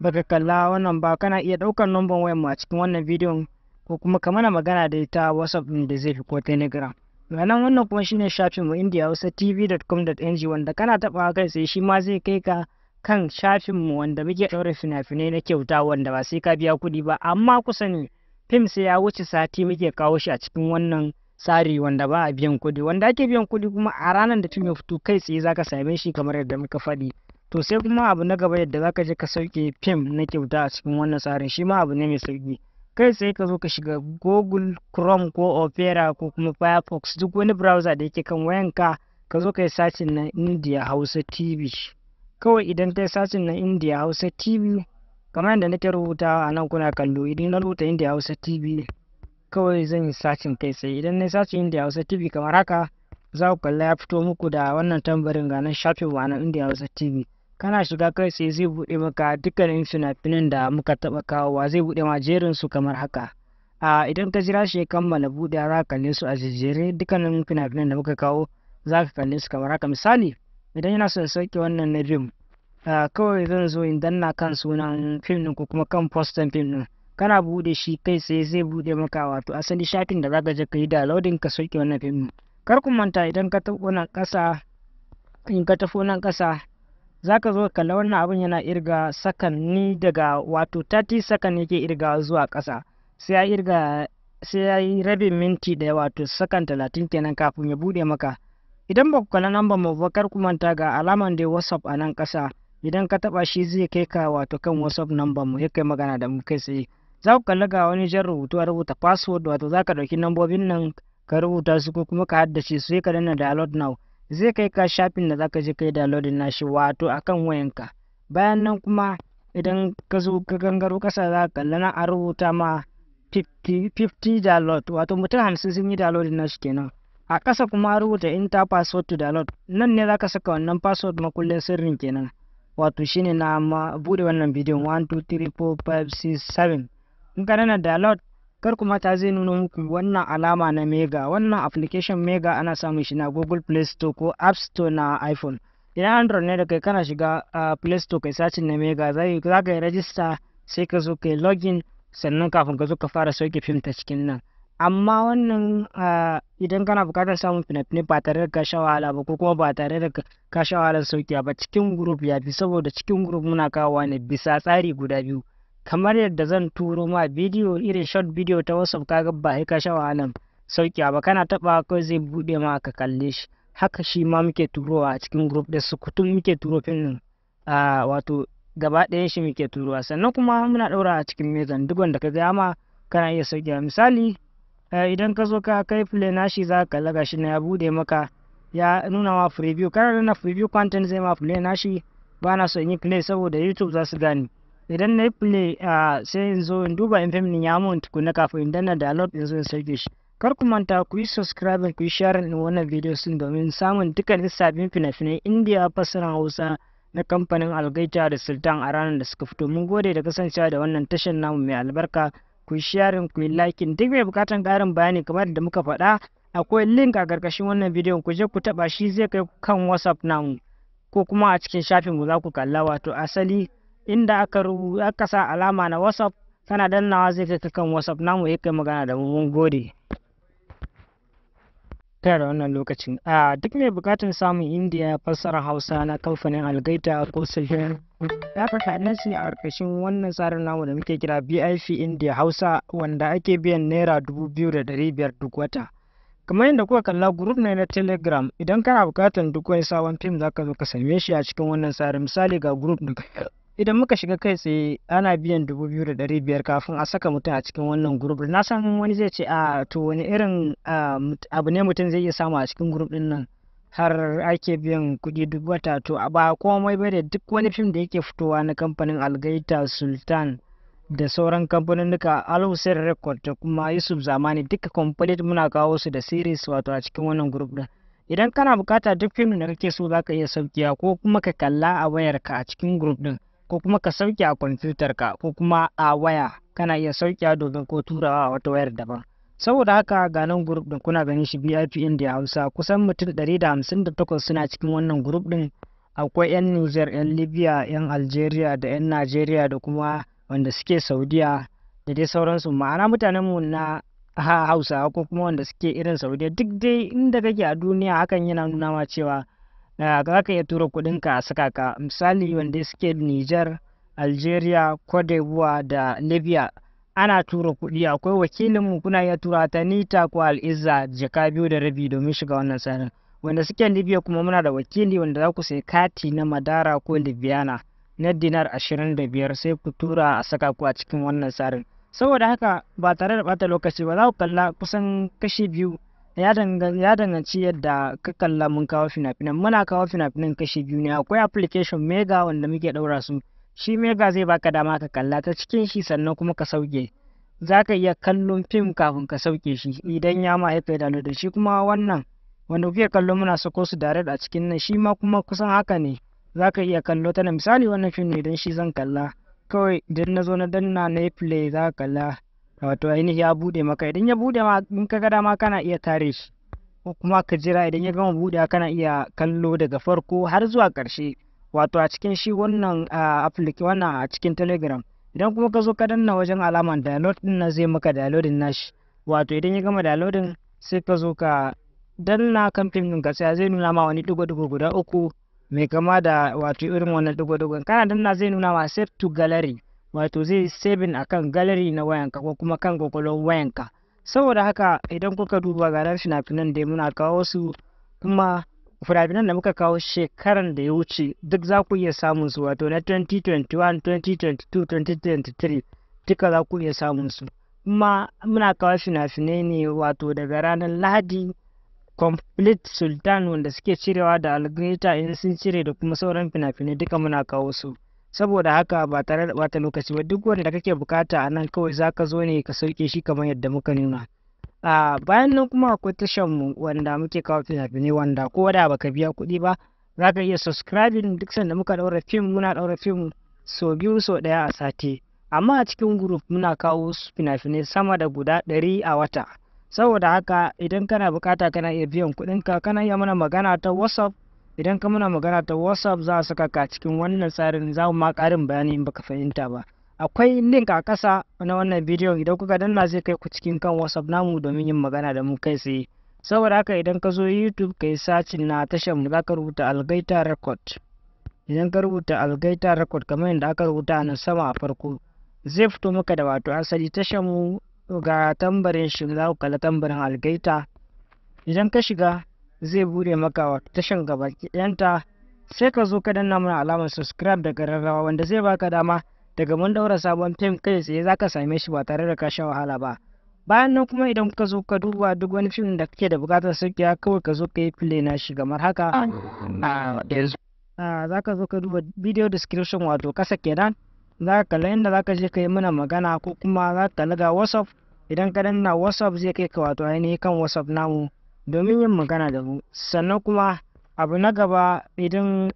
baka kalla wannan ba kana iya ɗaukar numban wayan mu a cikin wannan bidiyon ko kuma ka mana magana da ita whatsapp ɗin da zai fi ko telegram ranar wannan kuma shine shafin mu india hausa tv.com.ng wanda kana taɓa kai sai shi ma zai kai ka kan shafin mu wanda muke ɗaure fina-finai na kyauta wanda ba sai ka biya kuɗi ba amma kusa ne fim sai ya wuce sati muke kawo shi a cikin wannan tsari wanda ba a biyan kuɗi wanda ake biyan kuɗi kuma a ranar da fim ya fito kai tsaye zaka same shi kamar yadda muka faɗi to sai kuma abu na gaba yadda ka je ka sauke fim na kyauta a cikin wannan tsarin shi ma abu ne mai sauki kai tsaye ka zo ka shiga google chrome ko opera ko kuma firefox duk wani browser da yake kan wayanka ka zo ka yi sacin na india hausa tv kawai idan ka yi sacin na india hausa tv kamar yadda nake rubutawa a nan kuna kallo idan na rubuta india hausa tv kawai zan yi sacin kai sai idan na sacin ya hausa tv kamar haka za ku kalla ya fito muku da wannan tambarin ga nan shafin wa na ya wasa tv kana shiga kai sai zai buɗe maka dukkanin fina-finan da muka taɓa kawowa zai buɗe ma jerin su kamar haka a idan ka jira shi ya kammala buɗe za ka kalle su a jejjere dukkanin fina-finan da muka kawo za ka kalle su kamar haka misali idan yana son sauke wannan na fim kawai zan zo in danna kan sunan fim ɗin ko kuma kan fostan fim ɗin kana bude shi kai sai zai bude maka wato asali shafin da zaka je ka yi downloading ka soke wannan film kar ku manta idan ka tafi nan kasa in ka tafi wannan kasa zaka zo kalla wannan abun yana irga sakanni daga wato 30 second yake irga zuwa kasa sai ya irga sai ya yi rabin minti da wato sakan 30 kenan kafin ya bude maka idan ba ku kalla namba mu ba kar ku manta ga alaman da whatsapp a nan kasa idan ka taba shi zai kai ka wato kan whatsapp number mu ya kai magana da mu kai sai za ku kalla ga wani jan rubutu a rubuta password wato za ka ɗauki nambobin nan ka rubuta su ko kuma ka haddace su sai ka danna download now zai kai ka shafin da za ka je ka yi downloading nashi wato akan wayanka bayan nan kuma idan ka zo ka gangaro kasa za ka kalla na a rubuta ma 50 download wato mutum hamsin sun yi downloading nashi kenan a ƙasa kuma a rubuta enter password to download nan ne za ka saka wannan password kullum sirrin kenan wato shine na ma bude wannan bidiyon 1 2 3 4 5 6 7 in ka download kar kuma ta zai nuna muku wannan alama na mega wannan application mega ana samun shi na google play store ko app store na iphone idan android ne da kai kana shiga play store kai sacin na mega za ka yi rajista sai ka zo kai login sannan kafin ka zo ka fara sauke fim ta cikin nan amma wannan idan kana bukatar samun fina-finai ba tare da ka sha wahala ba ko kuma ba tare da ka sha wahalar sauki ba cikin group ya fi saboda cikin group muna kawowa ne bisa tsari guda biyu kamar yadda zan turo ma bidiyo irin short bidiyo ta whatsapp kaga ba ai ka sha wahalan sauki ba kana taba kawai zai bude ma ka kalle shi haka shi ma muke turowa a cikin group da sukutun muke turo fin a wato gaba ɗayan shi muke turowa sannan kuma muna ɗaura a cikin mezan duk wanda ka gaya ma kana iya sauki misali idan ka zo ka kai play nashi za ka laga shi na ya bude maka ya nuna ma preview kana nuna preview content zai ma play nashi ba na so in yi play saboda youtube za su gani idan na yi play sai in zo in duba in fim ya mun tukuna kafin in danna download in zo in sauke shi kar ku manta ku yi subscribe ku yi share in wannan video sun domin samun dukkanin sabbin fina-finai indiya fasara hausa na kamfanin algaita da sultan a ranar da suka fito mun gode da kasancewa da wannan tashar namu mai albarka ku yi share ku yi like duk mai bukatan karin bayani kamar da muka faɗa akwai link a ƙarƙashin wannan bidiyon ku je ku taɓa shi zai kai kan whatsapp namu ko kuma a cikin shafin mu za ku kalla wato asali inda aka rubuta aka sa alama na whatsapp kana dannawa zai kai kan whatsapp namu ya kai magana da mu mun gode tare da wannan lokacin a duk mai bukatun samun indiya fassarar hausa na kamfanin algaita ko sahihin ya fata nan shi a ƙarƙashin wannan tsarin namu da muke kira bif india hausa wanda ake biyan naira dubu biyu da dari biyar duk wata kamar yadda kuka kalla group ne na telegram idan kana bukatan duk wani sabon fim zaka zo ka same shi a cikin wannan tsarin misali ga group na idan muka shiga kai tsaye ana biyan dubu biyu da ɗari biyar kafin a saka mutum a cikin wannan grup na san wani zai ce a to wani irin abu ne mutum zai iya samu a cikin grup din nan har ake biyan kuɗi duk wata to a ba komai ba da duk wani fim da yake fitowa na kamfanin algaita sultan da sauran kamfaninnuka alhussein record da kuma yusuf zamani duka complete muna kawo su da series wato a cikin wannan grup din idan kana bukata duk fim da kake so zaka iya saukiya ko kuma ka kalla a wayarka a cikin grup din ko kuma ka sauke a kwamfutar ka ko kuma a waya kana iya sauke domin ko turawa a wata wayar daban saboda haka ga nan group din kuna ganin shi VIP India Hausa kusan mutum 158 suna cikin wannan group ɗin akwai 'yan Niger 'yan Libya 'yan Algeria da 'yan Nigeria da kuma wanda suke Saudiya da dai sauransu ma'ana mutanen mu na Hausa ko kuma wanda suke irin Saudiya duk dai inda kake a duniya hakan yana nuna ma cewa za ka iya tura kuɗin ka a saka ka misali wanda suke Nijar, Algeria, Cote d'Ivoire da Libya ana tura kuɗi akwai wakilinmu kuna iya tura ta nita ko al'izza jaka biyu da rabi domin shiga wannan sanin wanda suke Libya kuma muna da wakili wanda za ku sai kati na Madara ko Libyana na dinar ashirin da biyar sai ku tura a saka ku a cikin wannan tsarin saboda haka ba tare da bata lokaci ba za ku kalla kusan kashi biyu ya danganci yadda ka kalla mun kawo fina-finan muna kawo fina-finan kashi biyu ne akwai application mega wanda muke ɗaura su shi mega zai baka dama ka kalla ta cikin shi sannan kuma ka sauke za ka iya kallon fim kafin ka sauke shi idan ya ma aika da shi kuma wannan wanda kuke kallo muna sako su direct a cikin nan shi ma kuma kusan haka ne za ka iya kallo ta misali wannan fim ne idan shi zan kalla kawai idan na zo na danna na play za ka kalla wato ainihi ya bude maka idan ya bude ma in ka gada dama kana iya tare shi ko kuma ka jira idan ya gama bude kana iya kallo daga farko har zuwa karshe wato a cikin shi wannan application wannan a cikin telegram idan kuma ka zo ka danna wajen alaman download din na zai maka downloading nashi wato idan ya gama downloading sai ka zo ka danna kamfin ɗin ka sai zai nuna ma wani dugo dugo guda uku mai kama da wato irin wannan dugo dugo kana danna zai nuna ma set to gallery wato zai saving akan gallery na wayanka ko kuma kan kwakwalwar wayanka saboda haka idan kuka duba ga nan fina-finan da muna kawo su kuma fina da muka kawo shekaran da ya wuce duk za ku iya samun su wato na 2021 2022 2023 duka za ku iya samun su kuma muna kawo fina-finai ne wato daga ranar lahadi complete sultan wanda suke cirewa da algorithm in sun cire da kuma sauran fina-finai duka muna kawo su saboda haka ba tare da bata lokaci ba duk wanda kake bukata a nan kawai za ka zo ne ka sauke shi kamar yadda muka nuna a bayan nan kuma akwai tashan mu wanda muke kawo fina-finai wanda ko da baka biya kuɗi ba Za ka iya subscribing duk sanda muka daura fim muna ɗaura fim so biyu so ɗaya a sati amma a cikin group muna kawo fina-finai sama da guda ɗari a wata saboda haka idan kana bukata kana iya biyan kuɗinka kana iya mana magana ta whatsapp idan ka muna magana ta whatsapp za a saka ka cikin wannan tsarin za mu ma karin bayani in baka fahimta ba akwai link a ƙasa na wannan bidiyon idan kuka danna zai kai ku cikin kan whatsapp namu domin yin magana da mu kai tsaye saboda haka idan ka zo youtube ka yi sacin na tashar mu za ka rubuta algaita record idan ka rubuta algaita record kamar yadda aka rubuta a nan sama a farko zai fito maka da wato asali tashar mu ga tambarin shi za ku kalla tambarin algaita idan ka shiga zai bude maka wa tashan gabaki ɗayanta sai ka zo ka danna mana alamar subscribe da gararrawa wanda zai baka dama daga mun daura sabon fim kai tsaye za ka same shi ba tare da ka sha wahala ba bayan nan kuma idan ka zo ka duba duk wani fim da kake da bukatar sauƙiya kawai ka zo ka yi play na shi kamar haka ah. Ah, ah, za ka zo ka duba video description wato kasa kenan za ka kalla inda za ka je ka yi mana magana ko kuma za ka kalla ga whatsapp idan ka danna whatsapp zai kai ka wato ainihin kan whatsapp namu domin yin magana da mu sannan kuma abu na gaba idan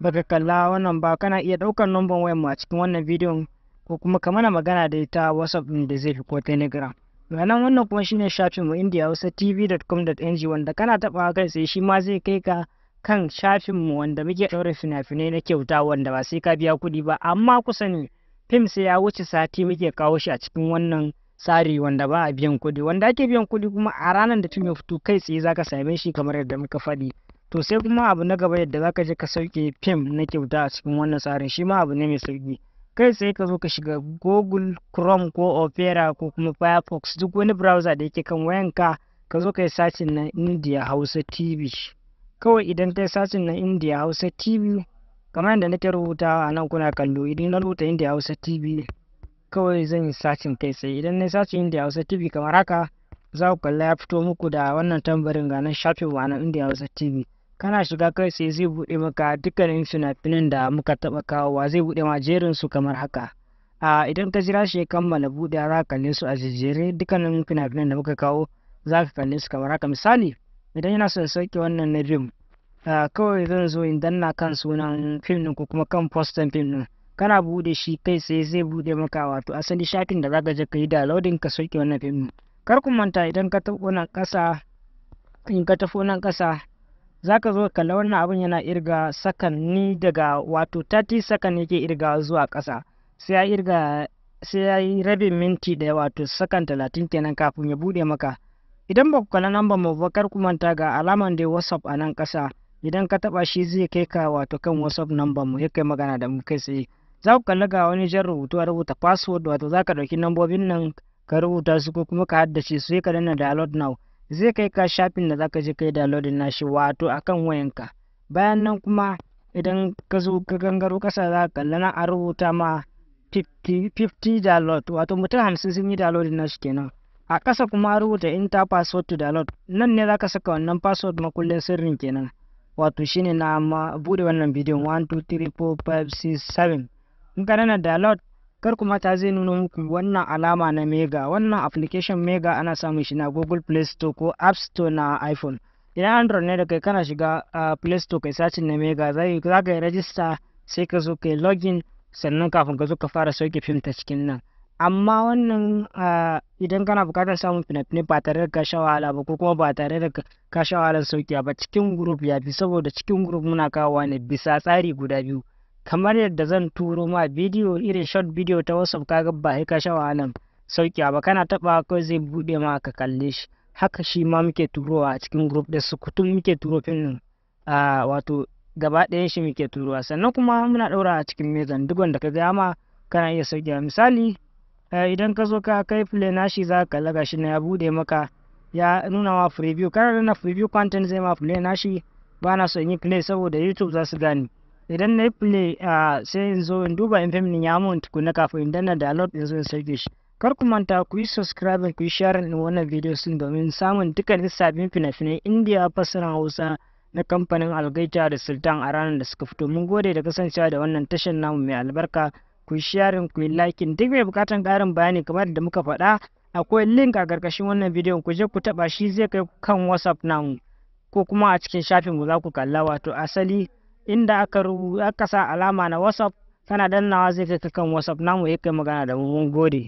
baka kalla wannan ba kana iya ɗaukar numban wayan mu a cikin wannan bidiyon ko kuma ka mana magana da ita whatsapp ɗin da zai fi ko telegram ranar wannan kuma shine shafin mu india hausa tv.com.ng wanda kana taɓa kai sai shi ma zai kai ka kan shafin mu wanda muke ɗaure fina-finai na kyauta wanda ba sai ka biya kuɗi ba amma kusa ne fim sai ya wuce sati muke kawo shi a cikin wannan tsari wanda ba a biyan kuɗi wanda ake biyan kuɗi kuma a ranar da fim ya fito kai tsaye za ka same shi kamar yadda muka faɗi to sai kuma abu na gaba yadda za ka je ka sauke fim na kyauta a cikin wannan tsarin shi ma abu ne mai sauki kai tsaye ka zo ka shiga google chrome ko opera ko kuma firefox duk wani browser da yake kan wayanka ka zo ka yi sacin na india hausa tv kawai idan ka yi sacin na india hausa tv kamar yadda nake rubuta a nan kuna kallo idan na rubuta india hausa tv kawai zan yi sacin kai sai idan na sacin india hausa tv kamar haka za ku kalla ya fito muku da wannan tambarin ga nan shafin wa na india hausa tv kana shiga kai sai zai buɗe maka dukkanin fina-finan da muka taɓa kawowa zai buɗe ma jerin su kamar haka a idan ka jira shi ya kammala buɗe za ka kalle su a jejjere dukkanin fina-finan da muka kawo za ka kalle su kamar haka misali idan yana son sauke wannan na fim kawai zan zo in danna kan sunan fim ɗin ko kuma kan fostan fim ɗin kana bude shi kai sai zai bude maka wato asali shafin da zaka je ka yi downloading ka soke wannan film kar ku manta idan ka tafi wannan kasa in ka tafi wannan kasa zaka zo kalla wannan abun yana irga sakanni daga wato 30 second yake irga zuwa kasa sai ya irga sai ya yi rabin minti da wato sakan 30 kenan kafin ya bude maka idan ba ku kalla namba mu ba kar ku manta ga alaman da whatsapp a nan kasa idan ka taba shi zai kai ka wato kan whatsapp number mu ya kai magana da mu kai sai. za ku kalla ga wani jan rubutu a rubuta password wato za ka ɗauki nambobin nan ka rubuta su ko kuma ka haddace su sai ka danna download now zai kai ka shafin da za ka je kai downloading nashi wato akan wayanka bayan nan kuma idan ka zo ka gangaro kasa za ka kalla na a rubuta ma 50 download wato mutum hamsin sun yi downloading nashi kenan a ƙasa kuma a rubuta enter password to download nan ne za ka saka wannan password kullum sirrin kenan wato shine na ma bude wannan bidiyon 1 2 3 4 5 6 7 in ka download kar kuma ta zai nuna muku wannan alama na mega wannan application mega ana samun shi na google play store ko app store na iphone idan android ne da kai kana shiga play store kai sacin na mega za ka yi rajista sai ka zo kai login sannan kafin ka zo ka fara sauke fim ta cikin nan amma wannan idan kana bukatar samun fina-finai ba tare da ka sha wahala ba ko kuma ba tare da ka sha wahalar sauki ba cikin group ya fi saboda cikin group muna kawowa ne bisa tsari guda biyu kamar yadda zan turo ma bidiyo irin short bidiyo ta whatsapp kaga ba ka sha wahalan sauki ba kana taba ko zai bude ma ka kalle shi haka shi ma muke turowa a cikin group da su kutum muke turo fin a wato gaba ɗayan shi muke turowa sannan kuma muna ɗaura a cikin mezan duk wanda ka gaya ma kana iya sauki misali idan ka zo ka kai play na shi za ka laga shi na ya bude maka ya nuna ma preview kana nuna preview content zai ma play na shi ba na so in yi play saboda youtube za su gane. idan na yi a sai in zo in duba in fim ya mun tukuna kafin in danna alot in zo in sauke shi kar ku manta ku yi subscribe ku yi share din wannan video sun domin samun dukkanin sabbin fina-finai indiya fasaran hausa na kamfanin algaita da sultan a ranar da suka fito mun gode da kasancewa da wannan tashar namu mai albarka ku yi share ku yi like duk mai bukatan karin bayani kamar da muka faɗa akwai link a karkashin wannan bidiyon ku je ku taba shi zai kai kan whatsapp namu ko kuma a cikin shafin mu za ku kalla wato asali inda aka rubuta aka sa alama na WhatsApp kana dannawa zai kai ka kan WhatsApp namu ya kai magana da mu mun gode